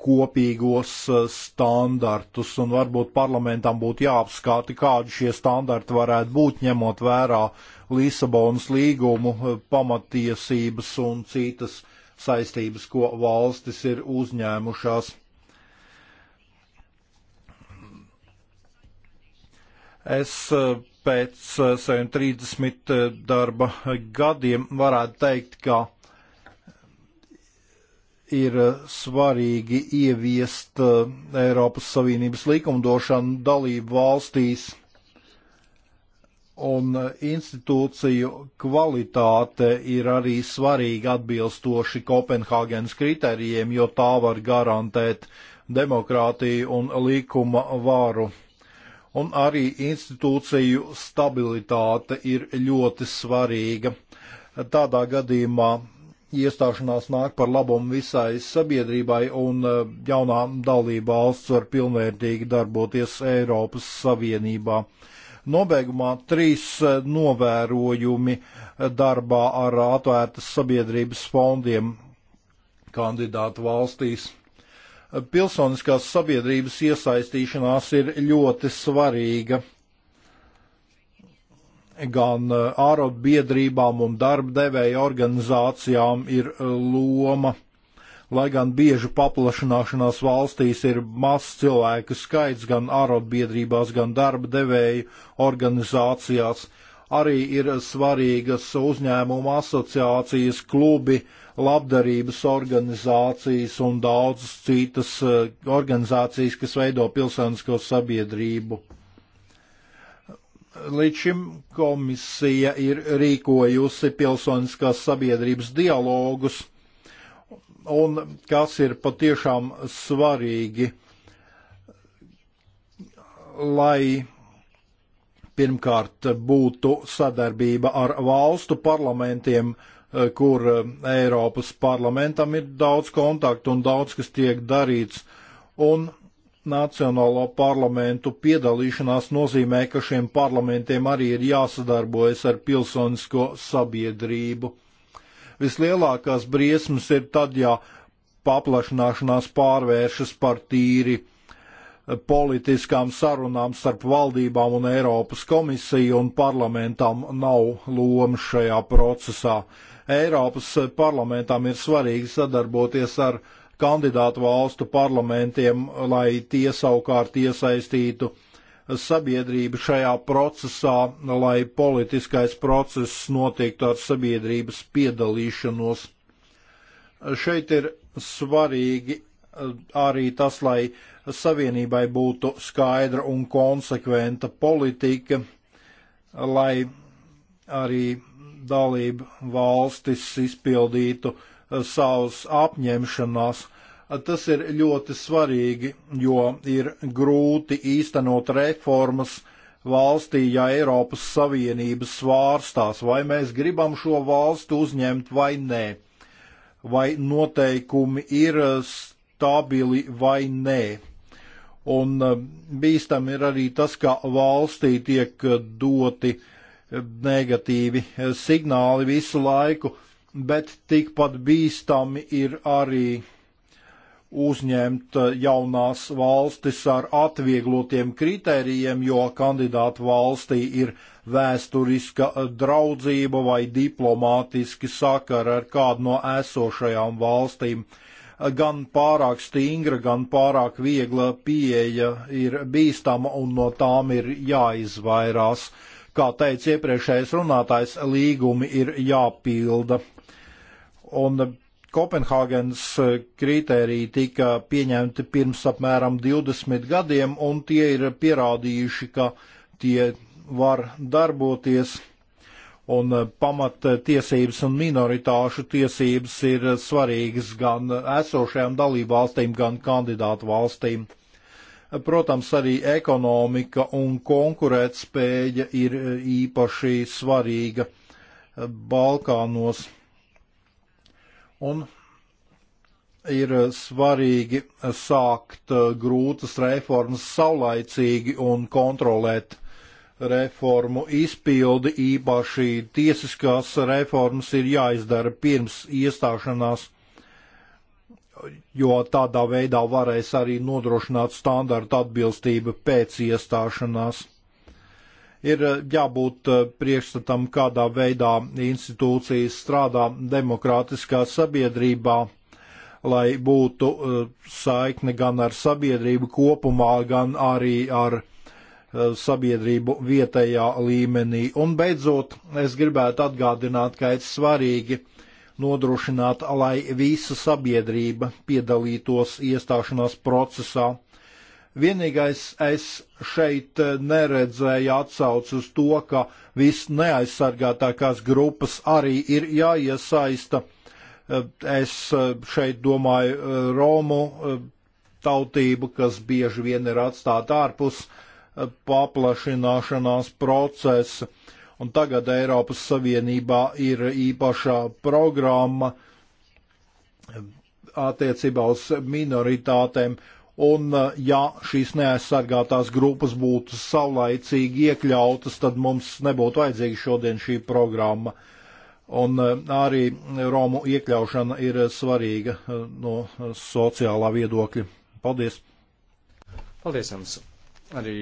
kopīgos eh, standartus, un varbūt parlamentam būtu jāapskāti, kādi šie standarti varētu būt, ņemot vērā Lisabonas līgumu eh, pamatiesības un citas saistības, ko valstis ir uzņēmušās. Es eh, pēc eh, saviem 30 eh, darba gadiem varētu teikt, ka ir svarīgi ieviest Eiropas Savienības likumdošanu dalību valstīs un e, institūciju kvalitāte ir arī svarīga atbilstoši Kopenhāgenes kritērijiem, jo tā var garantēt demokrātiju un likuma varu. Un arī institūciju stabilitāte ir ļoti svarīga. Tādā gadījumā iestāšanās nāk par labumu visai sabiedrībai un e, jaunā dalība valsts var pilnvērtīgi darboties Eiropas Savienībā. Uh, Nobeigumā trīs eh, novērojumi eh, darbā ar atvērtas sabiedrības fondiem kandidātu valstīs. Eh, pilsoniskās sabiedrības iesaistīšanās ir ļoti svarīga gan ārotbiedrībām un darbdevēja organizācijām ir loma Lai gan bieži paplašanāšanās valstīs ir mazs cilvēku skaits gan arotbiedrībās, gan darba devēju organizācijās, arī ir svarīgas uzņēmuma asociācijas, klubi, labdarības organizācijas un daudzas citas eh, organizācijas, kas veido pilsonisko sabiedrību. Līdz šim komisija ir rīkojusi pilsoniskās sabiedrības dialogus un kas ir patiešām svarīgi, lai pirmkārt būtu sadarbība ar valstu parlamentiem, kur eh, Eiropas parlamentam ir daudz kontaktu un daudz, kas tiek darīts, un nacionālo parlamentu piedalīšanās nozīmē, ka šiem parlamentiem arī ir jāsadarbojas ar pilsonisko sabiedrību vislielākās briesmas ir tad, ja paplašināšanās pārvēršas par tīri eh, politiskām sarunām starp valdībām un Eiropas komisiju un parlamentam nav loma šajā procesā. Eiropas eh, parlamentam ir svarīgi sadarboties ar kandidātu valstu parlamentiem, lai tie savukārt iesaistītu sabiedrību šajā procesā, lai politiskais process notiektu ar sabiedrības piedalīšanos. Šeit ir svarīgi eh, arī tas, lai savienībai būtu skaidra un konsekventa politika, lai arī dalību valstis izpildītu eh, savus apņemšanās Tas ir ļoti svarīgi, jo ir grūti īstenot reformas valstī, ja Eiropas Savienības svārstās, vai mēs gribam šo valstu uzņemt vai nē, vai noteikumi ir stabili vai nē. Un eh, bīstam ir arī tas, ka valstī tiek doti eh, negatīvi eh, signāli visu laiku, bet tikpat bīstami ir arī uzņemt eh, jaunās valstis ar atvieglotiem kritērijiem, jo kandidātu valstī ir vēsturiska eh, draudzība vai diplomātiski sakara ar kādu no esošajām valstīm. Eh, gan pārāk stingra, gan pārāk viegla pieeja ir bīstama un no tām ir jāizvairās. Kā teica iepriekšējais runātājs, līgumi ir jāpilda. Un Kopenhāgenes eh, kritēriji tika pieņemti pirms apmēram 20 gadiem, un tie ir pierādījuši, ka tie var darboties, un eh, pamattiesības un minoritāšu tiesības ir svarīgas gan esošajām dalībvalstīm, gan kandidātu valstīm. Protams, arī ekonomika un konkurētspēja ir eh, īpaši svarīga Balkānos. Un ir eh, svarīgi eh, sākt eh, grūtas reformas saulaicīgi un kontrolēt reformu izpildi, īpaši tiesiskās reformas ir jāizdara pirms iestāšanās, jo tādā veidā varēs arī nodrošināt standartu atbilstību pēc iestāšanās ir eh, jābūt eh, priekšstatam, kādā veidā institūcijas strādā demokrātiskā sabiedrībā, lai būtu eh, saikne gan ar sabiedrību kopumā, gan arī ar sabiedrību vietējā līmenī. Un beidzot, es gribētu atgādināt, ka ir svarīgi nodrošināt, lai visa sabiedrība piedalītos iestāšanās procesā Vienīgais es šeit eh, neredzēju atsaucu uz to, ka viss neaizsargātākās grupas arī ir jāiesaista. Eh, es eh, šeit domāju Romu tautību, kas bieži vien ir atstāta ārpus paplašināšanās procesa. Un tagad Eiropas Savienībā ir īpašā programma attiecībā uz minoritātēm, Un, uh, ja šīs neaizsargātās grupas būtu saulaicīgi iekļautas, tad mums nebūtu vajadzīga šodien šī programma. Un uh, arī Romu iekļaušana ir svarīga uh, no sociālā viedokļa. Paldies!
Paldies jums arī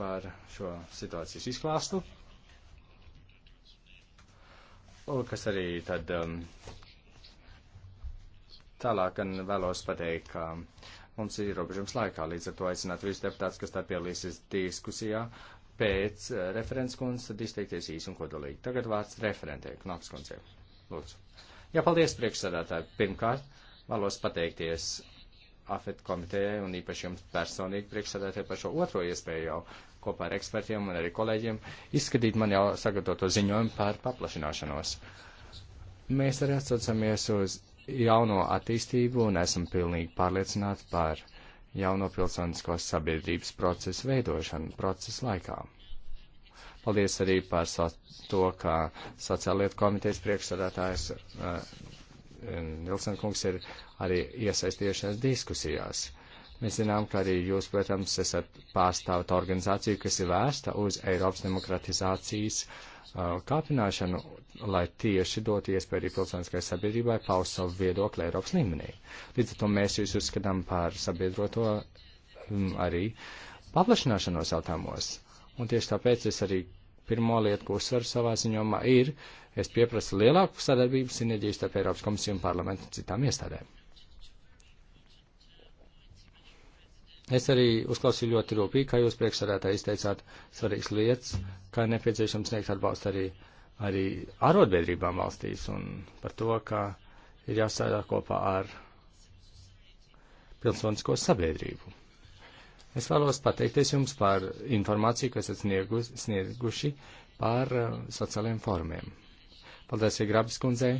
par šo situācijas izklāstu, kas arī tad um, tālāk gan vēlos pateikt, ka. Um, mums ir ierobežams laikā. Līdz ar to aicinātu visus deputātus, kas tā piedalīsies diskusijā, pēc eh, referents kundzes izteikties īsi un kodolīgi. Tagad vārds referentē, Knops kundzei. Lūdzu. Jā, paldies priekšsādātāji. Pirmkārt, vēlos pateikties AFET komitejai un īpaši jums personīgi priekšsādātāji par šo otro iespēju jau kopā ar ekspertiem un arī kolēģiem izskatīt man jau sagatavoto ziņojumu par paplašināšanos. Mēs arī atsaucamies uz jauno attīstību un esam pilnīgi pārliecināti par jauno pilsoniskos sabiedrības procesu veidošanu procesu laikā. Paldies arī par so to, ka sociālietu komitejas priekšsādātājs uh, eh, Nilsen kungs ir arī iesaistījušies diskusijās. Mēs zinām, ka arī jūs, protams, esat pārstāvot organizāciju, kas ir vērsta uz Eiropas demokratizācijas uh, kāpināšanu lai tieši dotu iespēju arī pilsoniskai sabiedrībai paust savu viedokli Eiropas līmenī. Līdz ar to mēs jūs uzskatām par sabiedroto um, arī paplašināšanos jautājumos. Un tieši tāpēc es arī pirmo lietu, ko uzsveru savā ziņomā, ir, es pieprasu lielāku sadarbību sinerģijas starp Eiropas komisiju un parlamentu citām iestādēm. Es arī uzklausīju ļoti rūpīgi, kā jūs priekšsarētā izteicāt svarīgas lietas, kā nepieciešams sniegt atbalstu arī uh, arī arotbiedrībām valstīs un par to, ka ir jāstrādā kopā ar pilsonisko sabiedrību. Es vēlos pateikties jums par informāciju, kas esat sniegu, snieguši par uh, sociālajiem formiem. Paldies Iegrabis kundzei,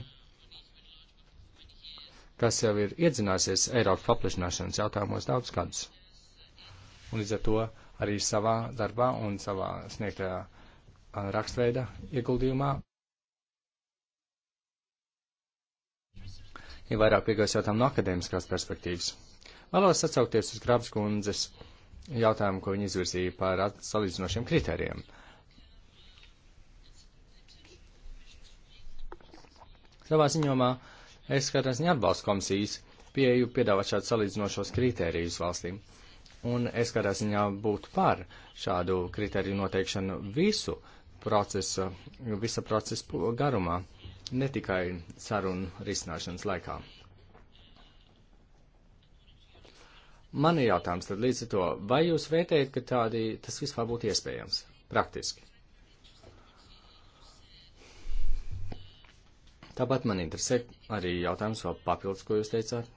kas jau ir iedzināsies Eiropas paplašināšanas jautājumos daudz gadus. Un līdz ar to arī savā darbā un savā sniegtajā rakstveida ieguldījumā. Ir ja vairāk pieejas jautājumu no akadēmiskās perspektīvas. Vēlos atsaukties uz Grabas kundzes jautājumu, ko viņa izvirzīja par salīdzinošiem kritērijiem. Savā ziņomā es skatās viņa atbalstu komisijas pieeju piedāvāt šādu salīdzinošos kritērijus valstīm. Un es kādā ziņā būtu par šādu kritēriju noteikšanu visu uh, procesa, visa procesa garumā, ne tikai sarunu risināšanas laikā. Man ir jautājums tad līdz ar to, vai jūs vērtējat, ka tādi, tas vispār būtu iespējams, praktiski? Tāpat man interesē arī jautājums vēl papildus, ko jūs teicāt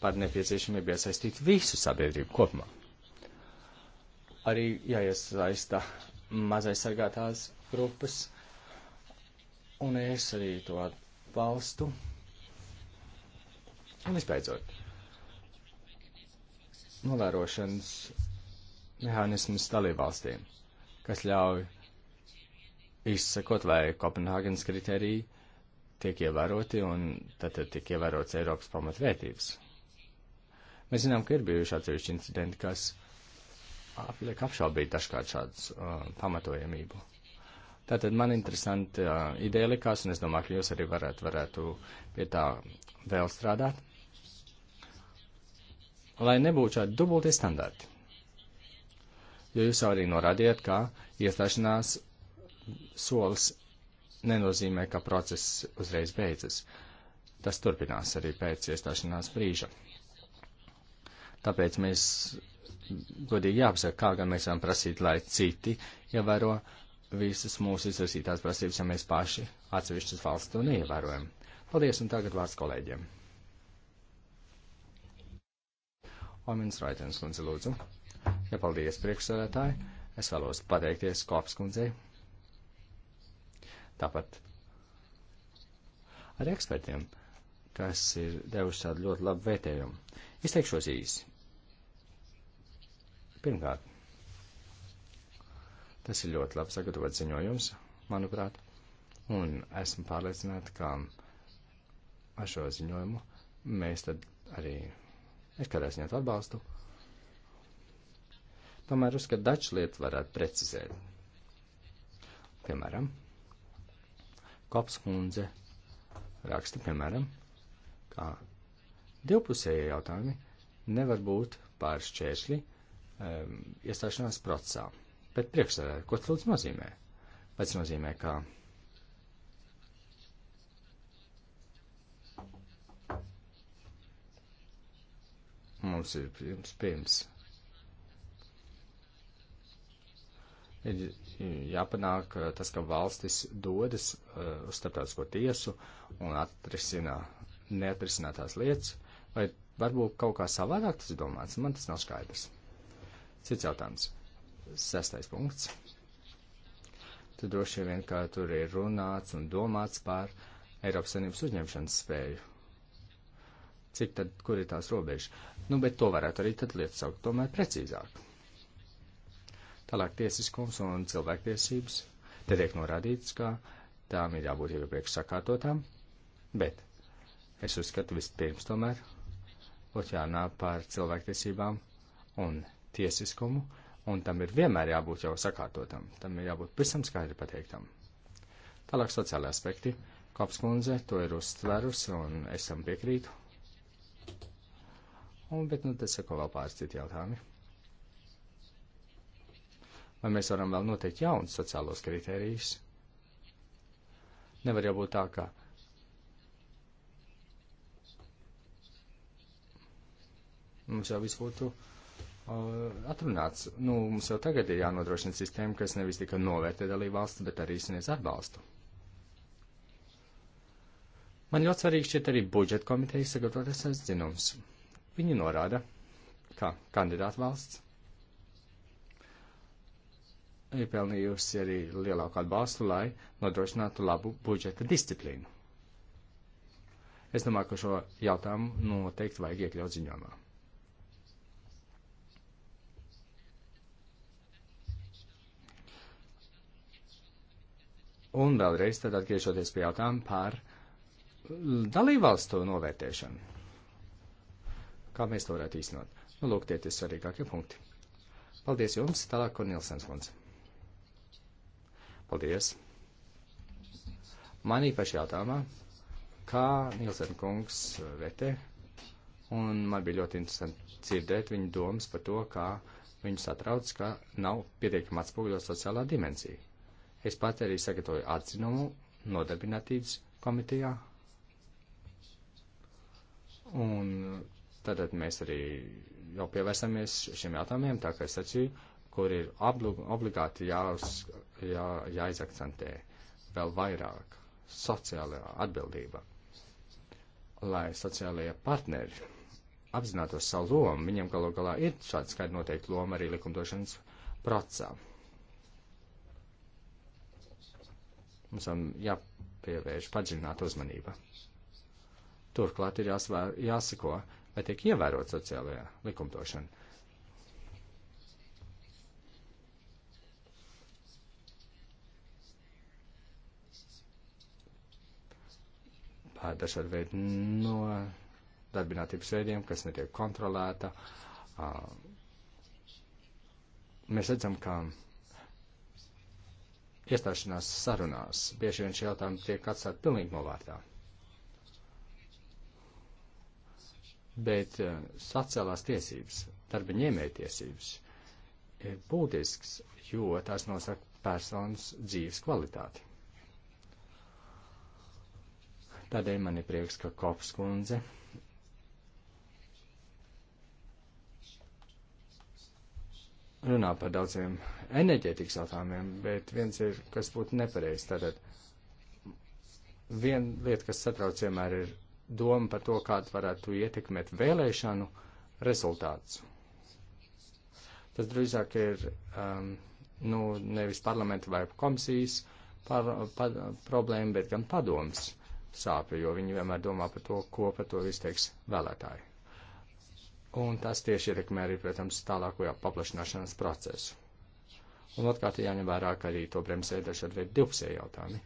par nepieciešamību iesaistīt visu sabiedrību kopumā arī jāiesaista mazaisargātās grupas, un es arī to atbalstu. Un visbeidzot, novērošanas mehānismus dalībvalstīm, kas ļauj izsekot, vai Kopenhāgenes kriteriji tiek ievēroti un tad, tad tiek ievērots Eiropas pamatvērtības. Mēs zinām, ka ir bijuši atsevišķi incidenti, kas liek apšaubīt dažkārt šādas uh, pamatojamību. Tātad man interesanti uh, ideja likās, un es domāju, ka jūs arī varētu, varētu pie tā vēl strādāt, lai nebūtu šādi dubulti standarti. Jo jūs arī norādījāt, ka iestāšanās solis nenozīmē, ka process uzreiz beidzas. Tas turpinās arī pēc iestāšanās brīža. Tāpēc mēs godīgi jāapsaka, kā gan mēs varam prasīt, lai citi ievēro visas mūsu izrasītās prasības, ja mēs paši atsevišķas valsts to neievērojam. Paldies, un tagad vārds kolēģiem. Omins Raitens, lūdzu, lūdzu. Ja paldies, priekšsēdētāji, es vēlos pateikties Kops kundzei. Tāpat ar ekspertiem, kas ir devuši tādu ļoti labu vērtējumu. Izteikšos īsi. Pirmkārt, tas ir ļoti labi sagatavots ziņojums, manuprāt, un esmu pārliecināta, ka ar šo ziņojumu mēs tad arī es kādā ziņā atbalstu. Tomēr uzskatu, dažas lietas varētu precizēt. Piemēram, Kops kundze raksta, piemēram, ka divpusējie jautājumi nevar būt pāršķēršļi um, iestāšanās procesā. Bet priekšsēdē, ko tas lūdzu nozīmē? Pēc nozīmē, ka mums ir pirms, pirms ir jāpanāk uh, tas, ka valstis dodas uh, uz starptautisko tiesu un atrisina neatrisinātās lietas, vai varbūt kaut kā savādāk tas domāts, man tas nav skaidrs. Cits jautājums. Sestais punkts. Tad droši vien, kā tur ir runāts un domāts par Eiropas Savienības uzņemšanas spēju. Cik tad, kur ir tās robežas? Nu, bet to varētu arī tad lietas saukt tomēr precīzāk. Tālāk tiesiskums un cilvēktiesības. Te tiek norādīts, ka tām ir jābūt jau iepriekš sakārtotām, bet es uzskatu vispirms tomēr būtu jānāk par cilvēktiesībām un tiesiskumu, un tam ir vienmēr jābūt jau sakārtotam, tam ir jābūt pavisam skaidri pateiktam. Tālāk sociālai aspekti. Kopskundze to ir uztverusi, un es tam piekrītu. Un, bet, nu, tas seko vēl pāris citi jautājumi. Vai mēs varam vēl noteikt jaunus sociālos kritērijus? Nevar jau būt tā, ka mums jau viss būtu Uh, atrunāts. Nu, mums jau tagad ir jānodrošina sistēma, kas nevis tikai novērtē dalību valsts, bet arī sniedz atbalstu. Man ļoti svarīgi šķiet arī budžeta komitejas sagatavotais atzinums. Viņi norāda, ka kandidāta valsts ir pelnījusi arī lielāku atbalstu, lai nodrošinātu labu budžeta disciplīnu. Es domāju, ka šo jautājumu noteikti vajag iekļaut ziņojumā. Un vēlreiz tad atgriežoties pie jautājuma par dalībvalstu novērtēšanu. Kā mēs to varētu īstenot? Nu, lūk, tie ir svarīgākie punkti. Paldies jums, tālāk Kornilsens kungs. Paldies. Man īpaši jautājumā, kā Nilsen kungs vērtē, un man bija ļoti interesanti dzirdēt viņa domas par to, kā viņu satrauc, ka nav pietiekami atspoguļot sociālā dimensija. Es pats arī sagatavoju atzinumu nodarbinātības komitejā. Un tātad mēs arī jau pievērsamies šiem jautājumiem, tā kā es sacīju, kur ir obligāti jāuz, jā, jāizakcentē vēl vairāk sociālā atbildība, lai sociālajie partneri apzinātos savu lomu, viņiem galu galā ir šāda skaidra noteikta loma arī likumdošanas procesā. Mums jāpievērš padziļināta uzmanība. Turklāt ir jāsvēr, jāsako, vai tiek ievērot sociālajā likumdošana. Pār dažādu veidu no darbinātības veidiem, kas netiek kontrolēta. Mēs redzam, ka iestāšanās sarunās. Bieži vien šie jautājumi tiek atstāti pilnīgi novārtā. Bet eh, sociālās tiesības, darba ņēmēja tiesības ir būtisks, jo tās nosaka personas dzīves kvalitāti. Tādēļ man ir prieks, ka Kops kundze runā par daudziem enerģētikas jautājumiem, bet viens ir, kas būtu nepareizs. Tātad viena lieta, kas satrauc vienmēr, ir doma par to, kāda varētu ietekmēt vēlēšanu rezultātus. Tas drīzāk ir um, nu, nevis parlamenta vai komisijas par, par, problēma, bet gan padoms sāpju, jo viņi vienmēr domā par to, ko par to izteiks vēlētāji. Un tas tieši ietekmē arī, protams, tālāko paplašināšanas procesu. Un otrkārt, jāņem vērā, ka arī to bremzē dažādi veidi divpusē jautājumi,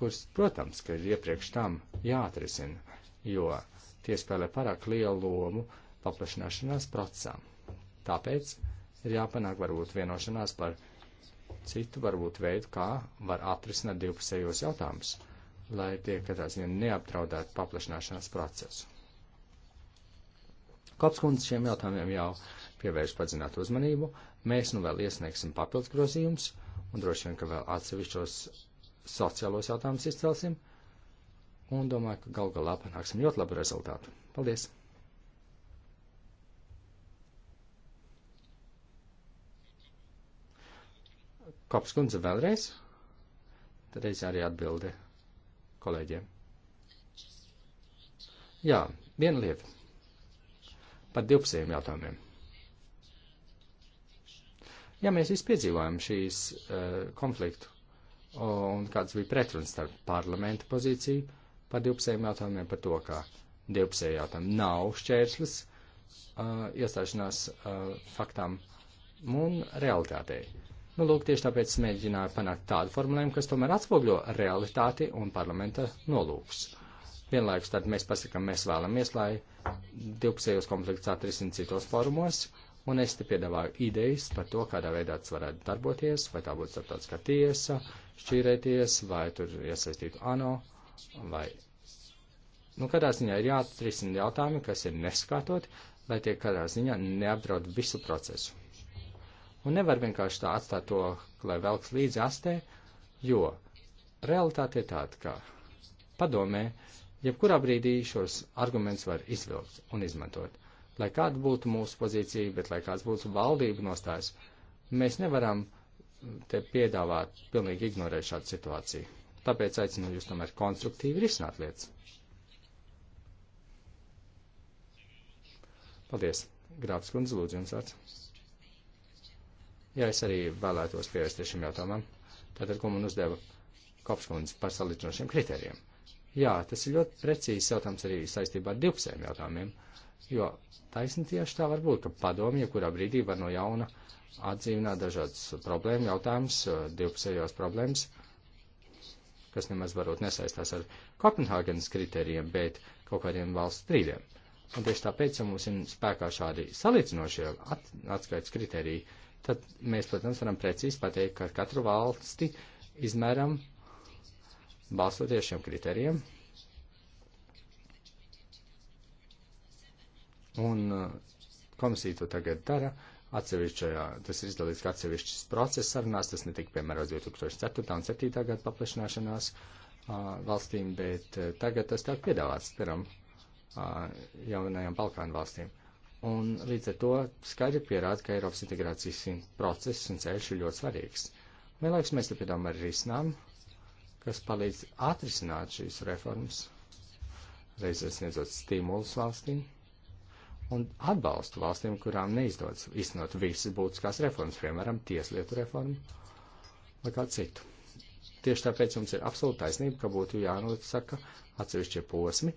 kurus, protams, ka ir iepriekš tam jāatrisina, jo tie spēlē pārāk lielu lomu paplašināšanās procesā. Tāpēc ir jāpanāk varbūt vienošanās par citu varbūt veidu, kā var atrisināt divpusējos jautājumus, lai tie, ka tās vien neapdraudētu paplašināšanās procesu. Kopskundze šiem jautājumiem jau pievērš padzinātu uzmanību. Mēs nu vēl iesniegsim papildus grozījumus un droši vien, ka vēl atsevišķos sociālos jautājumus izcelsim. Un domāju, ka gal galā panāksim ļoti labu rezultātu. Paldies! Kopskundze vēlreiz. Tad es arī atbildi kolēģiem. Jā, viena lieta par divpusējiem jautājumiem. Ja mēs visi piedzīvojam šīs uh, konfliktu un kāds bija pretruns starp parlamenta pozīciju par divpusējiem jautājumiem, par to, ka divpusējie jautājumi nav šķērslis uh, iestāšanās uh, eh, faktām un realitātei. Nu, lūk, tieši tāpēc mēģināju panākt tādu formulējumu, kas tomēr atspogļo realitāti un parlamenta nolūks. Uh, Vienlaikus tad mēs pasakam, mēs vēlamies, lai divpusējos konflikts atrisina citos fórumos, un es te piedāvāju idejas par to, kādā veidā tas varētu darboties, vai tā būtu starptautiskā tiesa, šķīrēties, vai tur iesaistītu ANO, vai. Nu, kādā ziņā ir jāatrisina jautājumi, kas ir neskārtot, lai tie kādā ziņā neapdraud visu procesu. Un nevar vienkārši tā atstāt to, lai velks līdzi astē, jo realitāte ir tāda, ka padomē, jebkurā brīdī šos argumentus var izvilkt un izmantot. Lai kāda būtu mūsu pozīcija, bet lai kāds būtu valdību nostājs, mēs nevaram te piedāvāt pilnīgi ignorēt šādu situāciju. Tāpēc aicinu jūs tomēr konstruktīvi risināt lietas. Paldies. Grāfs Kundze, lūdzu jums vārds. Jā, es arī vēlētos pievērsties šim jautājumam. Tātad, ko man uzdeva Kopskundze par salīdzinošiem kritērijiem. Jā, tas ir ļoti precīzi jautājums arī saistībā ar divpusējiem jautājumiem, jo taisni tieši tā var būt, ka padomju, kurā brīdī var no jauna atdzīvināt dažādas problēmu jautājumus, eh, divpusējos problēmas, kas nemaz varbūt nesaistās ar Kopenhāgenes kritērijiem, bet kaut kādiem valsts strīdiem. Un tieši tāpēc, ja mums ir spēkā šādi salīdzinošie at, atskaits kritēriji, tad mēs, protams, varam precīzi pateikt, ka katru valsti izmēram balstoties šiem kriterijiem. Un uh, komisija to tagad dara. Atsevišķajā, tas ir izdalīts kā atsevišķs process sarunās, tas netika piemērots 2004. un 2007. gada paplašināšanās uh, valstīm, bet uh, tagad tas tiek piedāvāts, piemēram, uh, jaunajām Balkānu valstīm. Un līdz ar to skaidri pierāda, ka Eiropas integrācijas process un ceļš ir ļoti svarīgs. Vienlaiks mēs te piedāvājam arī risinām, uh, kas palīdz atrisināt šīs reformas, reizē sniedzot stimulus valstīm un atbalstu valstīm, kurām neizdodas iznot visas būtiskās reformas, piemēram, tieslietu reformu vai kā citu. Tieši tāpēc jums ir absolūta taisnība, ka būtu jānosaka atsevišķie posmi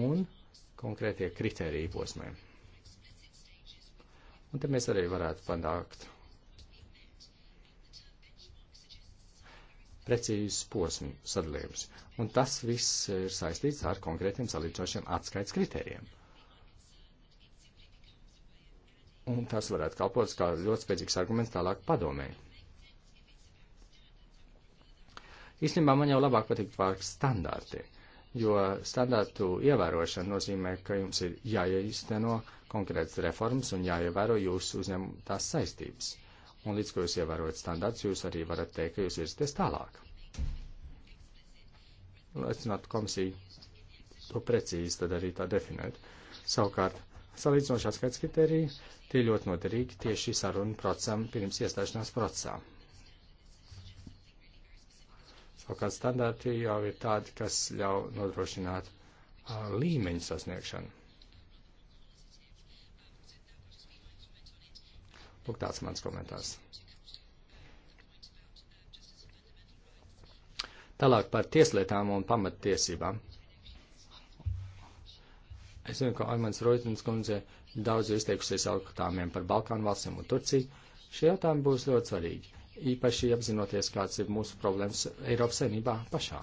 un konkrētie kriteriji posmiem. Un te mēs arī varētu panākt precīzes posmu sadalījums, un tas viss ir saistīts ar konkrētiem salīdzinošiem atskaits kritērijiem. Un tas varētu kalpot kā ļoti spēcīgs arguments tālāk padomē. Īstenībā man jau labāk patīk vārds standārti, jo standārtu ievērošana nozīmē, ka jums ir jāieīsteno konkrētas reformas un jāievēro jūsu uzņemtās saistības. Uh, Un līdz, ko jūs ievērojat standarts, jūs arī varat teikt, ka jūs virzaties tālāk. Aicinātu komisiju to precīzi tad arī tā definēt. Savukārt, salīdzinošā skaits kriteriji, tie ļoti noderīgi tieši sarunu procesam pirms iestāšanās procesā. Savukārt, standarti jau ir tādi, kas ļauj nodrošināt uh, līmeņu sasniegšanu. Lūk, tāds mans komentārs. Tālāk par tieslietām un pamattiesībām. Es zinu, ka Armāns Roitins kundze daudz izteikusies jautājumiem par Balkānu valstīm un Turciju. Šie jautājumi būs ļoti svarīgi, īpaši apzinoties, kāds ir mūsu problēmas Eiropas saimnībā pašā.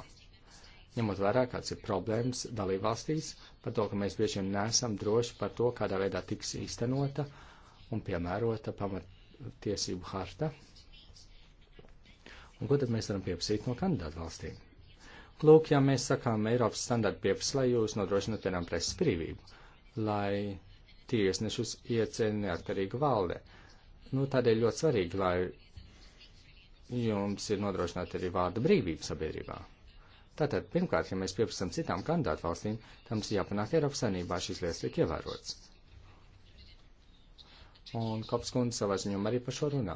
Ņemot vērā, kāds ir problēmas dalībvalstīs, par to, ka mēs bieži vien nesam droši par to, kādā veidā tiks īstenota uh, un piemērota pamatiesību harta. Un ko tad mēs varam pieprasīt no kandidātu valstīm? Lūk, ja mēs sakām Eiropas standartu pieprasa, lai jūs nodrošināt vienam preses brīvību, lai tiesnešus ieceļ neatkarīga valde. Nu, tādēļ ļoti svarīgi, lai jums ir nodrošināta arī vārda brīvība sabiedrībā. Tātad, pirmkārt, ja mēs pieprasām citām kandidātu valstīm, tam ir jāpanāk Eiropas Savienībā šīs lietas tiek ievērotas un Kops kundze savā ziņumā arī par šo runā.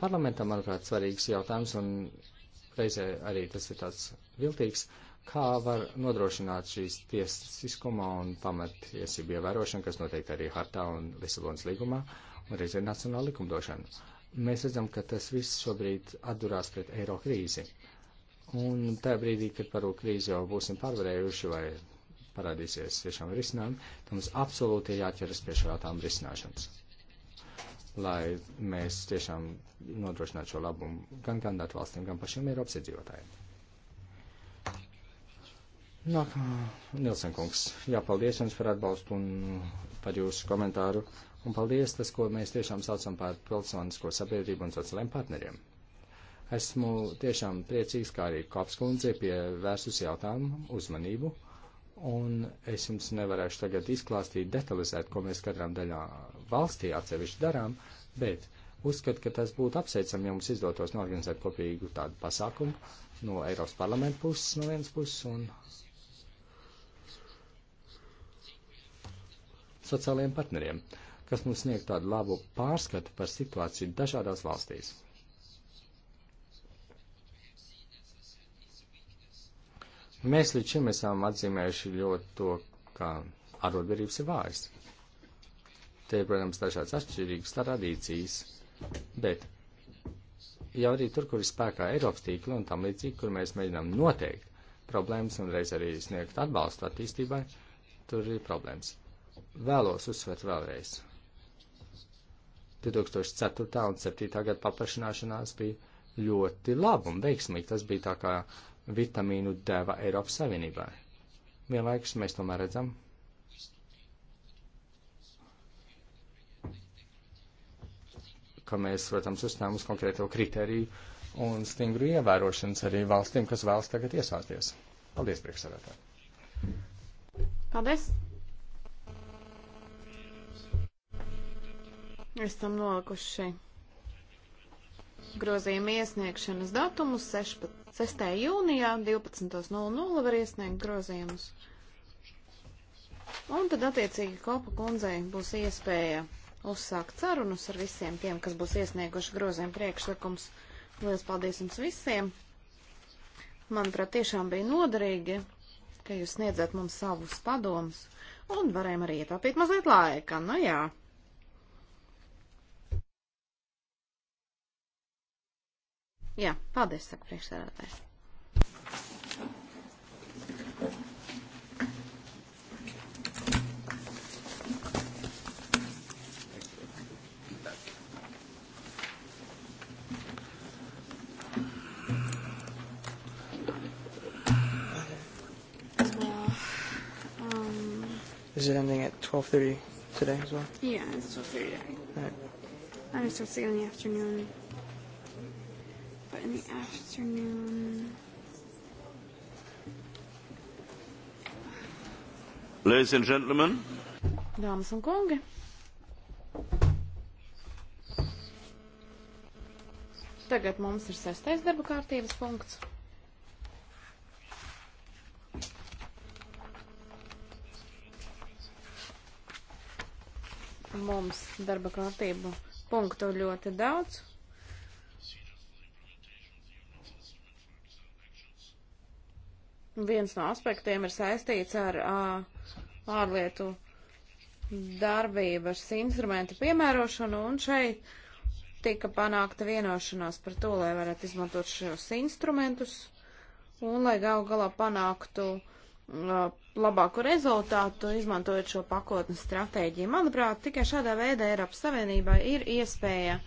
Parlamentam, manuprāt, svarīgs jautājums, un reizē arī tas ir tāds viltīgs, kā var nodrošināt šīs tiesiskuma un pamatiesību ievērošanu, kas noteikti arī hartā un Lisabonas līgumā, un reizē nacionāla likumdošana. Mēs redzam, ka tas viss šobrīd atdurās pret eiro krīzi. Un tajā brīdī, kad par krīzi jau būsim pārvarējuši vai parādīsies tiešām risinājumi, tad mums absolūti jāķeras pie šā jautājuma risināšanas lai mēs tiešām nodrošinātu šo labumu gan kandidātu valstīm, gan pašiem Eiropas iedzīvotājiem. Nākamā Nilsen kungs, jā, paldies jums par atbalstu un par jūsu komentāru, un paldies tas, ko mēs tiešām saucam par pilsonisko sabiedrību un sociālajiem partneriem. Esmu tiešām priecīgs, kā arī Kops kundze pievērsus jautājumu uzmanību Un es jums nevarēšu tagad izklāstīt detalizēt, ko mēs katrām daļā valstī atsevišķi darām, bet uzskatu, ka tas būtu apsveicami, ja mums izdotos norganizēt kopīgu tādu pasākumu no Eiropas parlamenta puses, no vienas puses, un sociālajiem partneriem, kas mums sniegt tādu labu pārskatu par situāciju dažādās valstīs. Mēs līdz šim esam atzīmējuši ļoti to, ka arotbiedrības ir vājas. Te ir, protams, dažādas atšķirīgas tradīcijas, bet jau arī tur, kur ir spēkā Eiropas tīkli un tam līdzīgi, kur mēs mēģinām noteikt problēmas un reiz arī sniegt atbalstu attīstībai, tur ir problēmas. Vēlos uzsvērt vēlreiz. 2004. un 2007. gada paplašināšanās bija ļoti laba un veiksmīga. Tas bija tā kā vitamīnu deva Eiropas Savienībai. Vienlaikus mēs tomēr redzam, ka mēs, protams, uzstājam uz konkrēto kritēriju un stingru ievērošanas arī valstīm, kas vēlas tagad iesāties. Paldies, priekšsēdētāji!
Paldies! Esam nolikuši grozījuma iesniegšanas datumu 16. 6. jūnijā 12.00 var iesniegt grozījumus. Un tad attiecīgi kopa kundzei būs iespēja uzsākt sarunas ar visiem tiem, kas būs iesnieguši grozījumu priekšlikums. Lielas paldies jums visiem! Manuprāt, tiešām bija noderīgi, ka jūs sniedzat mums savus padomus un varējām arī ietaupīt mazliet laika. Nu jā. Jā, paldies, saka priekšsēdētājs. Um, Is it ending at 12.30 today as well? Yeah, it's 12.30. All right. I'm supposed to get in the afternoon but in the afternoon. Ladies and gentlemen. Dāmas un kungi. Tagad mums ir sestais darba kārtības punkts. Mums darba kārtību punktu ļoti daudz, Viens no aspektiem ir saistīts ar ārlietu darbības instrumentu piemērošanu, un šeit tika panākta vienošanās par to, lai varētu izmantot šos instrumentus, un lai gal galā panāktu uh, labāku rezultātu, izmantojot šo pakotnes stratēģiju. Manuprāt, tikai šādā veidā Eiropas Savienībai ir iespēja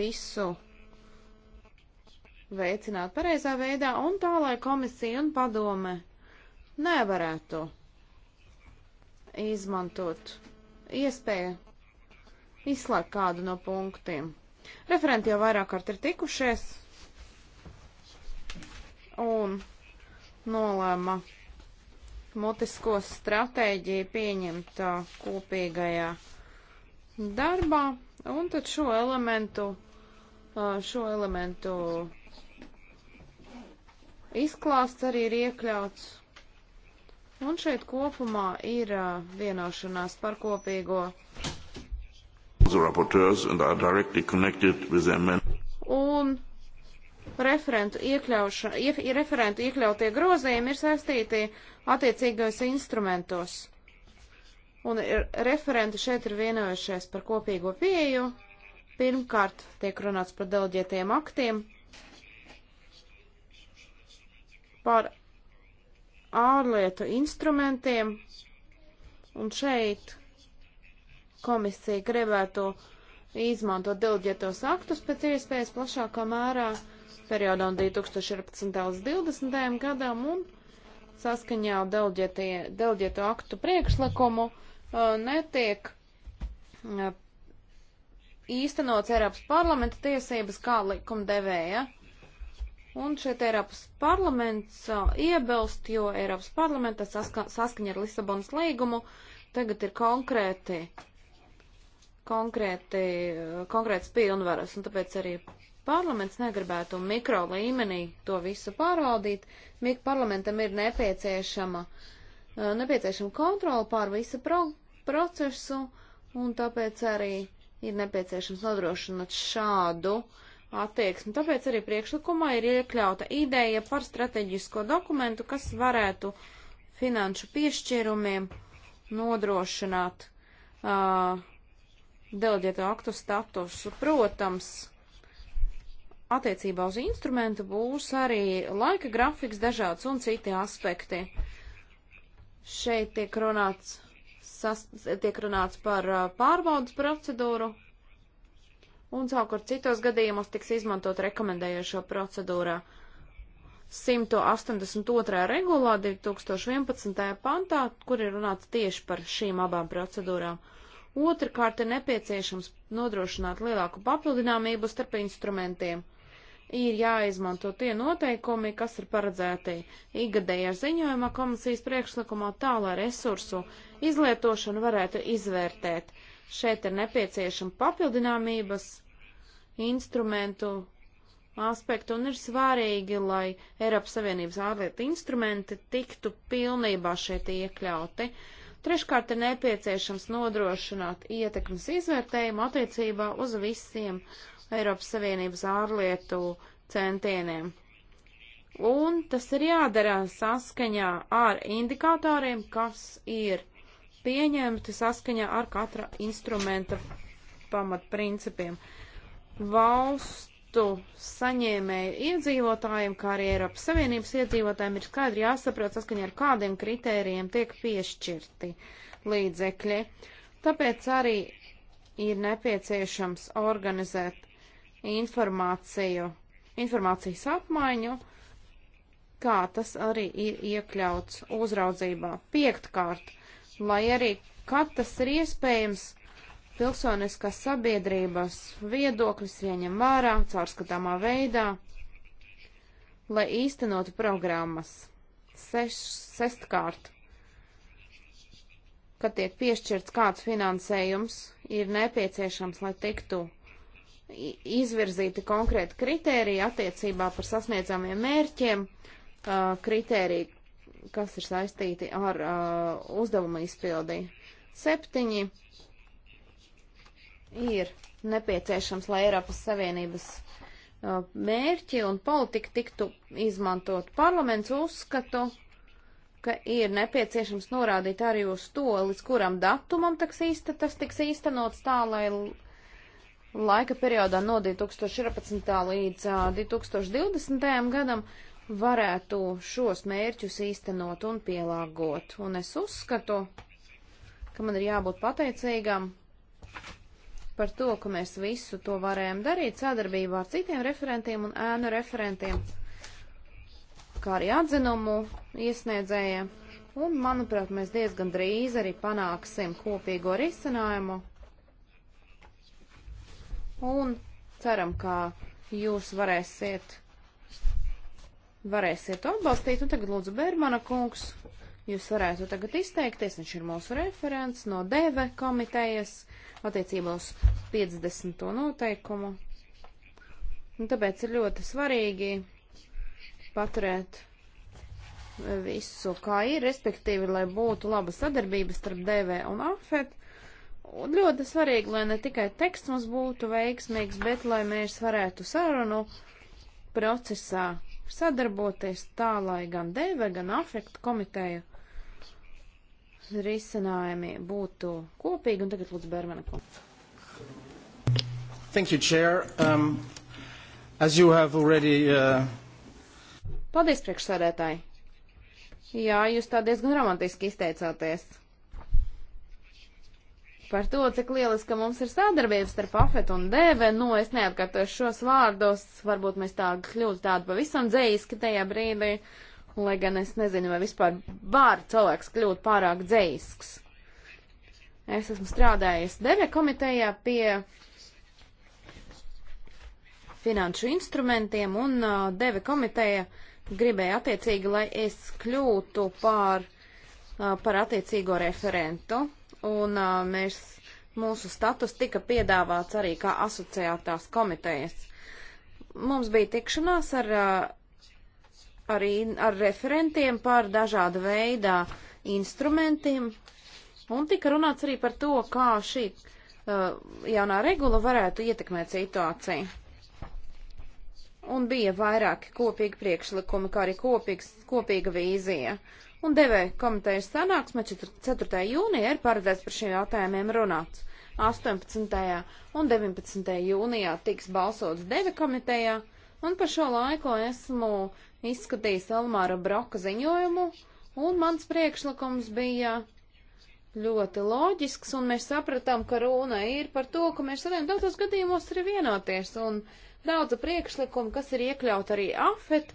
visu veicināt pareizā veidā un tā, lai komisija un padome nevarētu izmantot iespēju izslēgt kādu no punktiem. Referenti jau vairāk kārt ir tikušies un nolēma mutisko stratēģiju pieņemt uh, kopīgajā darbā, un tad šo elementu, uh, šo elementu izklāsts arī ir iekļauts. Un šeit kopumā ir vienošanās par kopīgo. Un referentu, iekļauša, ie, referentu iekļautie grozījumi ir saistīti attiecīgajos instrumentos. Un referenti šeit ir vienojušies par kopīgo pieju. Pirmkārt, tiek runāts par delģētiem aktiem, par ārlietu instrumentiem, un šeit komisija gribētu izmantot dilģētos aktus pēc iespējas plašākā mērā periodā no 2014. līdz 2020. gadam un saskaņā delģēto aktu priekšlikumu uh, netiek uh, īstenots Eiropas parlamenta tiesības kā likumdevēja. Un šeit Eiropas parlaments iebilst, jo Eiropas parlamenta saska, saskaņa ar Lisabonas līgumu tagad ir konkrēti, konkrēti, konkrēts pilnvaras, un tāpēc arī parlaments negribētu mikro līmenī to visu pārvaldīt. Mik parlamentam ir nepieciešama, nepieciešama kontrola pār visu pro, procesu, un tāpēc arī ir nepieciešams nodrošināt šādu uh, attieksmi. Tāpēc arī priekšlikumā ir iekļauta ideja par strateģisko dokumentu, kas varētu finanšu piešķirumiem nodrošināt uh, deleģēto aktu statusu. Protams, attiecībā uz instrumentu būs arī laika grafiks dažāds un citi aspekti. Šeit tiek runāts, sas, tiek runāts par pārbaudas procedūru un savukārt citos gadījumos tiks izmantot rekomendējošo procedūrā. 182. regulā 2011. pantā, kur ir runāts tieši par šīm abām procedūrām. Otrakārt ir nepieciešams nodrošināt lielāku papildināmību starp instrumentiem. Ir jāizmanto tie noteikumi, kas ir paredzēti ikgadējā ziņojumā komisijas priekšlikumā tā, lai resursu izlietošanu varētu izvērtēt. Šeit ir nepieciešama papildināmības instrumentu aspektu, un ir svarīgi, lai Eiropas Savienības ārlietu instrumenti tiktu pilnībā šeit iekļauti. Treškārt ir nepieciešams nodrošināt ietekmes izvērtējumu attiecībā uz visiem Eiropas Savienības ārlietu centieniem. Un tas ir jādara saskaņā ar indikatoriem, kas ir pieņemti saskaņā ar katra instrumenta pamatprincipiem. principiem valstu saņēmēju iedzīvotājiem, kā arī Eiropas Savienības iedzīvotājiem ir skaidri jāsaprot, saskaņā ar kādiem kritērijiem tiek piešķirti līdzekļi. Tāpēc arī ir nepieciešams organizēt informāciju, informācijas apmaiņu, kā tas arī ir iekļauts uzraudzībā. Piektkārt, lai arī, kad tas ir iespējams, pilsoniskās sabiedrības viedoklis ieņem vērā caurskatāmā veidā, lai īstenotu programmas. Seš, sestkārt, kad tiek piešķirts kāds finansējums, ir nepieciešams, lai tiktu izvirzīti konkrēti kritēriji attiecībā par sasniedzamiem mērķiem, kritēriji, kas ir saistīti ar uzdevumu izpildī. Septiņi, ir nepieciešams, lai Eiropas Savienības uh, mērķi un politika tiktu izmantot. Parlaments uzskatu, ka ir nepieciešams norādīt arī uz to, līdz kuram datumam tiks īsta, tas tiks īstenots tā, lai laika periodā no 2014. līdz uh, 2020. gadam varētu šos mērķus īstenot un pielāgot. Un es uzskatu, ka man ir jābūt pateicīgam par to, ka mēs visu to varējām darīt sadarbībā ar citiem referentiem un ēnu referentiem, kā arī atzinumu iesniedzējiem. Un, manuprāt, mēs diezgan drīz arī panāksim kopīgo risinājumu. Un ceram, ka jūs varēsiet, varēsiet atbalstīt. Un tagad lūdzu Bermana kungs, jūs varētu tagad izteikties, viņš ir mūsu referents no DV komitejas attiecībā uz 50. noteikumu. Un tāpēc ir ļoti svarīgi paturēt e, visu, kā ir, respektīvi, lai būtu laba sadarbība starp DV un AFET. Un ļoti svarīgi, lai ne tikai teksts mums būtu veiksmīgs, bet lai mēs varētu sarunu procesā sadarboties tā, lai gan DV, gan AFET komiteja risinājumi būtu kopīgi. Un tagad lūdzu Bermana kungs.
Thank you, Chair. Um, as you have already. Uh...
Paldies, priekšsēdētāji. Jā, jūs tā diezgan romantiski izteicāties par to, cik lieliski mums ir sadarbība starp Afetu un Dēve. Nu, es neatkārtošu šos vārdos, varbūt mēs tā kļūtu tādu pavisam dzējiski tajā brīdī. Uh, Lai gan es nezinu, vai vispār var cilvēks kļūt pārāk dzējisks. Es esmu strādājis deve komitejā pie finanšu instrumentiem un uh, deve komiteja gribēja attiecīgi, lai es kļūtu par, uh, par attiecīgo referentu. Un uh, mēs, mūsu status tika piedāvāts arī kā asociētās komitejas. Mums bija tikšanās ar uh, arī ar referentiem par dažāda veidā instrumentiem, un tika runāts arī par to, kā šī uh, jaunā regula varētu ietekmēt situāciju. Un bija vairāki kopīgi priekšlikumi, kā arī kopīgs, kopīga vīzija. Un devēja komitejas sanāksme 4. jūnijā ir paredzēts par šiem jautājumiem runāts. 18. un 19. jūnijā tiks balsots deve komitejā, un par šo laiku esmu izskatījis Elmāra Broka ziņojumu, un mans priekšlikums bija ļoti loģisks, un mēs sapratām, ka runa ir par to, ka mēs varam daudzos gadījumos arī vienoties, un daudza priekšlikuma, kas ir iekļaut arī AFET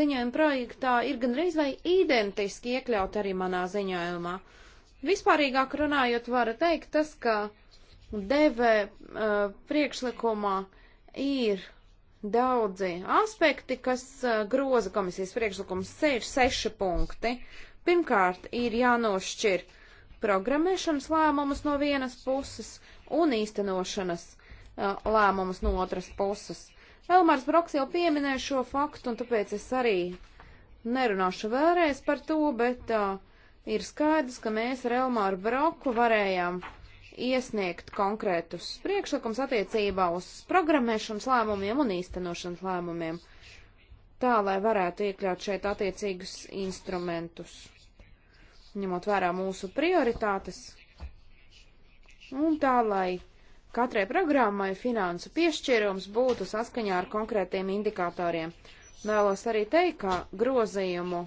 ziņojuma projektā, ir gandrīz vai identiski iekļaut arī manā ziņojumā. Vispārīgāk runājot, var teikt tas, ka DV uh, eh, priekšlikumā ir daudzi aspekti, kas eh, groza komisijas priekšlikums. Ir seši punkti. Pirmkārt, ir jānošķir programmēšanas lēmumus no vienas puses un īstenošanas eh, lēmumus no otras puses. Elmārs Broks jau pieminēja šo faktu, un tāpēc es arī nerunāšu vēlreiz par to, bet uh, ir skaidrs, ka mēs ar Elmāru Broku varējām uh, iesniegt konkrētus priekšlikums attiecībā uz programmēšanas lēmumiem un īstenošanas lēmumiem, tā lai varētu iekļaut šeit attiecīgus instrumentus, ņemot vērā mūsu prioritātes, un tā lai katrai programmai finansu piešķirums būtu saskaņā ar konkrētiem indikatoriem. Vēlos arī teikt, ka grozījumu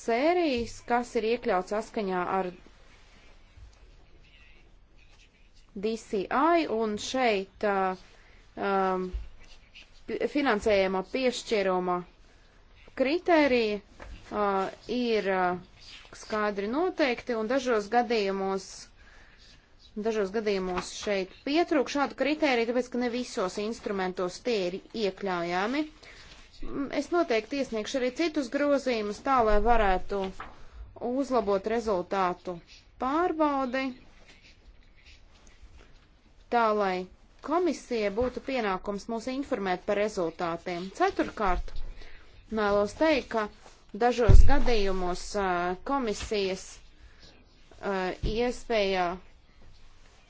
sērijas, kas ir iekļauts saskaņā ar DCI, un šeit uh, um, finansējuma piešķiruma kritērija uh, ir uh, skaidri noteikti, un dažos gadījumos, dažos gadījumos šeit pietrūk šādu kritēriju, tāpēc, ka ne visos instrumentos tie ir iekļaujami. Mm, es noteikti iesniegšu arī citus grozījumus tā, lai varētu uzlabot rezultātu pārbaudi tā lai komisija būtu pienākums mūs informēt par rezultātiem. Ceturkārt, vēlos teikt, ka dažos gadījumos komisijas iespēja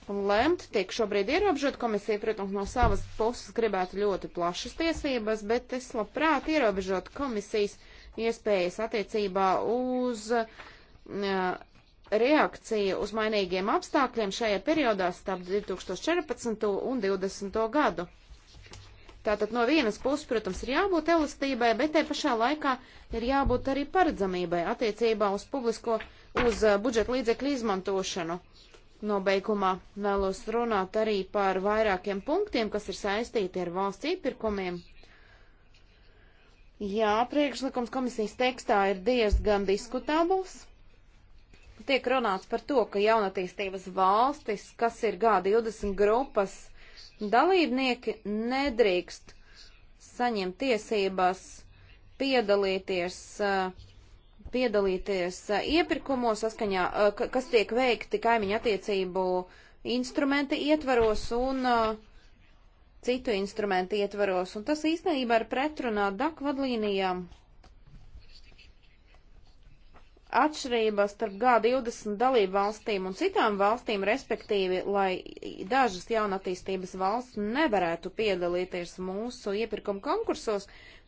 lemt tiek šobrīd ierobežot. Komisija, protams, no savas puses gribētu ļoti plašas tiesības, bet es labprāt ierobežot komisijas iespējas attiecībā uz uh, reakcija uz mainīgiem apstākļiem šajā periodā starp 2014. un 2020. gadu. Tātad no vienas puses, protams, ir jābūt elastībai, bet te pašā laikā ir jābūt arī paredzamībai attiecībā uz publisko, uz eh, budžeta līdzekļu izmantošanu. Nobeigumā vēlos runāt arī par vairākiem punktiem, kas ir saistīti ar valsts iepirkumiem. Jā, priekšlikums komisijas tekstā ir diezgan diskutabls, tiek runāts par to, ka jaunatīstības valstis, kas ir G20 grupas dalībnieki, nedrīkst saņemt tiesības piedalīties, eh, piedalīties eh, iepirkumos, saskaņā, eh, kas tiek veikti kaimiņu attiecību instrumenti ietvaros un citu instrumentu ietvaros, un tas īstenībā ir pretrunā DAK vadlīnijām atšķirības starp G20 dalību valstīm un citām valstīm, respektīvi, lai dažas jaunatīstības valsts nevarētu piedalīties mūsu iepirkuma konkursos,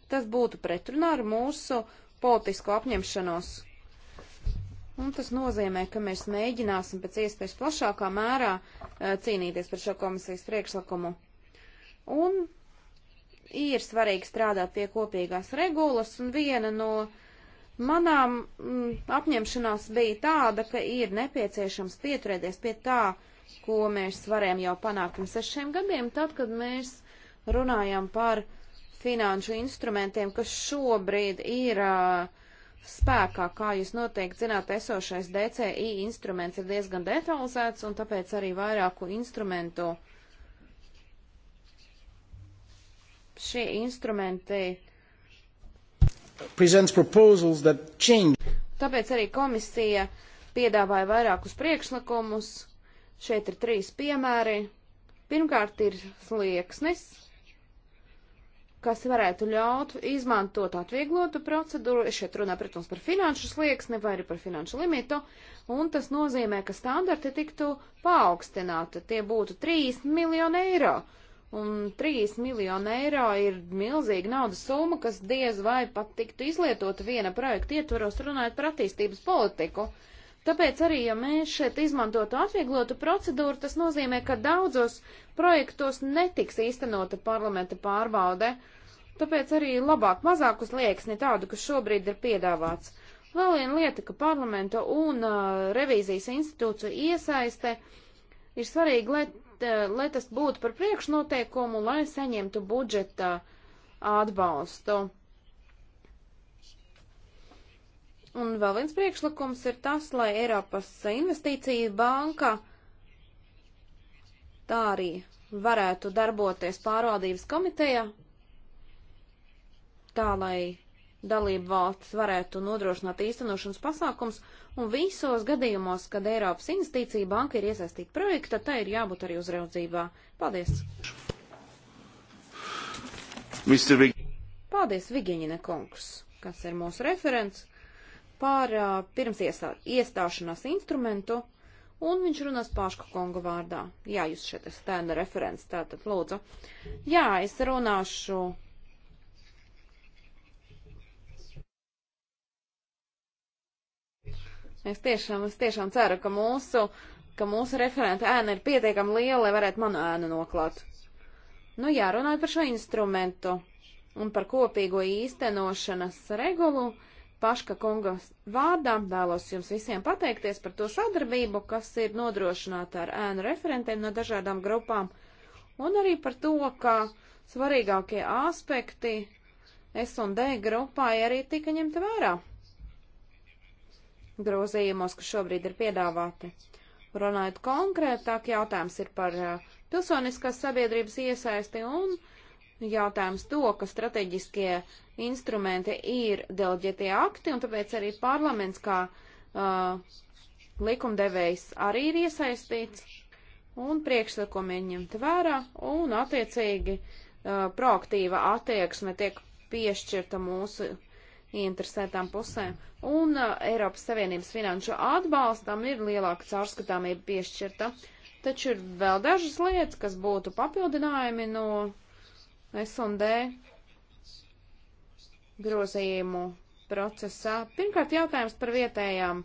tas būtu pretrunā ar mūsu politisko apņemšanos. Un tas nozīmē, ka mēs mēģināsim pēc iespējas plašākā mērā eh, cīnīties par šo komisijas priekšlikumu. Un ir svarīgi strādāt pie kopīgās regulas, un viena no uh, Manām mm, apņemšanās bija tāda, ka ir nepieciešams pieturēties pie tā, ko mēs varējām jau panākt pirms sešiem gadiem, tad, kad mēs runājam par finanšu instrumentiem, kas šobrīd ir uh, spēkā. Kā jūs noteikti zināt, esošais DCI instruments ir diezgan detalizēts, un tāpēc arī vairāku instrumentu šie instrumenti
presents proposals that change.
Tāpēc arī komisija piedāvāja vairākus priekšlikumus. Šeit ir trīs piemēri. Pirmkārt ir slieksnis, kas varētu ļaut izmantot atvieglotu procedūru. Es šeit runāju, protams, par finanšu slieksni vai arī par finanšu limitu, un tas nozīmē, ka standarti tiktu paaugstināti. Tie būtu 3 miljoni eiro. Uh, Un 3 miljoni eiro ir milzīga naudas summa, kas diez vai pat tiktu izlietota viena projekta ietvaros runājot par attīstības politiku. Tāpēc arī, ja mēs šeit izmantotu atvieglotu procedūru, tas nozīmē, ka daudzos projektos netiks īstenota parlamenta pārbaude. Tāpēc arī labāk mazākus liekas ne tādu, kas šobrīd ir piedāvāts. Vēl viena lieta, ka parlamenta un uh, revīzijas institūciju iesaiste ir svarīga, lai bet eh, lai tas būtu par priekšnoteikumu, lai saņemtu budžeta atbalstu. Un vēl viens priekšlikums ir tas, lai Eiropas investīcija banka tā arī varētu darboties pārvaldības komitejā, tā lai dalību valstis varētu nodrošināt īstenošanas pasākums, un visos gadījumos, kad Eiropas investīcija banka ir iesaistīta projekta, tai ir jābūt arī uzraudzībā. Paldies! Vig Paldies, Vigiņina kungs, kas ir mūsu referents par uh, pirms iestā, iestāšanās instrumentu, un viņš runās Pāška Konga vārdā. Jā, jūs šeit esat tēna referents, tātad lūdzu. Jā, es runāšu Es tiešām, es tiešām ceru, ka mūsu, ka mūsu referenta ēna ir pietiekami liela, lai varētu manu ēnu noklāt. Nu jā, runājot par šo instrumentu un par kopīgo īstenošanas regulu, Paška kunga vārdā vēlos jums visiem pateikties par to sadarbību, kas ir nodrošināta ar ēnu referentiem no dažādām grupām, un arī par to, ka svarīgākie aspekti S un D grupā arī tika ņemta vērā grozījumos, kas šobrīd ir piedāvāti. Runājot konkrētāk, jautājums ir par uh, pilsoniskās sabiedrības iesaisti un jautājums to, ka strateģiskie instrumenti ir delģētie akti, un tāpēc arī parlaments kā uh, likumdevējs arī ir iesaistīts un priekšlikumi ir ņemti vērā, un attiecīgi uh, proaktīva attieksme tiek piešķirta mūsu uh, ieinteresētām pusēm, un uh, Eiropas Savienības finanšu atbalstam ir lielāka caurskatāmība piešķirta. Taču ir vēl dažas lietas, kas būtu papildinājumi no S&D grozījumu procesā. Pirmkārt, jautājums par vietējām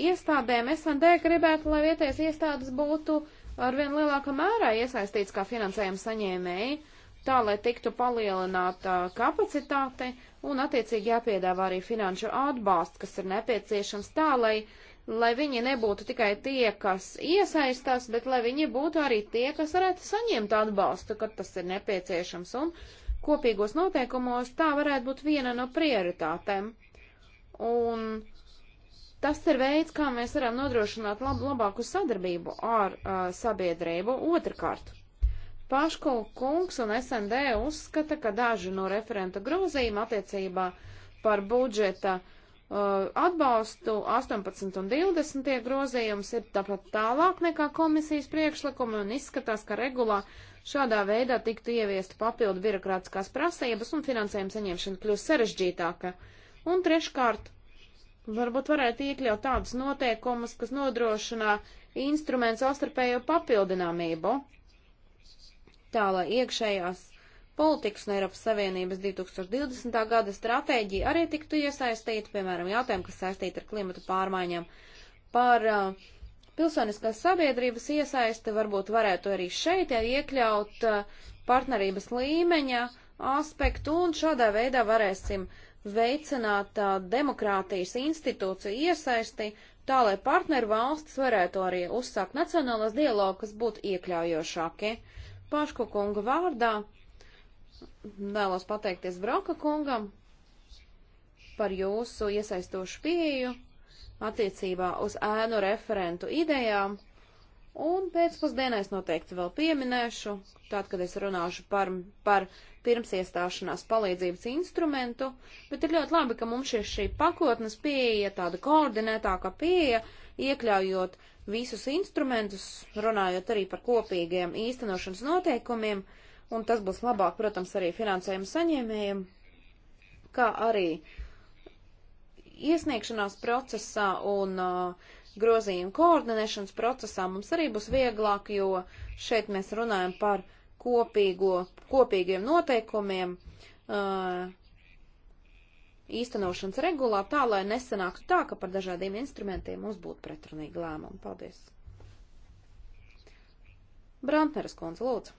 iestādēm. S&D gribētu, lai vietējas iestādes būtu arvien lielākā mērā iesaistīts kā finansējuma saņēmēji, tā lai tiktu palielināta kapacitāte. Uh, un attiecīgi jāpiedāvā arī finanšu atbalsts, kas ir nepieciešams tā, lai, lai viņi nebūtu tikai tie, kas iesaistās, bet lai viņi būtu arī tie, kas varētu saņemt atbalstu, kad tas ir nepieciešams, un kopīgos noteikumos tā varētu būt viena no prioritātēm. Un tas ir veids, kā mēs varam nodrošināt lab labāku sadarbību ar uh, sabiedrību otrkārt. Paško kungs un SND uzskata, ka daži no referenta grozījuma attiecībā par budžeta uh, atbalstu 18 un 20 grozījums ir tāpat tālāk nekā komisijas priekšlikumi un izskatās, ka regulā šādā veidā tiktu ieviest papildu birokrātiskās prasības un finansējuma saņemšana kļūst sarežģītāka. Un treškārt, Varbūt varētu iekļaut tādus noteikumus, kas nodrošinā instrumentu savstarpējo papildināmību tā lai iekšējās politikas un Eiropas Savienības 2020. gada stratēģija arī tiktu iesaistīta, piemēram, jautājumu, kas saistīti ar klimatu pārmaiņām. Par uh, pilsoniskās sabiedrības iesaisti varbūt varētu arī šeit ja iekļaut uh, partnerības līmeņa aspektu, un šādā veidā varēsim veicināt uh, demokrātijas institūciju iesaisti, tā lai partneru valstis varētu arī uzsākt nacionālas dialogu, kas būtu iekļaujošākie. Okay? Pašku kunga vārdā vēlos pateikties Broka kungam par jūsu iesaistošu pieju attiecībā uz ēnu referentu idejām. Un pēcpusdienā es noteikti vēl pieminēšu, tad, kad es runāšu par, par pirms iestāšanās palīdzības instrumentu, bet ir ļoti labi, ka mums ir šī pakotnes pieeja, tāda koordinētāka pieeja, iekļaujot visus instrumentus, runājot arī par kopīgiem īstenošanas noteikumiem, un tas būs labāk, protams, arī finansējuma saņēmējiem, kā arī iesniegšanās procesā un uh, grozījuma koordinēšanas procesā mums arī būs vieglāk, jo šeit mēs runājam par kopīgo, kopīgiem noteikumiem, uh, īstenošanas regulā, tā lai nesanāktu tā, ka par dažādiem instrumentiem mums būtu pretrunīgi lēmumi. Paldies! Brantneres kundze, lūdzu.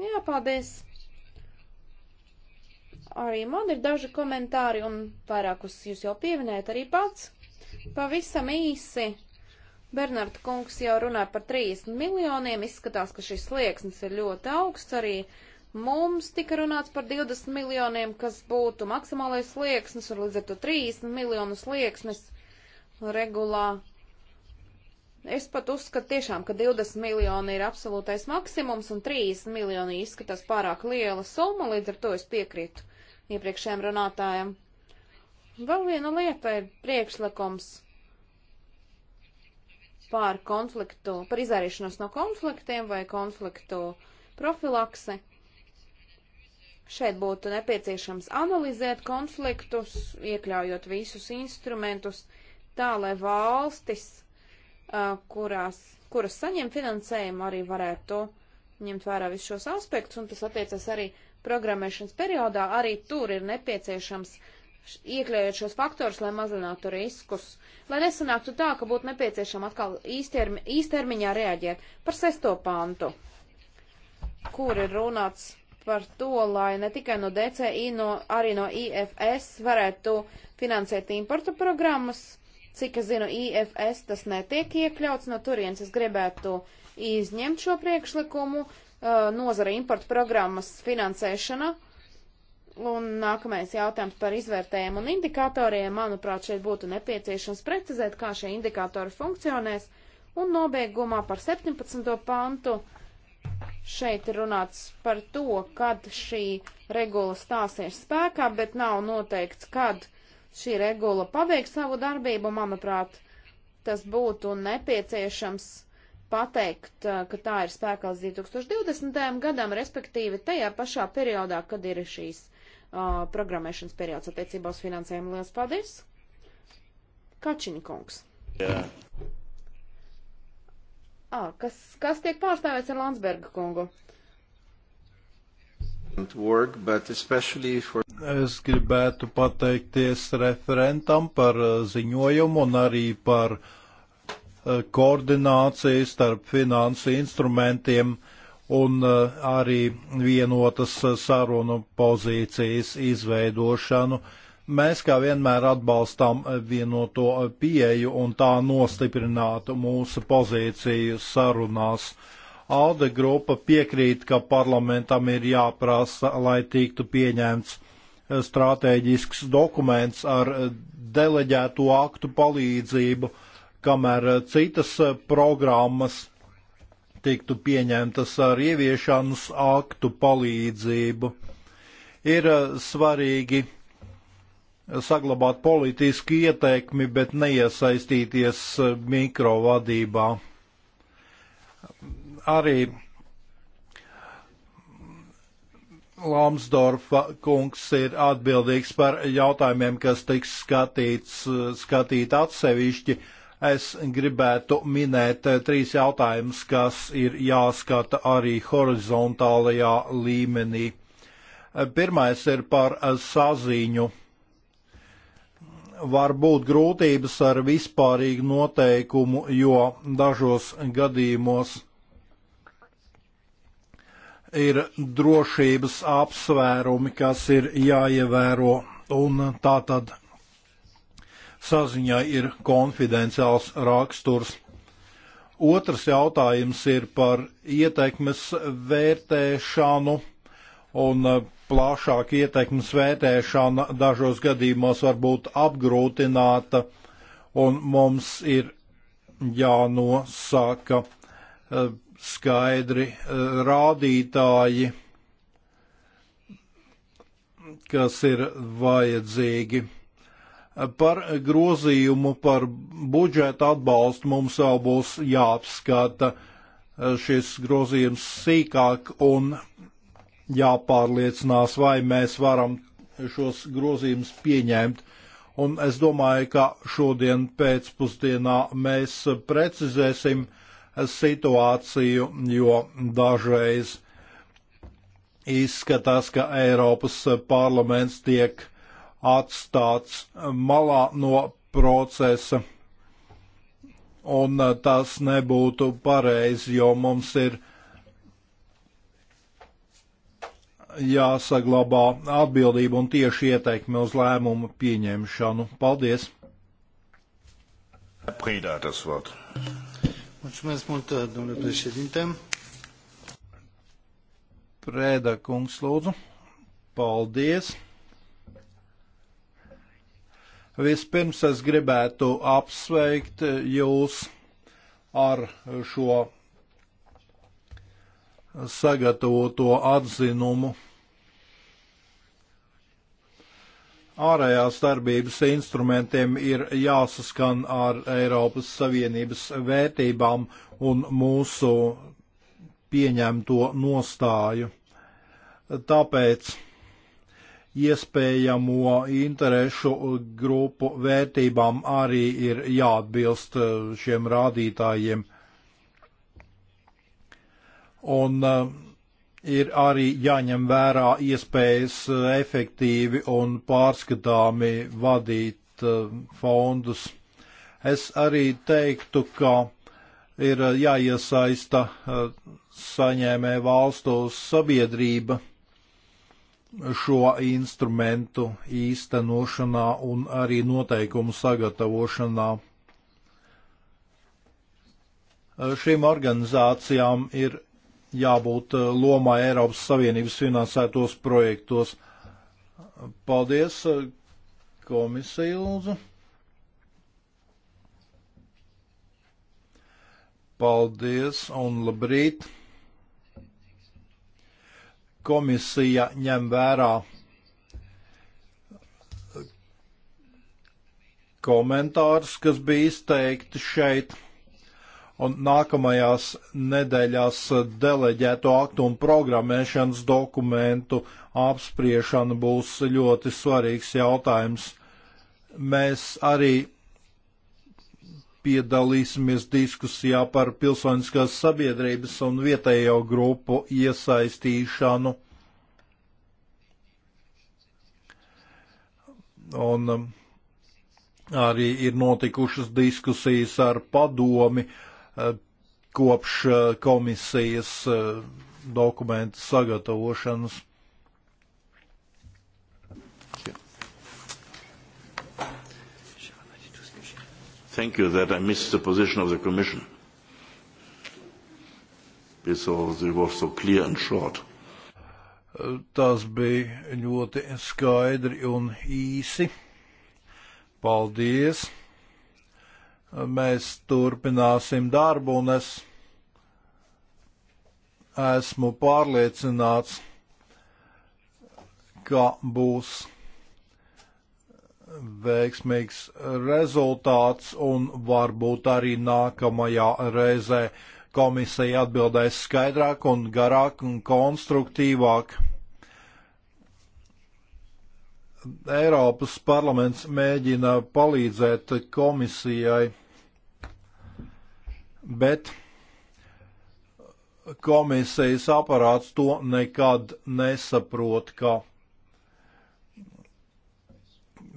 Jā, paldies! Arī man ir daži komentāri, un vairākus jūs jau pieminējat arī pats. Pavisam īsi. Bernarda kungs jau runāja par 30 miljoniem, izskatās, ka šis slieksnis ir ļoti augsts arī. Uh, Mums tika runāts par 20 miljoniem, kas būtu maksimālais slieksnis, un līdz ar to 30 miljonu slieksnis regulā. Es pat uzskatu tiešām, ka 20 miljoni ir absolūtais maksimums, un 30 miljoni izskatās pārāk liela summa, līdz ar to es piekrītu iepriekšējiem runātājiem. Vēl viena lieta ir priekšlikums par konfliktu, par izvairīšanos no konfliktiem vai konfliktu profilakse. Šeit būtu nepieciešams analizēt konfliktus, iekļaujot visus instrumentus, tā lai valstis, kurās, kuras saņem finansējumu, arī varētu ņemt vērā visus šos aspektus, un tas attiecas arī programmēšanas periodā, arī tur ir nepieciešams iekļaujot šos faktorus, lai mazinātu riskus, lai nesanāktu tā, ka būtu nepieciešama atkal īstermi, īstermiņā reaģēt par sesto pantu, kur ir runāts par to, lai ne tikai no DCI, no, arī no IFS varētu finansēt importu programmas. Cik es zinu, IFS tas netiek iekļauts, no turienes es gribētu izņemt šo priekšlikumu, uh, nozara importu programmas finansēšana. Un nākamais jautājums par izvērtējumu un indikatoriem. Manuprāt, šeit būtu nepieciešams precizēt, kā šie indikatori funkcionēs. Un nobeigumā par 17. pantu. Uh, Šeit ir runāts par to, kad šī regula stāsies spēkā, bet nav noteikts, kad šī regula paveiks savu darbību. Manuprāt, tas būtu nepieciešams pateikt, ka tā ir spēkā līdz 2020. gadam, respektīvi tajā pašā periodā, kad ir šīs uh, programmēšanas periods attiecībā uz finansējumu. Lielas paldies! Kačiņkungs! Jā. À, kas, kas tiek pārstāvēts ar Landsberga kungu?
Work, for... Es gribētu pateikties referentam par ziņojumu un arī par koordināciju starp finansu instrumentiem un arī vienotas sarunu pozīcijas izveidošanu. Uh, Mēs kā vienmēr atbalstām eh, vienoto eh, pieeju un tā nostiprinātu mūsu pozīciju sarunās. Alde grupa piekrīt, ka parlamentam ir jāprasa, lai tiktu pieņemts eh, stratēģisks dokuments ar deleģēto aktu palīdzību, kamēr citas programmas tiktu pieņemtas ar ieviešanas aktu palīdzību. Ir svarīgi saglabāt politisku ieteikmi, bet neiesaistīties eh, mikrovadībā. Arī Lamsdorfa kungs ir atbildīgs par jautājumiem, kas tiks skatīts, eh, skatīt atsevišķi. Es gribētu minēt eh, trīs jautājumus, kas ir jāskata arī horizontālajā līmenī. Pirmais ir par saziņu var būt grūtības ar vispārīgu noteikumu, jo dažos gadījumos ir drošības apsvērumi, kas ir jāievēro, un tā tad saziņai ir konfidenciāls raksturs. Otrs jautājums ir par ietekmes vērtēšanu, un plašāka ietekmes vērtēšana dažos gadījumos var būt apgrūtināta, un mums ir jānosaka e, skaidri e, rādītāji, kas ir vajadzīgi. E, par grozījumu par budžeta atbalstu mums vēl būs jāapskata šis grozījums sīkāk un jāpārliecinās, vai mēs varam šos grozījumus pieņemt. Un es domāju, ka šodien pēcpusdienā mēs precizēsim situāciju, jo dažreiz izskatās, ka Eiropas parlaments tiek atstāts malā no procesa. Un tas nebūtu pareizi, jo mums ir uh, jāsaglabā atbildība un tieši ieteikme uz lēmumu pieņemšanu. Paldies! Prīdā tas vārds. Mulțumesc mult, domnule președinte. Prēda kungs, lūdzu. Paldies! Vispirms es gribētu apsveikt jūs ar šo sagatavoto atzinumu. Ārējās darbības instrumentiem ir jāsaskan ar Eiropas Savienības vērtībām un mūsu pieņemto nostāju. Tāpēc iespējamo interešu grupu vērtībām arī ir jāatbilst šiem rādītājiem. Un uh, ir arī jāņem vērā iespējas uh, efektīvi un pārskatāmi vadīt uh, fondus. Es arī teiktu, ka ir jāiesaista saņēmē valstu sabiedrība šo instrumentu īstenošanā un arī noteikumu sagatavošanā. Šīm organizācijām ir jābūt eh, lomai Eiropas Savienības finansētos projektos. Paldies, eh, komisija lūdzu. Paldies un labrīt. Komisija ņem vērā komentārus, kas bija izteikti šeit un nākamajās nedēļās deleģēto aktu un programmēšanas dokumentu apspriešana būs ļoti svarīgs jautājums. Mēs arī piedalīsimies diskusijā par pilsoniskās sabiedrības un vietējo grupu iesaistīšanu. Un um, arī ir notikušas diskusijas ar padomi, uh, Eh, kopš eh, komisijas eh, dokumentu sagatavošanas. Thank you that I missed the position of the Commission because it was so clear and short. Tas bija ļoti skaidri un īsi. Paldies! Mēs turpināsim darbu, un es esmu pārliecināts, ka būs veiksmīgs rezultāts, un varbūt arī nākamajā reizē komisija atbildēs skaidrāk un garāk un konstruktīvāk. Eiropas parlaments mēģina palīdzēt komisijai bet komisijas aparāts to nekad nesaprot, ka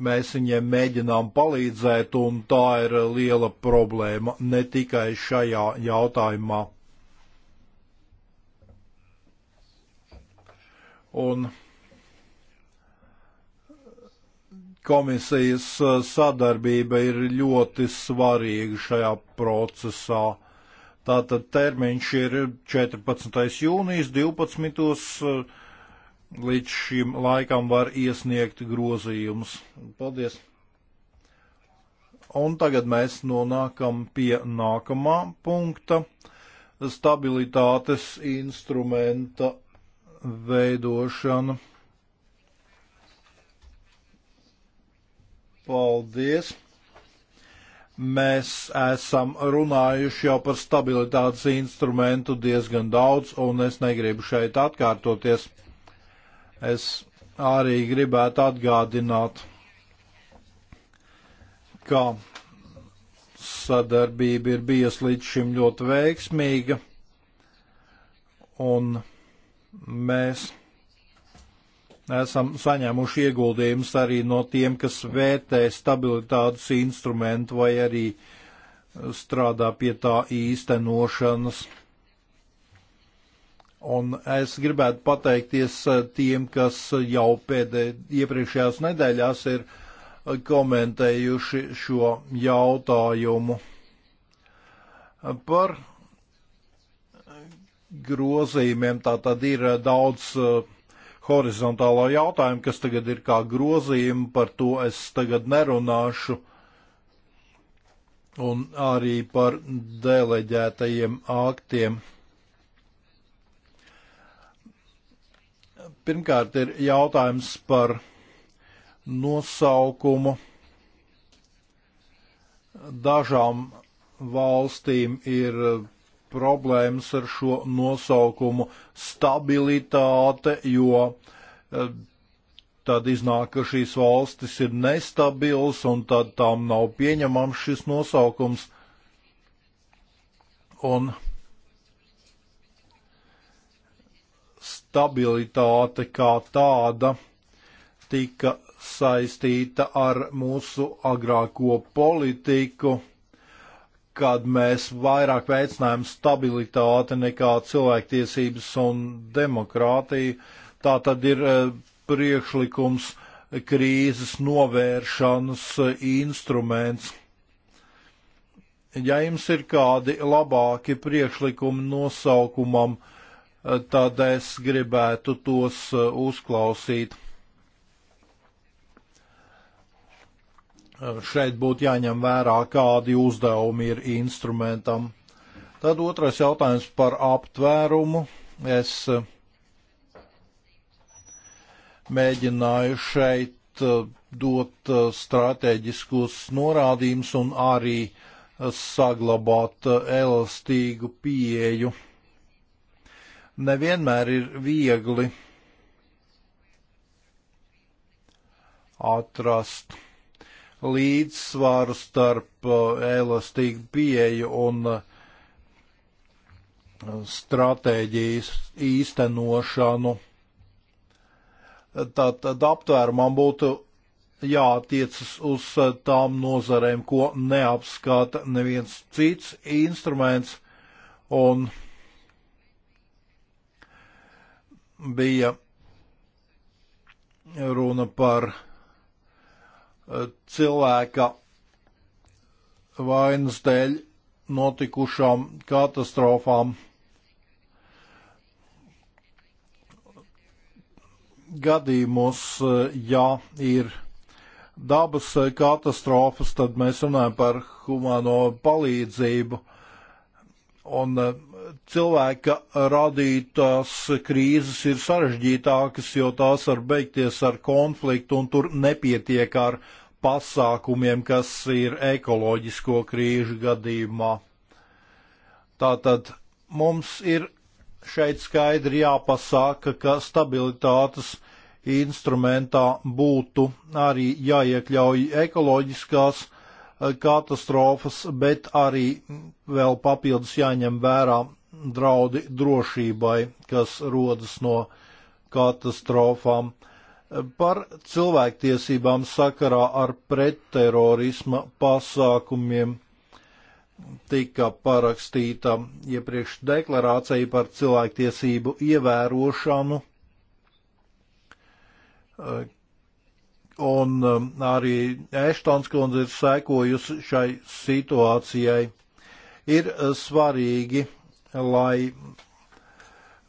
mēs viņiem mēģinām palīdzēt, un tā ir liela problēma ne tikai šajā jautājumā. Un komisijas uh, sadarbība ir ļoti svarīga šajā procesā. Tātad termiņš ir 14. jūnijas 12. Uh, līdz šim laikam var iesniegt grozījumus. Paldies! Un tagad mēs nonākam pie nākamā punkta - stabilitātes instrumenta veidošana. Paldies! Mēs esam runājuši jau par stabilitātes instrumentu diezgan daudz, un es negribu šeit atkārtoties. Es arī gribētu atgādināt, ka sadarbība ir bijusi līdz šim ļoti veiksmīga, un mēs esam saņēmuši ieguldījumus arī no tiem, kas vērtē stabilitātes instrumentu vai arī eh, strādā pie tā īstenošanas. Un es gribētu pateikties eh, tiem, kas jau pēdējā iepriekšējās nedēļās ir eh, komentējuši šo jautājumu par grozījumiem. Tā tad ir daudz uh, horizontālo jautājumu, kas tagad ir kā grozījumi, par to es tagad nerunāšu, un arī par deleģētajiem aktiem. Pirmkārt ir jautājums par nosaukumu. Dažām valstīm ir problēmas ar šo nosaukumu stabilitāte, jo eh, tad iznāk, ka šīs valstis ir nestabils un tad tām nav pieņemams šis nosaukums. Un stabilitāte kā tāda tika saistīta ar mūsu agrāko politiku kad mēs vairāk veicinājām stabilitāti nekā cilvēktiesības un demokrātiju. Tā tad ir e, priekšlikums krīzes novēršanas e, instruments. Ja jums ir kādi labāki priekšlikumi nosaukumam, e, tad es gribētu tos uzklausīt. šeit būtu jāņem vērā, kādi uzdevumi ir instrumentam. Tad otrais jautājums par aptvērumu. Es eh, mēģināju šeit eh, dot eh, strateģiskus norādījumus un arī saglabāt elastīgu pieeju. Nevienmēr ir viegli atrast līdzsvaru starp uh, elastīgu pieeju un uh, stratēģijas īstenošanu. Tātad aptvērumam būtu jātiecas uz uh, tām nozarēm, ko neapskata neviens cits instruments, un bija runa par Eh, cilvēka vainas dēļ notikušām katastrofām. Gadījumos, eh, ja ir dabas eh, katastrofas, tad mēs runājam par humano palīdzību. Un cilvēka radītās krīzes ir sarežģītākas, jo tās var beigties ar konfliktu un tur nepietiek ar pasākumiem, kas ir ekoloģisko krīžu gadījumā. Tātad mums ir šeit skaidri jāpasaka, ka stabilitātes instrumentā būtu arī jāiekļauj ekoloģiskās eh, katastrofas, bet arī vēl papildus jāņem vērā draudi drošībai, kas rodas no katastrofām, par cilvēktiesībām sakarā ar pretterorisma pasākumiem tika parakstīta iepriekš deklarācija par cilvēktiesību ievērošanu, un um, arī Eštons kundze ir sekojusi šai situācijai. Ir uh, svarīgi lai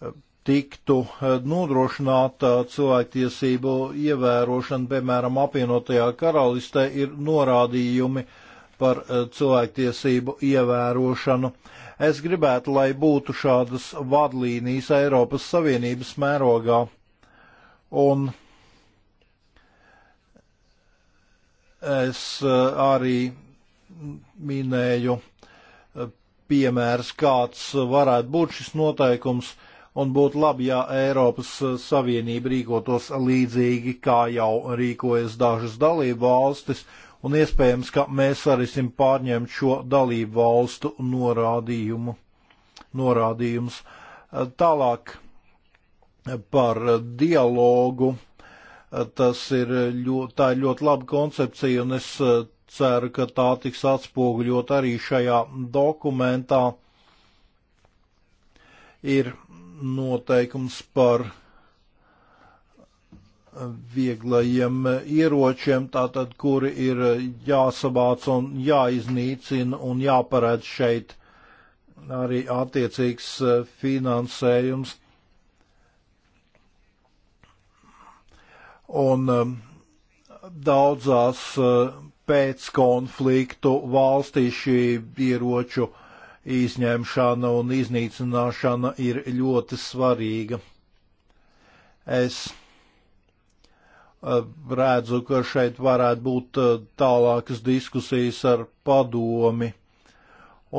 eh, tiktu eh, nodrošināta cilvēktiesību ievērošana, piemēram, apvienotajā karalistē ir norādījumi par eh, cilvēktiesību ievērošanu. Es gribētu, lai būtu šādas vadlīnijas Eiropas Savienības mērogā. Un es arī minēju piemērs, kāds varētu būt šis noteikums, un būtu labi, ja Eiropas Savienība rīkotos līdzīgi, kā jau rīkojas dažas dalību valstis, un iespējams, ka mēs varēsim pārņemt šo dalību valstu norādījumu. norādījumus. Tālāk par dialogu. Tas ir ļoti, tā ir ļoti laba koncepcija, un es ceru, ka tā tiks atspoguļot arī šajā dokumentā. Ir noteikums par vieglajiem ieročiem, tātad, kuri ir jāsavāc un jāiznīcina un jāparedz šeit arī attiecīgs e, finansējums. Un e, daudzās e, pēc konfliktu valstī šī ieroču izņemšana un iznīcināšana ir ļoti svarīga. Es eh, redzu, ka šeit varētu būt eh, tālākas diskusijas ar padomi.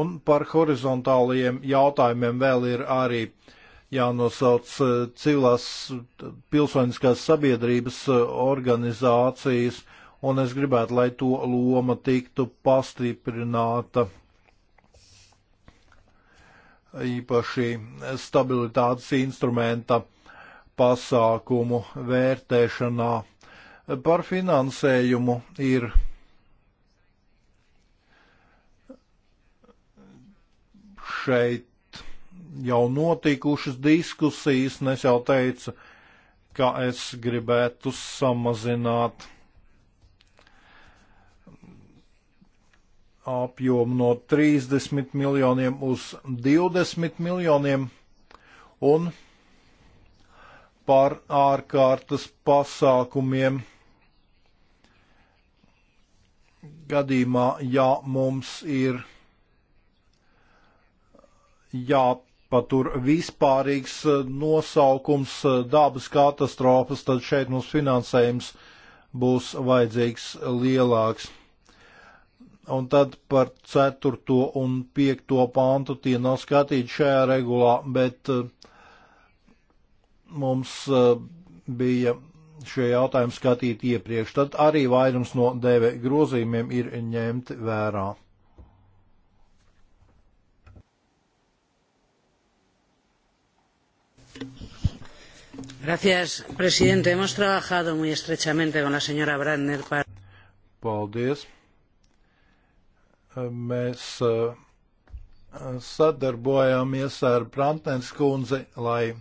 Un par horizontālajiem jautājumiem vēl ir arī jānosauc eh, civilās pilsoniskās sabiedrības organizācijas, uh, un es gribētu, lai to loma tiktu pastiprināta īpaši stabilitātes instrumenta pasākumu vērtēšanā. Par finansējumu ir šeit jau notikušas diskusijas, un es jau teicu, ka es gribētu samazināt apjomu no 30 miljoniem uz 20 miljoniem un par ārkārtas pasākumiem gadījumā, ja mums ir jāpatur vispārīgs nosaukums dabas katastrofas, tad šeit mums finansējums būs vajadzīgs lielāks. Un tad par 4. un 5. pāntu tie nav skatīti šajā regulā, bet eh, mums eh, bija šie jautājumi skatīti iepriekš. Tad arī vairums no DV grozījumiem ir ņemti
vērā. Señor presidente hemos trabajado muy estrechamente con la señora brantner para. Paldies.
Mēs eh, sadarbojāmies ar Prantnēns kundzi, lai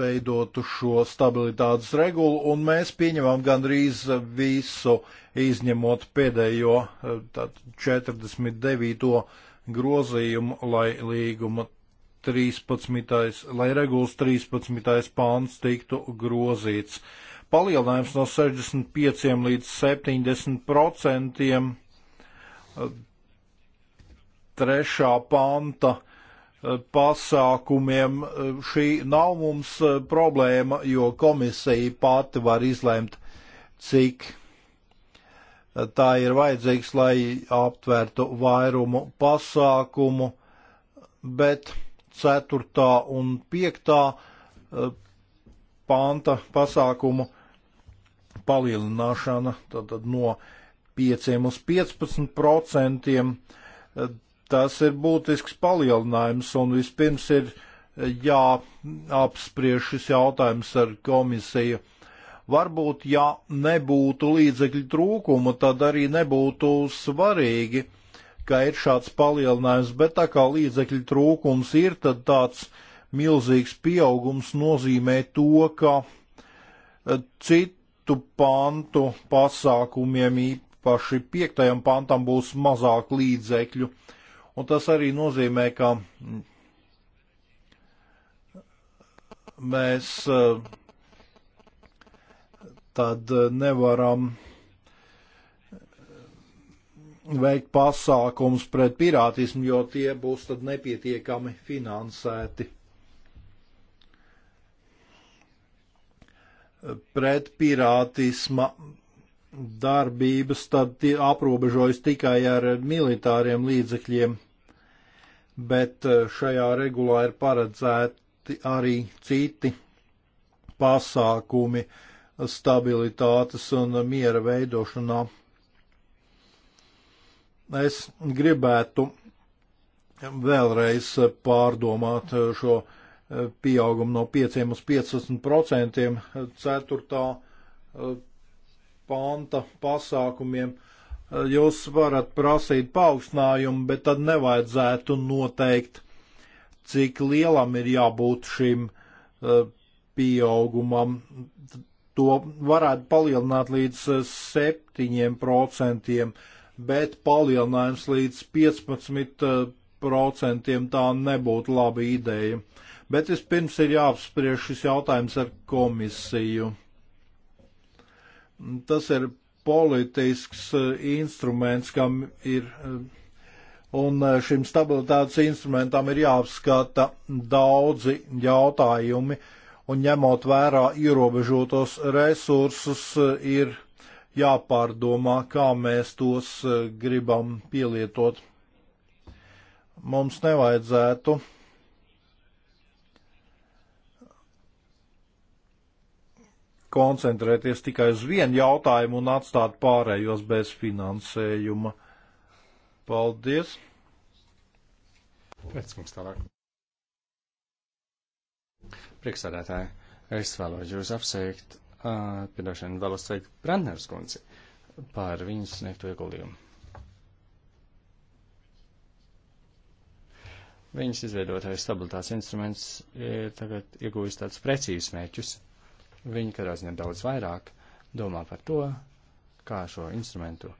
veidotu šo stabilitātes regulu, un mēs pieņemam gandrīz visu, izņemot pēdējo 49. Eh, grozījumu, lai līguma 13. lai regulas 13. pāns tiktu grozīts. Uh, palielinājums no 65 līdz 70 procentiem trešā panta eh, pasākumiem. Eh, šī nav mums eh, problēma, jo komisija pati var izlemt, cik tā ir vajadzīgs, lai aptvertu vairumu pasākumu, bet 4. un 5. panta pasākumu palielināšana tātad no 5 uz 15 procentiem. Eh, tas ir būtisks palielinājums un vispirms ir eh, jāapspriež šis jautājums ar komisiju. Varbūt, ja nebūtu līdzekļu trūkuma, tad arī nebūtu svarīgi, ka ir šāds palielinājums, bet tā kā līdzekļu trūkums ir, tad tāds milzīgs pieaugums nozīmē to, ka eh, cit, pantu pasākumiem, īpaši piektajam pantam būs mazāk līdzekļu. Un tas arī nozīmē, ka mēs eh, tad nevaram veikt pasākums pret pirātismu, jo tie būs tad nepietiekami finansēti. pret pirātisma darbības, tad tie aprobežojas tikai ar militāriem līdzekļiem, bet eh, šajā regulā ir paredzēti arī citi pasākumi stabilitātes un miera veidošanā. Es gribētu vēlreiz pārdomāt eh, šo uh, pieaugumu no 5 uz 15% 4. E, panta pasākumiem. E, jūs varat prasīt paaugstinājumu, bet tad nevajadzētu noteikt, cik lielam ir jābūt šim e, pieaugumam. To varētu palielināt līdz 7%, bet palielinājums līdz 15% tā nebūtu laba ideja. Uh, bet vispirms ir jāapspriež šis jautājums ar komisiju. Tas ir politisks e, instruments, kam ir, e, un e, šim stabilitātes instrumentam ir jāapskata daudzi jautājumi, un ņemot vērā ierobežotos resursus, ir jāpārdomā, kā mēs tos gribam pielietot. Mums nevajadzētu koncentrēties tikai uz vienu jautājumu un atstāt pārējos bez finansējuma. Paldies!
Pēc mums tālāk. Priekšsādātāji, es vēlos jūs apsveikt, uh, piedošanu vēlos sveikt Brandners kundzi par viņas sniegto ieguldījumu. Viņas izveidotais stabilitātes instruments ir tagad iegūjis tādus precīzus mērķus Viņi katrā ziņā daudz vairāk domā par to, kā šo instrumentu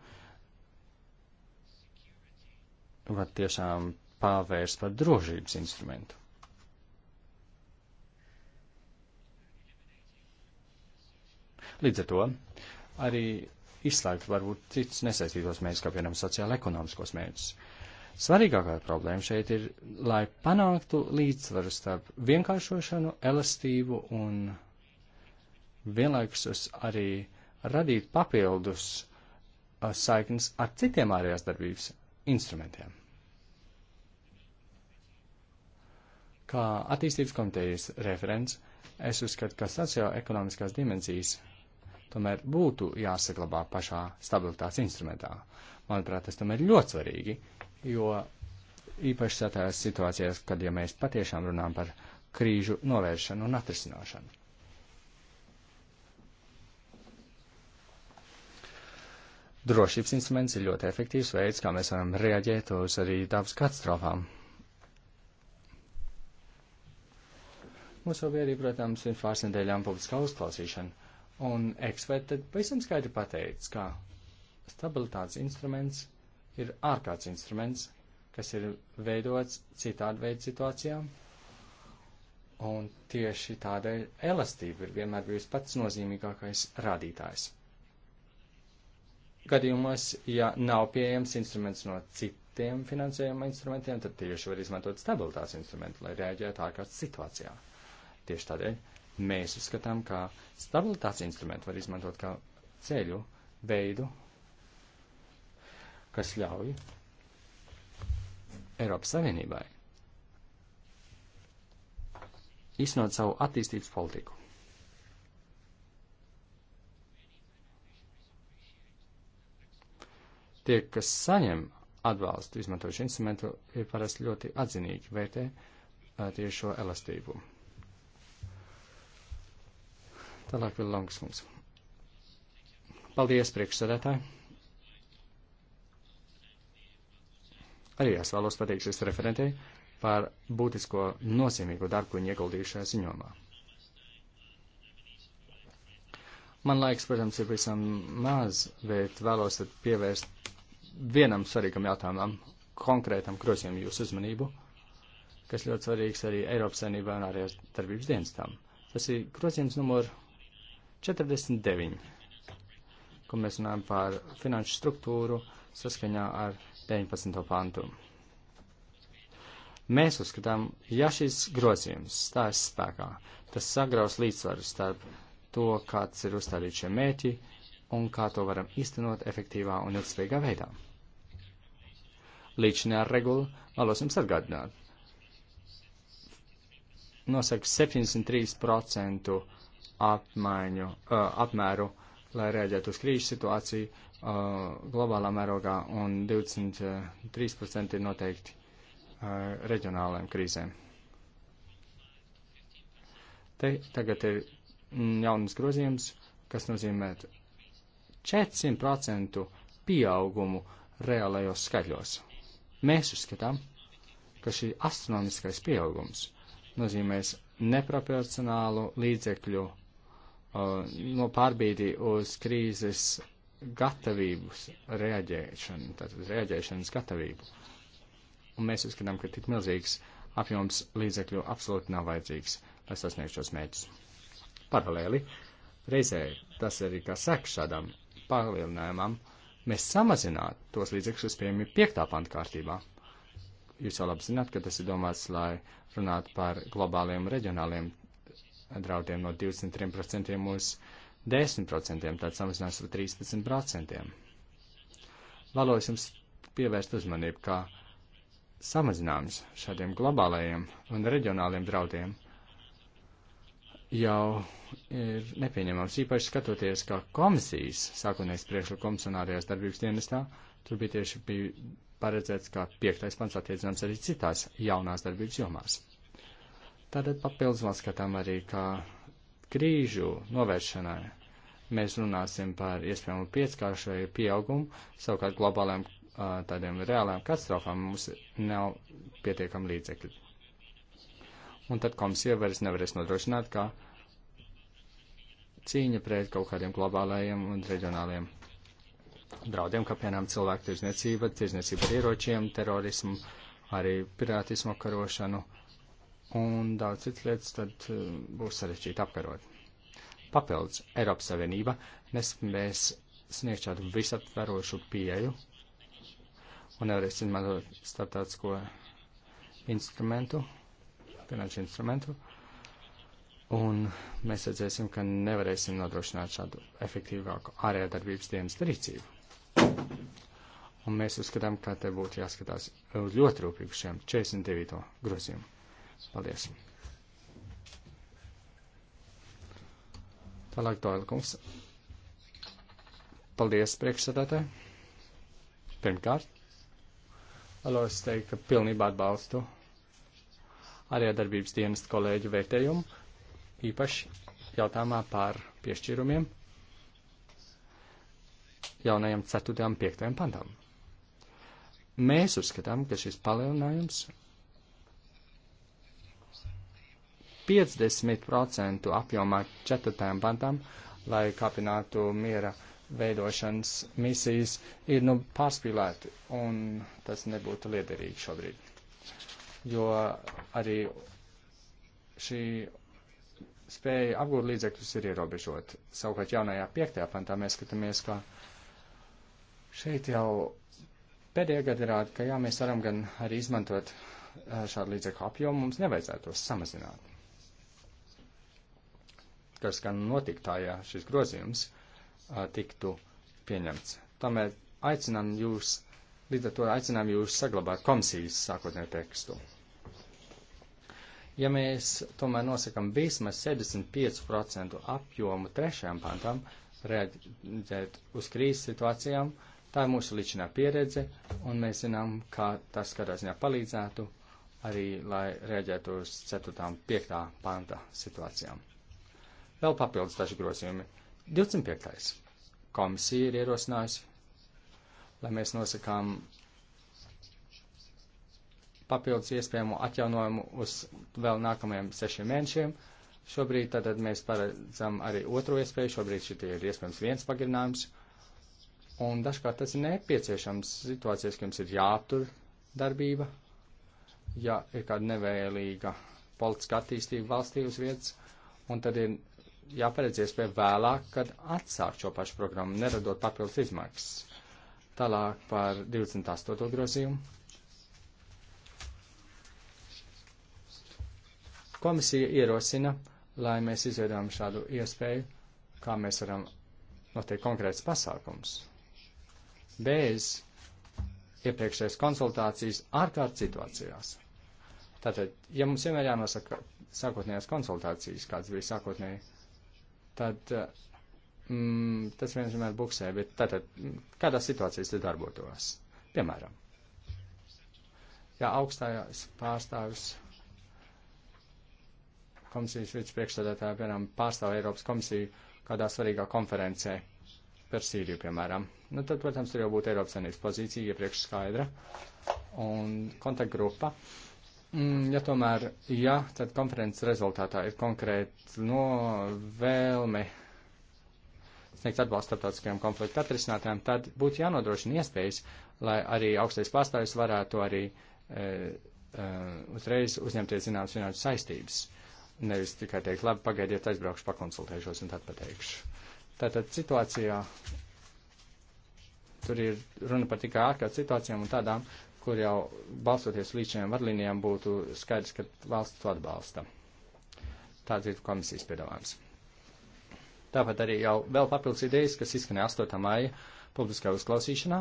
var tiešām pavērst par drošības instrumentu. Līdz ar to arī izslēgt varbūt cits nesaistītos mērķus, kā piemēram sociāla ekonomiskos mērķus. Svarīgākā problēma šeit ir, lai panāktu līdzsvaru starp vienkāršošanu, elastību un vienlaikus arī radīt papildus uh, saiknes ar citiem ārējās darbības instrumentiem. Kā attīstības komitejas referents, es uzskatu, ka socioekonomiskās dimensijas tomēr būtu jāsaglabā pašā stabilitātes instrumentā. Manuprāt, tas tomēr ir ļoti svarīgi, jo īpaši tādās situācijās, kad ja mēs patiešām runājam par krīžu novēršanu un atrisināšanu. drošības instruments ir ļoti efektīvs veids, kā mēs varam reaģēt uz arī dabas katastrofām. Mums vēl bija arī, protams, ir pāris nedēļām publiskā uzklausīšana, un eksperti tad pavisam skaidri pateica, ka stabilitātes instruments ir ārkārtas instruments, kas ir veidots citādi veidu situācijām, un tieši tādēļ elastība ir vienmēr bijusi pats nozīmīgākais rādītājs gadījumos, ja nav pieejams instruments no citiem finansējuma instrumentiem, tad tieši var izmantot stabilitātes instrumentu, lai reaģētu ārkārtas situācijā. Tieši tādēļ mēs uzskatām, ka stabilitātes instrumentu var izmantot kā ceļu, veidu, kas ļauj Eiropas Savienībai īstenot savu attīstības politiku. tie, kas saņem atbalstu izmantojuši instrumentu, ir parasti ļoti atzinīgi vērtē tieši šo elastību. Tālāk vēl Langs kungs. Paldies, priekšsēdētāji! Arī es vēlos pateikties referentei par būtisko nozīmīgo darbu, ko viņi ieguldījuši šajā ziņomā. Man laiks, protams, ir visam maz, bet vēlos pievērst vienam svarīgam jautājumam, konkrētam grozījumam jūsu uzmanību, kas ļoti svarīgs arī Eiropas saimnībā un arī darbības dienestam. Tas ir grozījums numur 49, ko mēs runājam par finanšu struktūru saskaņā ar 19. pantu. Mēs uzskatām, ja šis grozījums stājas spēkā, tas sagraus līdzsvaru starp to, kāds ir uzstādīts šie mēķi un kā to varam iztenot efektīvā un ilgspējīgā veidā līdzinā regula, vēlos jums atgādināt, nosaka 73% apmaiņu, uh, apmēru, lai rēģētu uz krīžu situāciju uh, globālā mērogā un 23% ir noteikti uh, reģionālajām krīzēm. Te tagad ir mm, jaunas grozījums, kas nozīmē 400% pieaugumu reālajos skaļos. Mēs uzskatām, ka šī astronomiskais pieaugums nozīmēs neproporcionālu līdzekļu uh, no pārbīdī uz krīzes gatavības reaģēšanu, tātad reaģēšanas gatavību. Un mēs uzskatām, ka tik milzīgs apjoms līdzekļu absolūti nav vajadzīgs, lai sasniegtu šos mērķus. Paralēli, reizē tas arī kā sek šādam palielinājumam uh, mēs samazinātu tos līdzekļus, kas pieejami piektā panta kārtībā. Jūs jau labi zināt, ka tas ir domāts, lai runātu par globāliem reģionāliem draudiem no 23% uz 10%, tad samazinās par 13%. Vēlos jums pievērst uzmanību, ka samazinājums šādiem globālajiem un reģionāliem draudiem – jau ir nepieņemams. Īpaši skatoties, ka komisijas sākotnējais priekšlikums un ārējās darbības dienestā tur bija tieši bija paredzēts, ka piektais pants attiecināms arī citās jaunās darbības jomās. Tātad papildus vēl skatām arī, ka krīžu novēršanai mēs runāsim par iespējamu pieckāršoju pieaugumu, savukārt globālajām tādiem reālām katastrofām mums nav pietiekami līdzekļi un tad komisija vairs nevarēs nodrošināt, ka cīņa pret kaut kādiem globālajiem un reģionāliem draudiem, kā piemēram cilvēku tirzniecība, tirzniecība ar ieročiem, terorismu, arī pirātismu karošanu un daudz citas lietas, tad eh, būs sarežģīti apkarot. Papildus Eiropas Savienība nespēs sniegt šādu visaptverošu pieeju un nevarēs izmantot starptautisko instrumentu finanšu instrumentu, un mēs redzēsim, ka nevarēsim nodrošināt šādu efektīvāku ārējā darbības dienas rīcību. Un mēs uzskatām, ka te būtu jāskatās ļoti rūpīgi šiem 49. grozījumu. Paldies! Tālāk Doyle kungs. Paldies priekšsādātāji. Pirmkārt, vēlos teikt, ka pilnībā atbalstu ārējā darbības dienas kolēģu vērtējumu, īpaši jautājumā par piešķirumiem jaunajam 4. un 5. pantam. Mēs uzskatām, ka šis palielinājums 50% apjomā 4. pantam, lai kapinātu miera veidošanas misijas, ir nu pārspīlēti, un tas nebūtu liederīgi šobrīd jo arī šī spēja apgūt līdzekļus ir ierobežot. Savukārt jaunajā piektajā pantā mēs skatāmies, ka šeit jau pēdējā gada rāda, ka jā, mēs varam gan arī izmantot šādu līdzekļu apjomu, mums nevajadzētu tos samazināt. Kas gan notiktā, ja šis grozījums tiktu pieņemts. Tomēr aicinām jūs Līdz ar to aicinām jūs saglabāt komisijas sākotnēju tekstu. Ja mēs tomēr nosakam vismaz 75% apjomu trešajam pantam, reaģēt uz krīzes situācijām, tā ir mūsu ličinā pieredze, un mēs zinām, kā tas kādā ziņā palīdzētu arī, lai reaģētu uz 4. un 5. panta situācijām. Vēl papildus daži grozījumi. 25. Komisija ir ierosinājusi lai mēs nosakām papildus iespējamo atjaunojumu uz vēl nākamajiem sešiem mēnešiem. Šobrīd tātad mēs paredzam arī otro iespēju, šobrīd šitie ir iespējams viens pagarinājums. Un dažkārt tas ir nepieciešams situācijas, ka jums ir jāaptur darbība, ja ir kāda nevēlīga politiska attīstība valstī uz vietas, un tad ir jāparedz iespēja vēlāk, kad atsākt šo pašu programmu, neradot papildus izmaksas. Tālāk par 28. grozījumu. Komisija ierosina, lai mēs izveidām šādu iespēju, kā mēs varam noteikt konkrēts pasākums. Bez iepriekšējās konsultācijas ārkārt situācijās. Tātad, ja mums vienmēr jānosaka sākotnējās konsultācijas, kāds bija sākotnēji, tad uh, mm, tas vienmēr buksē, bet tātad mm, kādās situācijās tas darbotos? Piemēram, ja augstājās pārstāvis komisijas vicepriekšstādātāja, piemēram, pārstāv Eiropas komisiju kādā svarīgā konferencē par Sīriju, piemēram. Nu, tad, protams, tur jau būtu Eiropas Savienības pozīcija iepriekš skaidra un kontaktgrupa. Mm, ja tomēr, ja, tad konferences rezultātā ir konkrēta no vēlme sniegt atbalstu starptautiskajam konfliktu atrisinātājiem, tad būtu jānodrošina iespējas, lai arī augstais pārstāvis varētu arī e, e, uzreiz uzņemties zināmas finanšu saistības. Nevis tikai teikt, labi, pagaidiet, aizbraukšu, pakonsultēšos un tad pateikšu. Tātad situācijā tur ir runa par tikai ārkārtas situācijām un tādām, kur jau balstoties līdz šiem vadlinijām būtu skaidrs, ka valsts to atbalsta. Tāds ir komisijas piedāvājums. Tāpat arī jau vēl papildus idejas, kas izskanēja 8. maija publiskā uzklausīšanā,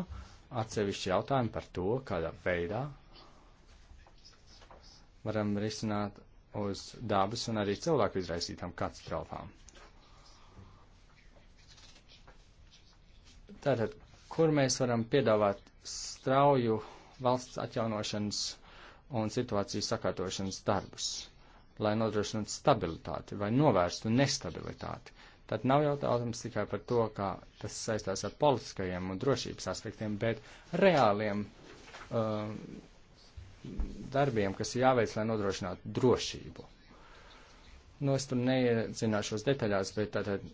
atsevišķi jautājumi par to, kādā veidā varam risināt uz dabas un arī cilvēku izraisītām katastrofām. Tātad, kur mēs varam piedāvāt strauju valsts atjaunošanas un situācijas sakārtošanas darbus, lai nodrošinātu stabilitāti vai novērstu nestabilitāti, Tad nav jautājums tikai par to, kā tas saistās ar politiskajiem un drošības aspektiem, bet reāliem uh, darbiem, kas ir jāveic, lai nodrošinātu drošību. Nu, es tur neiedzināšos detaļās, bet tātad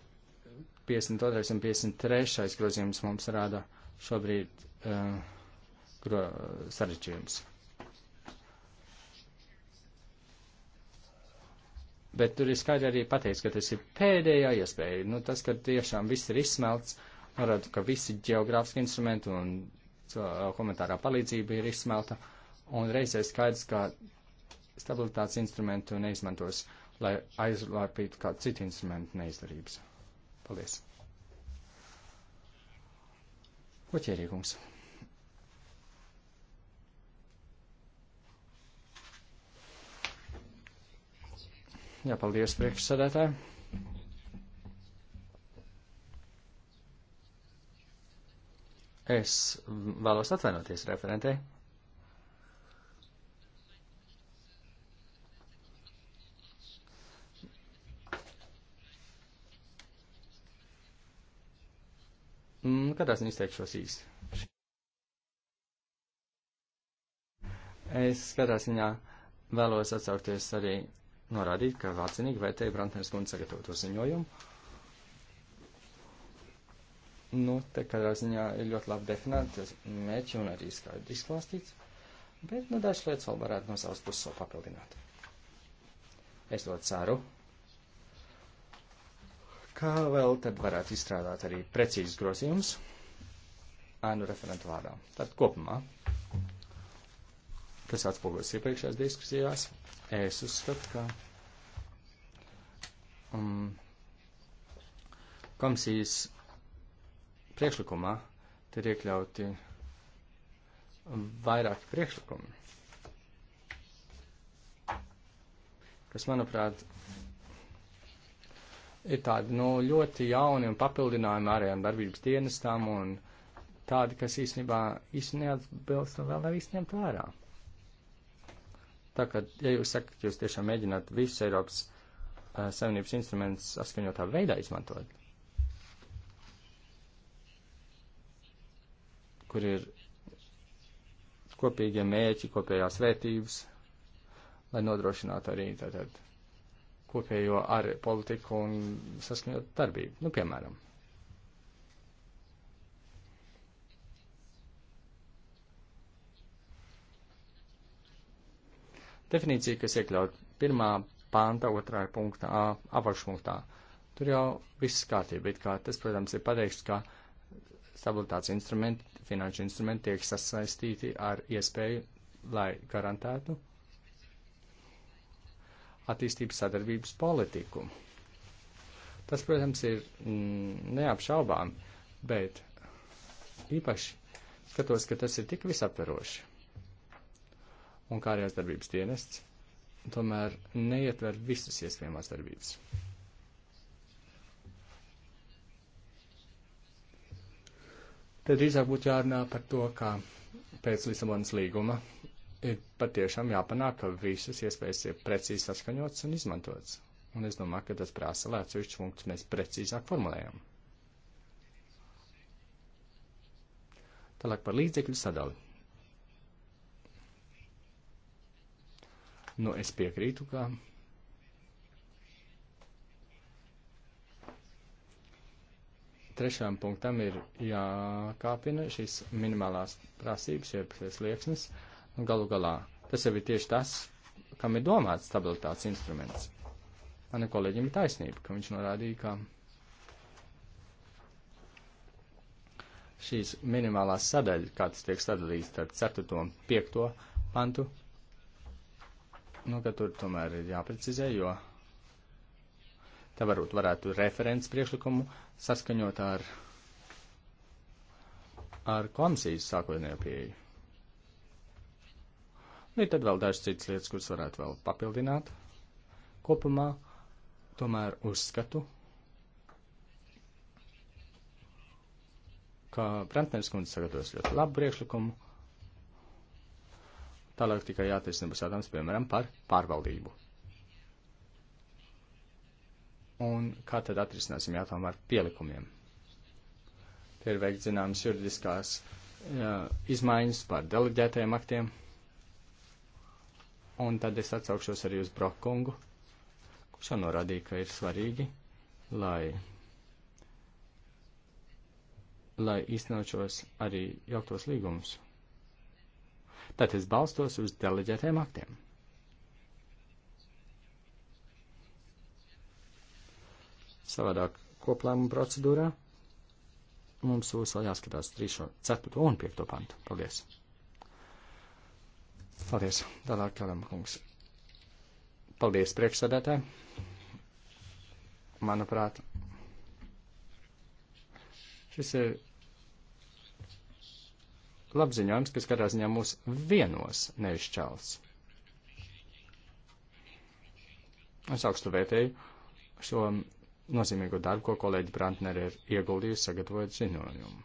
52. un 53. grozījums mums rāda šobrīd uh, sarežģījums. bet tur ir skaidri arī pateikts, ka tas ir pēdējā iespēja. Nu, tas, ka tiešām viss ir izsmelts, norāda, ka visi geogrāfiski instrumenti un komentārā palīdzība ir izsmelta, un reizē skaidrs, ka stabilitātes instrumentu neizmantos, lai aizlāpītu kādu citu instrumentu neizdarības. Paldies! Ko ķērīgums? Jā, paldies priekšsēdētāji. Es vēlos atvainoties referentei. Mm, Kādā ziņā izteikšos īsti? Es katrā ziņā vēlos atsaukties arī norādīt, ka atzinīgi vērtēja Brantners kundze sagatavoto ziņojumu. Nu, te kādā ziņā ir ļoti labi definēti mērķi un arī skaidri izklāstīts, bet, nu, dažas lietas vēl varētu no savas puses vēl papildināt. Es ļoti ceru, kā vēl tad varētu izstrādāt arī precīzus grozījumus ēnu referentu vārdā. Tad kopumā kas atspoguļos iepriekšējās diskusijās, es uzskatu, ka um, komisijas priekšlikumā te ir iekļauti um, vairāki priekšlikumi, kas, manuprāt, ir tādi nu, ļoti jauni un papildinājumi ārējām darbības dienestām un tādi, kas īstenībā īstenībā neatbilst un vēl nav īstenībā vērā. Tā kā, ja jūs sakat, jūs tiešām mēģināt visus Eiropas uh, savienības instrumentus saskaņotā veidā izmantot, kur ir kopīgie mēķi, kopējās vērtības, lai nodrošinātu arī tātad kopējo ar politiku un saskaņot darbību. Nu, piemēram, definīcija, kas iekļaut pirmā panta, otrā punktā, apakšpunktā. Tur jau viss kārtība, bet kā tas, protams, ir pateikts, ka stabilitātes instrumenti, finanšu instrumenti tiek sasaistīti ar iespēju, lai garantētu attīstības sadarbības politiku. Tas, protams, ir mm, neapšaubām, bet īpaši skatos, ka tas ir tik visaptveroši un kā arī darbības dienests, tomēr neietver visas iespējamās darbības. Tad drīzāk būtu jārunā par to, ka pēc Lisabonas līguma ir patiešām jāpanāk, ka visas iespējas ir precīzi saskaņotas un izmantotas. Un es domāju, ka tas prasa, lai atsevišķus punktus mēs precīzāk formulējam. Tālāk par līdzekļu sadali. Nu, es piekrītu, ka. Trešajam punktam ir jākāpina šīs minimālās prasības, jeb slieksnes, un galu galā tas jau ir tieši tas, kam ir domāts stabilitātes instruments. Mani kolēģim ir taisnība, ka viņš norādīja, ka šīs minimālās sadaļas, kā tas tiek sadalīts starp 4. un 5. pantu, nu, ka tur tomēr ir jāprecizē, jo te varbūt varētu referents priekšlikumu saskaņot ar, ar komisijas sākotnējo pieeju. Nu, ir tad vēl dažas citas lietas, kuras varētu vēl papildināt. Kopumā tomēr uzskatu, ka Brantners kundze sagatavos ļoti labu priekšlikumu Tālāk tikai jāatrisina jautājums, piemēram, par pārvaldību. Un kā tad atrisināsim jautājumu ar pielikumiem? Tie ir veikt zināmas juridiskās jā, izmaiņas par deleģētajiem aktiem. Un tad es atsaukšos arī uz Brokungu, kurš jau norādīja, ka ir svarīgi, lai, lai īstenot šos arī jauktos līgumus. Tātad balstos uz deleģētiem aktiem. Savādāk koplēmuma procedūrā mums būs vēl jāskatās 3, 4 un 5 pantu. Paldies! Paldies, tālāk kādam kungs. Paldies, priekšsēdētē. Manuprāt, šis ir labziņojums, kas katrā ziņā mūs vienos neizšķels. Es augstu vērtēju šo nozīmīgo darbu, ko kolēģi Brantner ir ieguldījusi sagatavojot ziņojumu.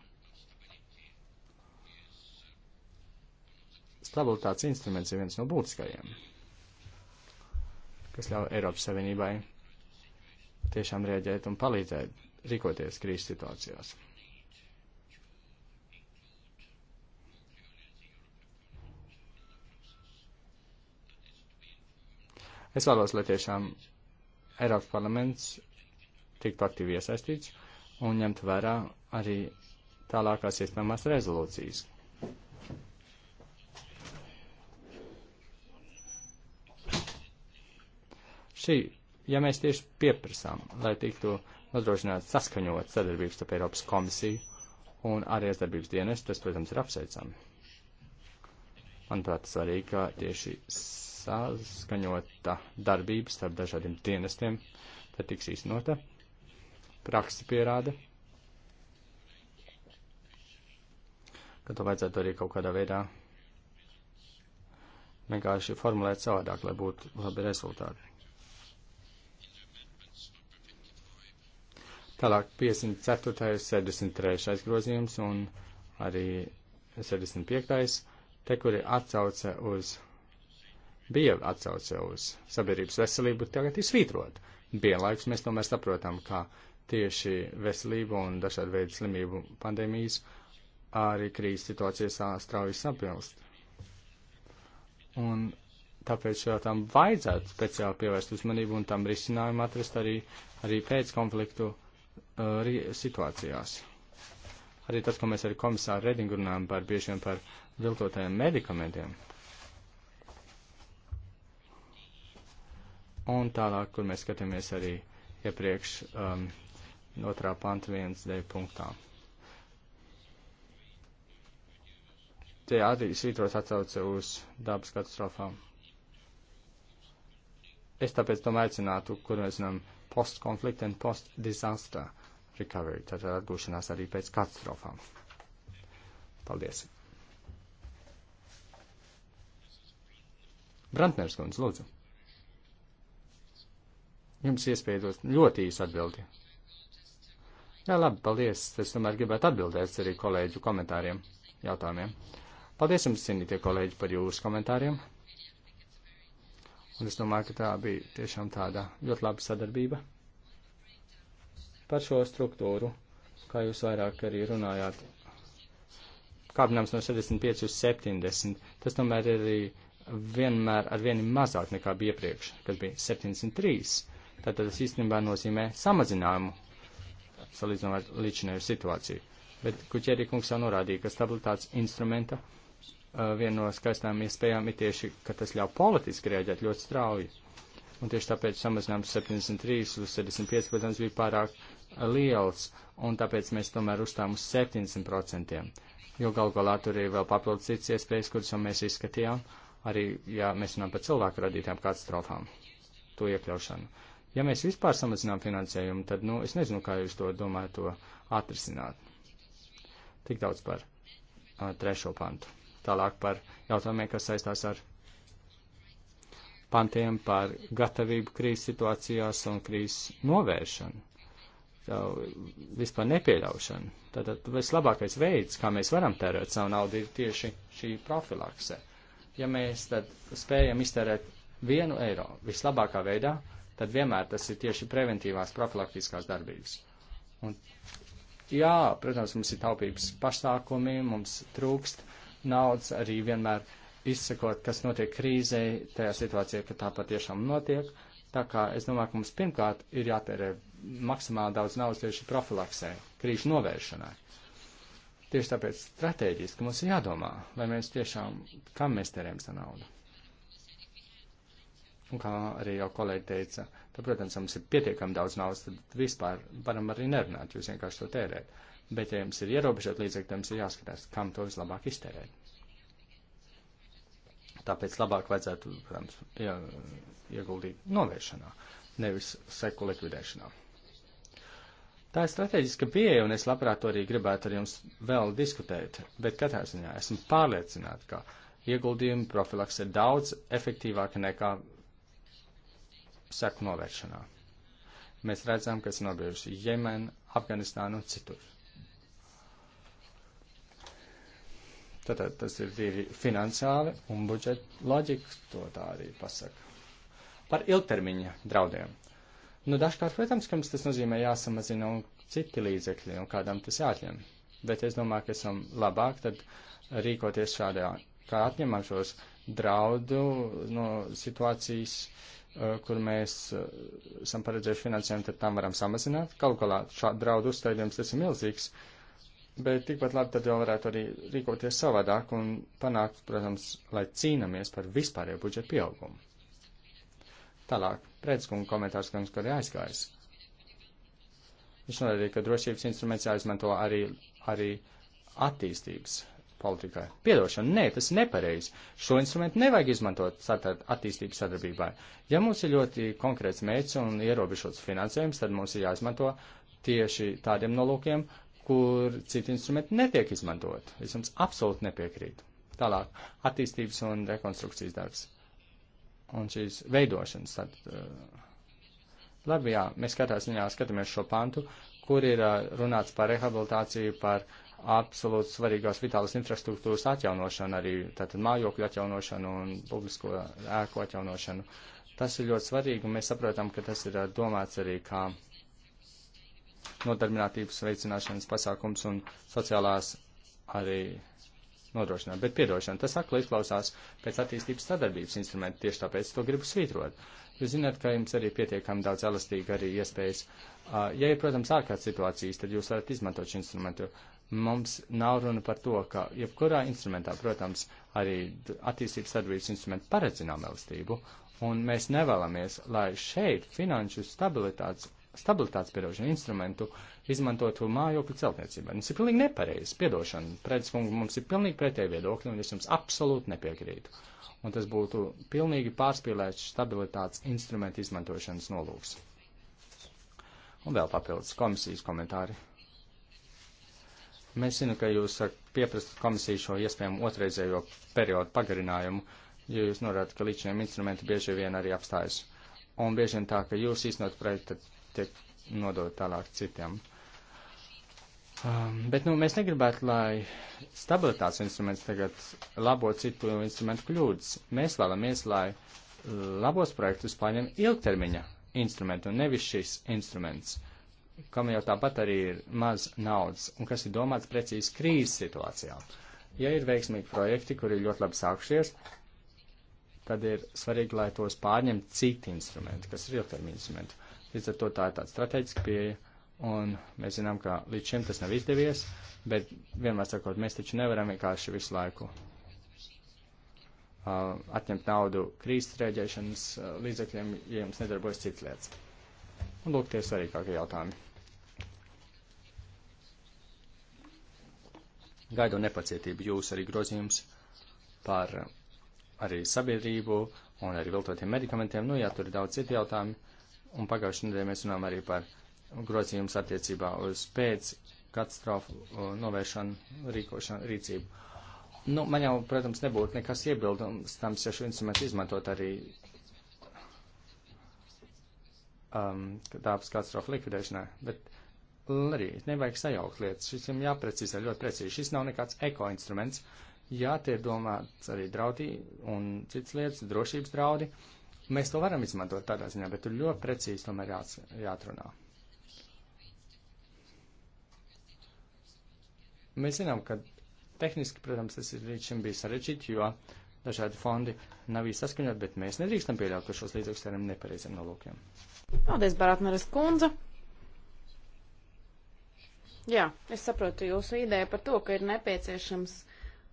Stabilitātes instruments ir viens no būtiskajiem, kas ļauj Eiropas Savienībai tiešām rēģēt un palīdzēt rīkoties krīzes situācijās. Es vēlos, lai tiešām Eiropas parlaments tiktu aktīvi iesaistīts un ņemt vērā arī tālākās iespējamās rezolūcijas. Šī, ja mēs tieši pieprasām, lai tiktu nodrošināt saskaņot sadarbības starp Eiropas komisiju un ārējās darbības dienestu, tas, protams, ir apsveicami. Manuprāt, svarīgi, ka tieši saskaņota darbības starp dažādiem dienestiem, tad tiks īstenota. Praksi pierāda, ka to vajadzētu arī kaut kādā veidā vienkārši formulēt savādāk, lai būtu labi rezultāti. Tālāk 54. 63. grozījums un arī 75. te, kur ir atsauce uz bija atsauce uz sabiedrības veselību, tagad ir svītrot. Vienlaikus mēs tomēr saprotam, ka tieši veselību un dažādu veidu slimību pandēmijas arī krīzes situācijas strauji sapilst. Un tāpēc jau tam vajadzētu speciāli pievērst uzmanību un tam risinājumu atrast arī, arī pēc konfliktu uh, situācijās. Arī tas, ko mēs ar komisāru Redingu runājam par biežiem par viltotajiem medikamentiem, Un tālāk, kur mēs skatāmies arī iepriekš um, otrā panta 1D punktā. Tie arī svītros atsauce uz dabas katastrofām. Es tāpēc tam aicinātu, kur mēs zinām post-conflict and post-disaster recovery, tātad atgūšanās arī pēc katastrofām. Paldies! Brantners kundze, lūdzu! Jums iespēja dot ļoti īsu atbildi. Jā, labi, paldies. Es tomēr gribētu atbildēt arī kolēģu komentāriem, jautājumiem. Paldies jums, cienītie kolēģi, par jūsu komentāriem. Un es domāju, ka tā bija tiešām tāda ļoti laba sadarbība par šo struktūru, kā jūs vairāk arī runājāt. Kāpinājums no 65 uz 70, tas tomēr ir arī vienmēr ar vienu mazāk nekā bija iepriekš, kas bija 73. Tātad tas īstenībā nozīmē samazinājumu salīdzinot ar līdzinēju situāciju. Bet Kuķerī kungs jau norādīja, ka stabilitātes instrumenta uh, viena no skaistām iespējām ir tieši, ka tas ļauj politiski rēģēt ļoti strauji. Un tieši tāpēc samazinājums 73 uz 75, protams, bija pārāk liels, un tāpēc mēs tomēr uzstām uz 70%. Jo gal galā tur ir vēl papildus cits iespējas, kuras jau mēs izskatījām, arī, ja mēs runājam par cilvēku radītām katastrofām, to iekļaušanu. Uh, Ja mēs vispār samazinām finansējumu, tad, nu, es nezinu, kā jūs to domājat to atrisināt. Tik daudz par uh, trešo pantu. Tālāk par jautājumiem, kas saistās ar pantiem par gatavību krīzes situācijās un krīzes novēršanu, vispār nepieļaušanu. Tātad vislabākais veids, kā mēs varam tērēt savu naudu, ir tieši šī profilakse. Ja mēs tad spējam iztērēt vienu eiro vislabākā veidā, tad vienmēr tas ir tieši preventīvās profilaktiskās darbības. Un, jā, protams, mums ir taupības pasākumi, mums trūkst naudas arī vienmēr izsakot, kas notiek krīzē, tajā situācijā, ka tā patiešām notiek. Tā kā es domāju, ka mums pirmkārt ir jātērē maksimāli daudz naudas tieši profilaksē, krīžu novēršanai. Tieši tāpēc strateģiski mums ir jādomā, vai mēs tiešām, kam mēs tērējam tā naudu. Un kā arī jau kolēģi teica, tad, protams, mums ir pietiekami daudz naudas, tad vispār varam arī nerunāt, jūs vienkārši to tērēt. Bet, ja jums ir ierobežot līdzekļi, tad jums ir jāskatās, kam to vislabāk iztērēt. Tāpēc labāk vajadzētu, protams, ie, ieguldīt novēršanā, nevis seku likvidēšanā. Tā ir strateģiska pieeja, un es labprāt to arī gribētu ar jums vēl diskutēt, bet katrā ziņā esmu pārliecināta, ka ieguldījumi profilaks ir daudz efektīvāki nekā seku novēršanā. Mēs redzam, kas nobijuši Jemen, Afganistānu un citur. Tātad tas ir tīri finansiāli un budžeta loģika, to tā arī pasaka. Par ilgtermiņa draudiem. Nu, dažkārt, protams, ka mums tas nozīmē jāsamazina un citi līdzekļi, un kādam tas jāatņem. Bet es domāju, ka esam labāk tad rīkoties šādā, kā atņemam šos draudu no situācijas Eh, kur mēs eh, esam paredzējuši finansējumu, tad tam varam samazināt. Kaut galā šādu draudu uzstādījums tas ir milzīgs, bet tikpat labi tad jau varētu arī rīkoties savādāk un panākt, protams, lai cīnamies par vispārējo budžetu pieaugumu. Tālāk, pretskunga komentārs, ka mums kaut ir aizgājis. Viņš norādīja, ka drošības instruments jāizmanto arī, arī attīstības politikai. Piedošana, nē, tas ir nepareizi. Šo instrumentu nevajag izmantot tātad attīstības sadarbībai. Ja mums ir ļoti konkrēts mērķis un ierobežots finansējums, tad mums ir jāizmanto tieši tādiem nolūkiem, kur citi instrumenti netiek izmantot. Es jums absolūti nepiekrītu. Tālāk, attīstības un rekonstrukcijas darbs. Un šīs veidošanas. Tad, uh, labi, jā, mēs katrā ziņā skatāmies šo pantu, kur ir uh, runāts par rehabilitāciju, par uh, absolūti svarīgās vitālas infrastruktūras atjaunošanu, arī tātad mājokļu atjaunošanu un publisko ēku atjaunošanu. Tas ir ļoti svarīgi, un mēs saprotam, ka tas ir domāts arī kā nodarbinātības veicināšanas pasākums un sociālās arī nodrošināt. Bet piedošana, tas atkal izklausās pēc attīstības sadarbības instrumenta, tieši tāpēc to gribu svītrot. Jūs zināt, ka jums arī pietiekami daudz elastīgi arī iespējas. Ja ir, protams, ārkārtas situācijas, tad jūs varat izmantot šo instrumentu. Mums nav runa par to, ka jebkurā instrumentā, protams, arī attīstības sadarbības instrumenti paredzinām elastību, un mēs nevēlamies, lai šeit finanšu stabilitātes, stabilitātes piedošanu instrumentu izmantotu mājokļu celtniecībai. Tas ir pilnīgi nepareizi. Piedošana, predis kungi, mums ir pilnīgi pretēji viedokļi, un es jums absolūti nepiekrītu. Un tas būtu pilnīgi pārspīlēts stabilitātes instrumentu izmantošanas nolūks. Un vēl papildus komisijas komentāri. Mēs zinām, ka jūs pieprasat komisiju šo iespējamo otrreizējo periodu pagarinājumu, jo jūs norādat, ka līdziniem instrumenti bieži vien arī apstājas. Un bieži vien tā, ka jūs īstenot projektu, tad tiek nodot tālāk citiem. Um, bet nu, mēs negribētu, lai stabilitātes instruments tagad labo citu instrumentu kļūdas. Mēs vēlamies, lai labos projektus paņem ilgtermiņa instrumentu, nevis šis instruments. Uh, kam jau tāpat arī ir maz naudas un kas ir domāts precīzi krīzes situācijā. Ja ir veiksmīgi projekti, kuri ir ļoti labi sākušies, tad ir svarīgi, lai tos pārņemtu citi instrumenti, kas ir ilgtermiņa instrumenti. Līdz ar to tā ir tāda strateģiska pieeja, un mēs zinām, ka līdz šim tas nav izdevies, bet vienmēr sakot, mēs taču nevaram vienkārši visu laiku uh, atņemt naudu krīzes rēģēšanas uh, līdzekļiem, ja jums nedarbojas citas lietas. Un lūk, tie svarīgākie jautājumi. Gaidu nepacietību jūs arī grozījums par eh, arī sabiedrību un arī viltotiem medikamentiem. Nu, jā, tur ir daudz citu jautājumu. Un pagājušajā nedēļā mēs runājam arī par grozījums attiecībā uz pēc katastrofu eh, novēršanu rīkošanu rīcību. Nu, man jau, protams, nebūtu nekas iebildums tam, ja šo instrumentu izmantot arī um, tāpēc katastrofu likvidēšanai, bet arī nevajag sajaukt lietas. Šis ir jāprecizē ļoti precīzi. Šis nav nekāds ekoinstruments. Jā, tie ir domāts arī draudi un citas lietas, drošības draudi. Mēs to varam izmantot tādā ziņā, bet tur ļoti precīzi tomēr jā, jāatrunā. Mēs zinām, ka tehniski, protams, tas ir līdz šim bijis sarežģīti, jo dažādi fondi nav īsti saskaņot, bet mēs nedrīkstam pieļaut, ka šos līdzekļus tērēm nepareiziem nolūkiem.
Paldies, Barātneres kundze! Jā, es saprotu jūsu ideju par to, ka ir nepieciešams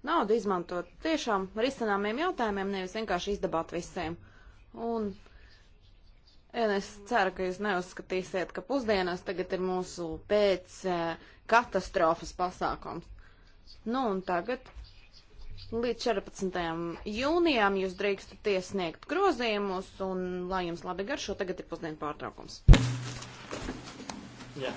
naudu izmantot tiešām risināmiem jautājumiem, nevis vienkārši izdabāt visiem. Un ja es ceru, ka jūs neuzskatīsiet, ka pusdienās tagad ir mūsu pēc e, katastrofas pasākums. Nu un tagad līdz 14. jūnijām jūs drīkstat iesniegt grozījumus, un lai jums labi garšo, tagad ir pusdienu pārtraukums.
Yeah.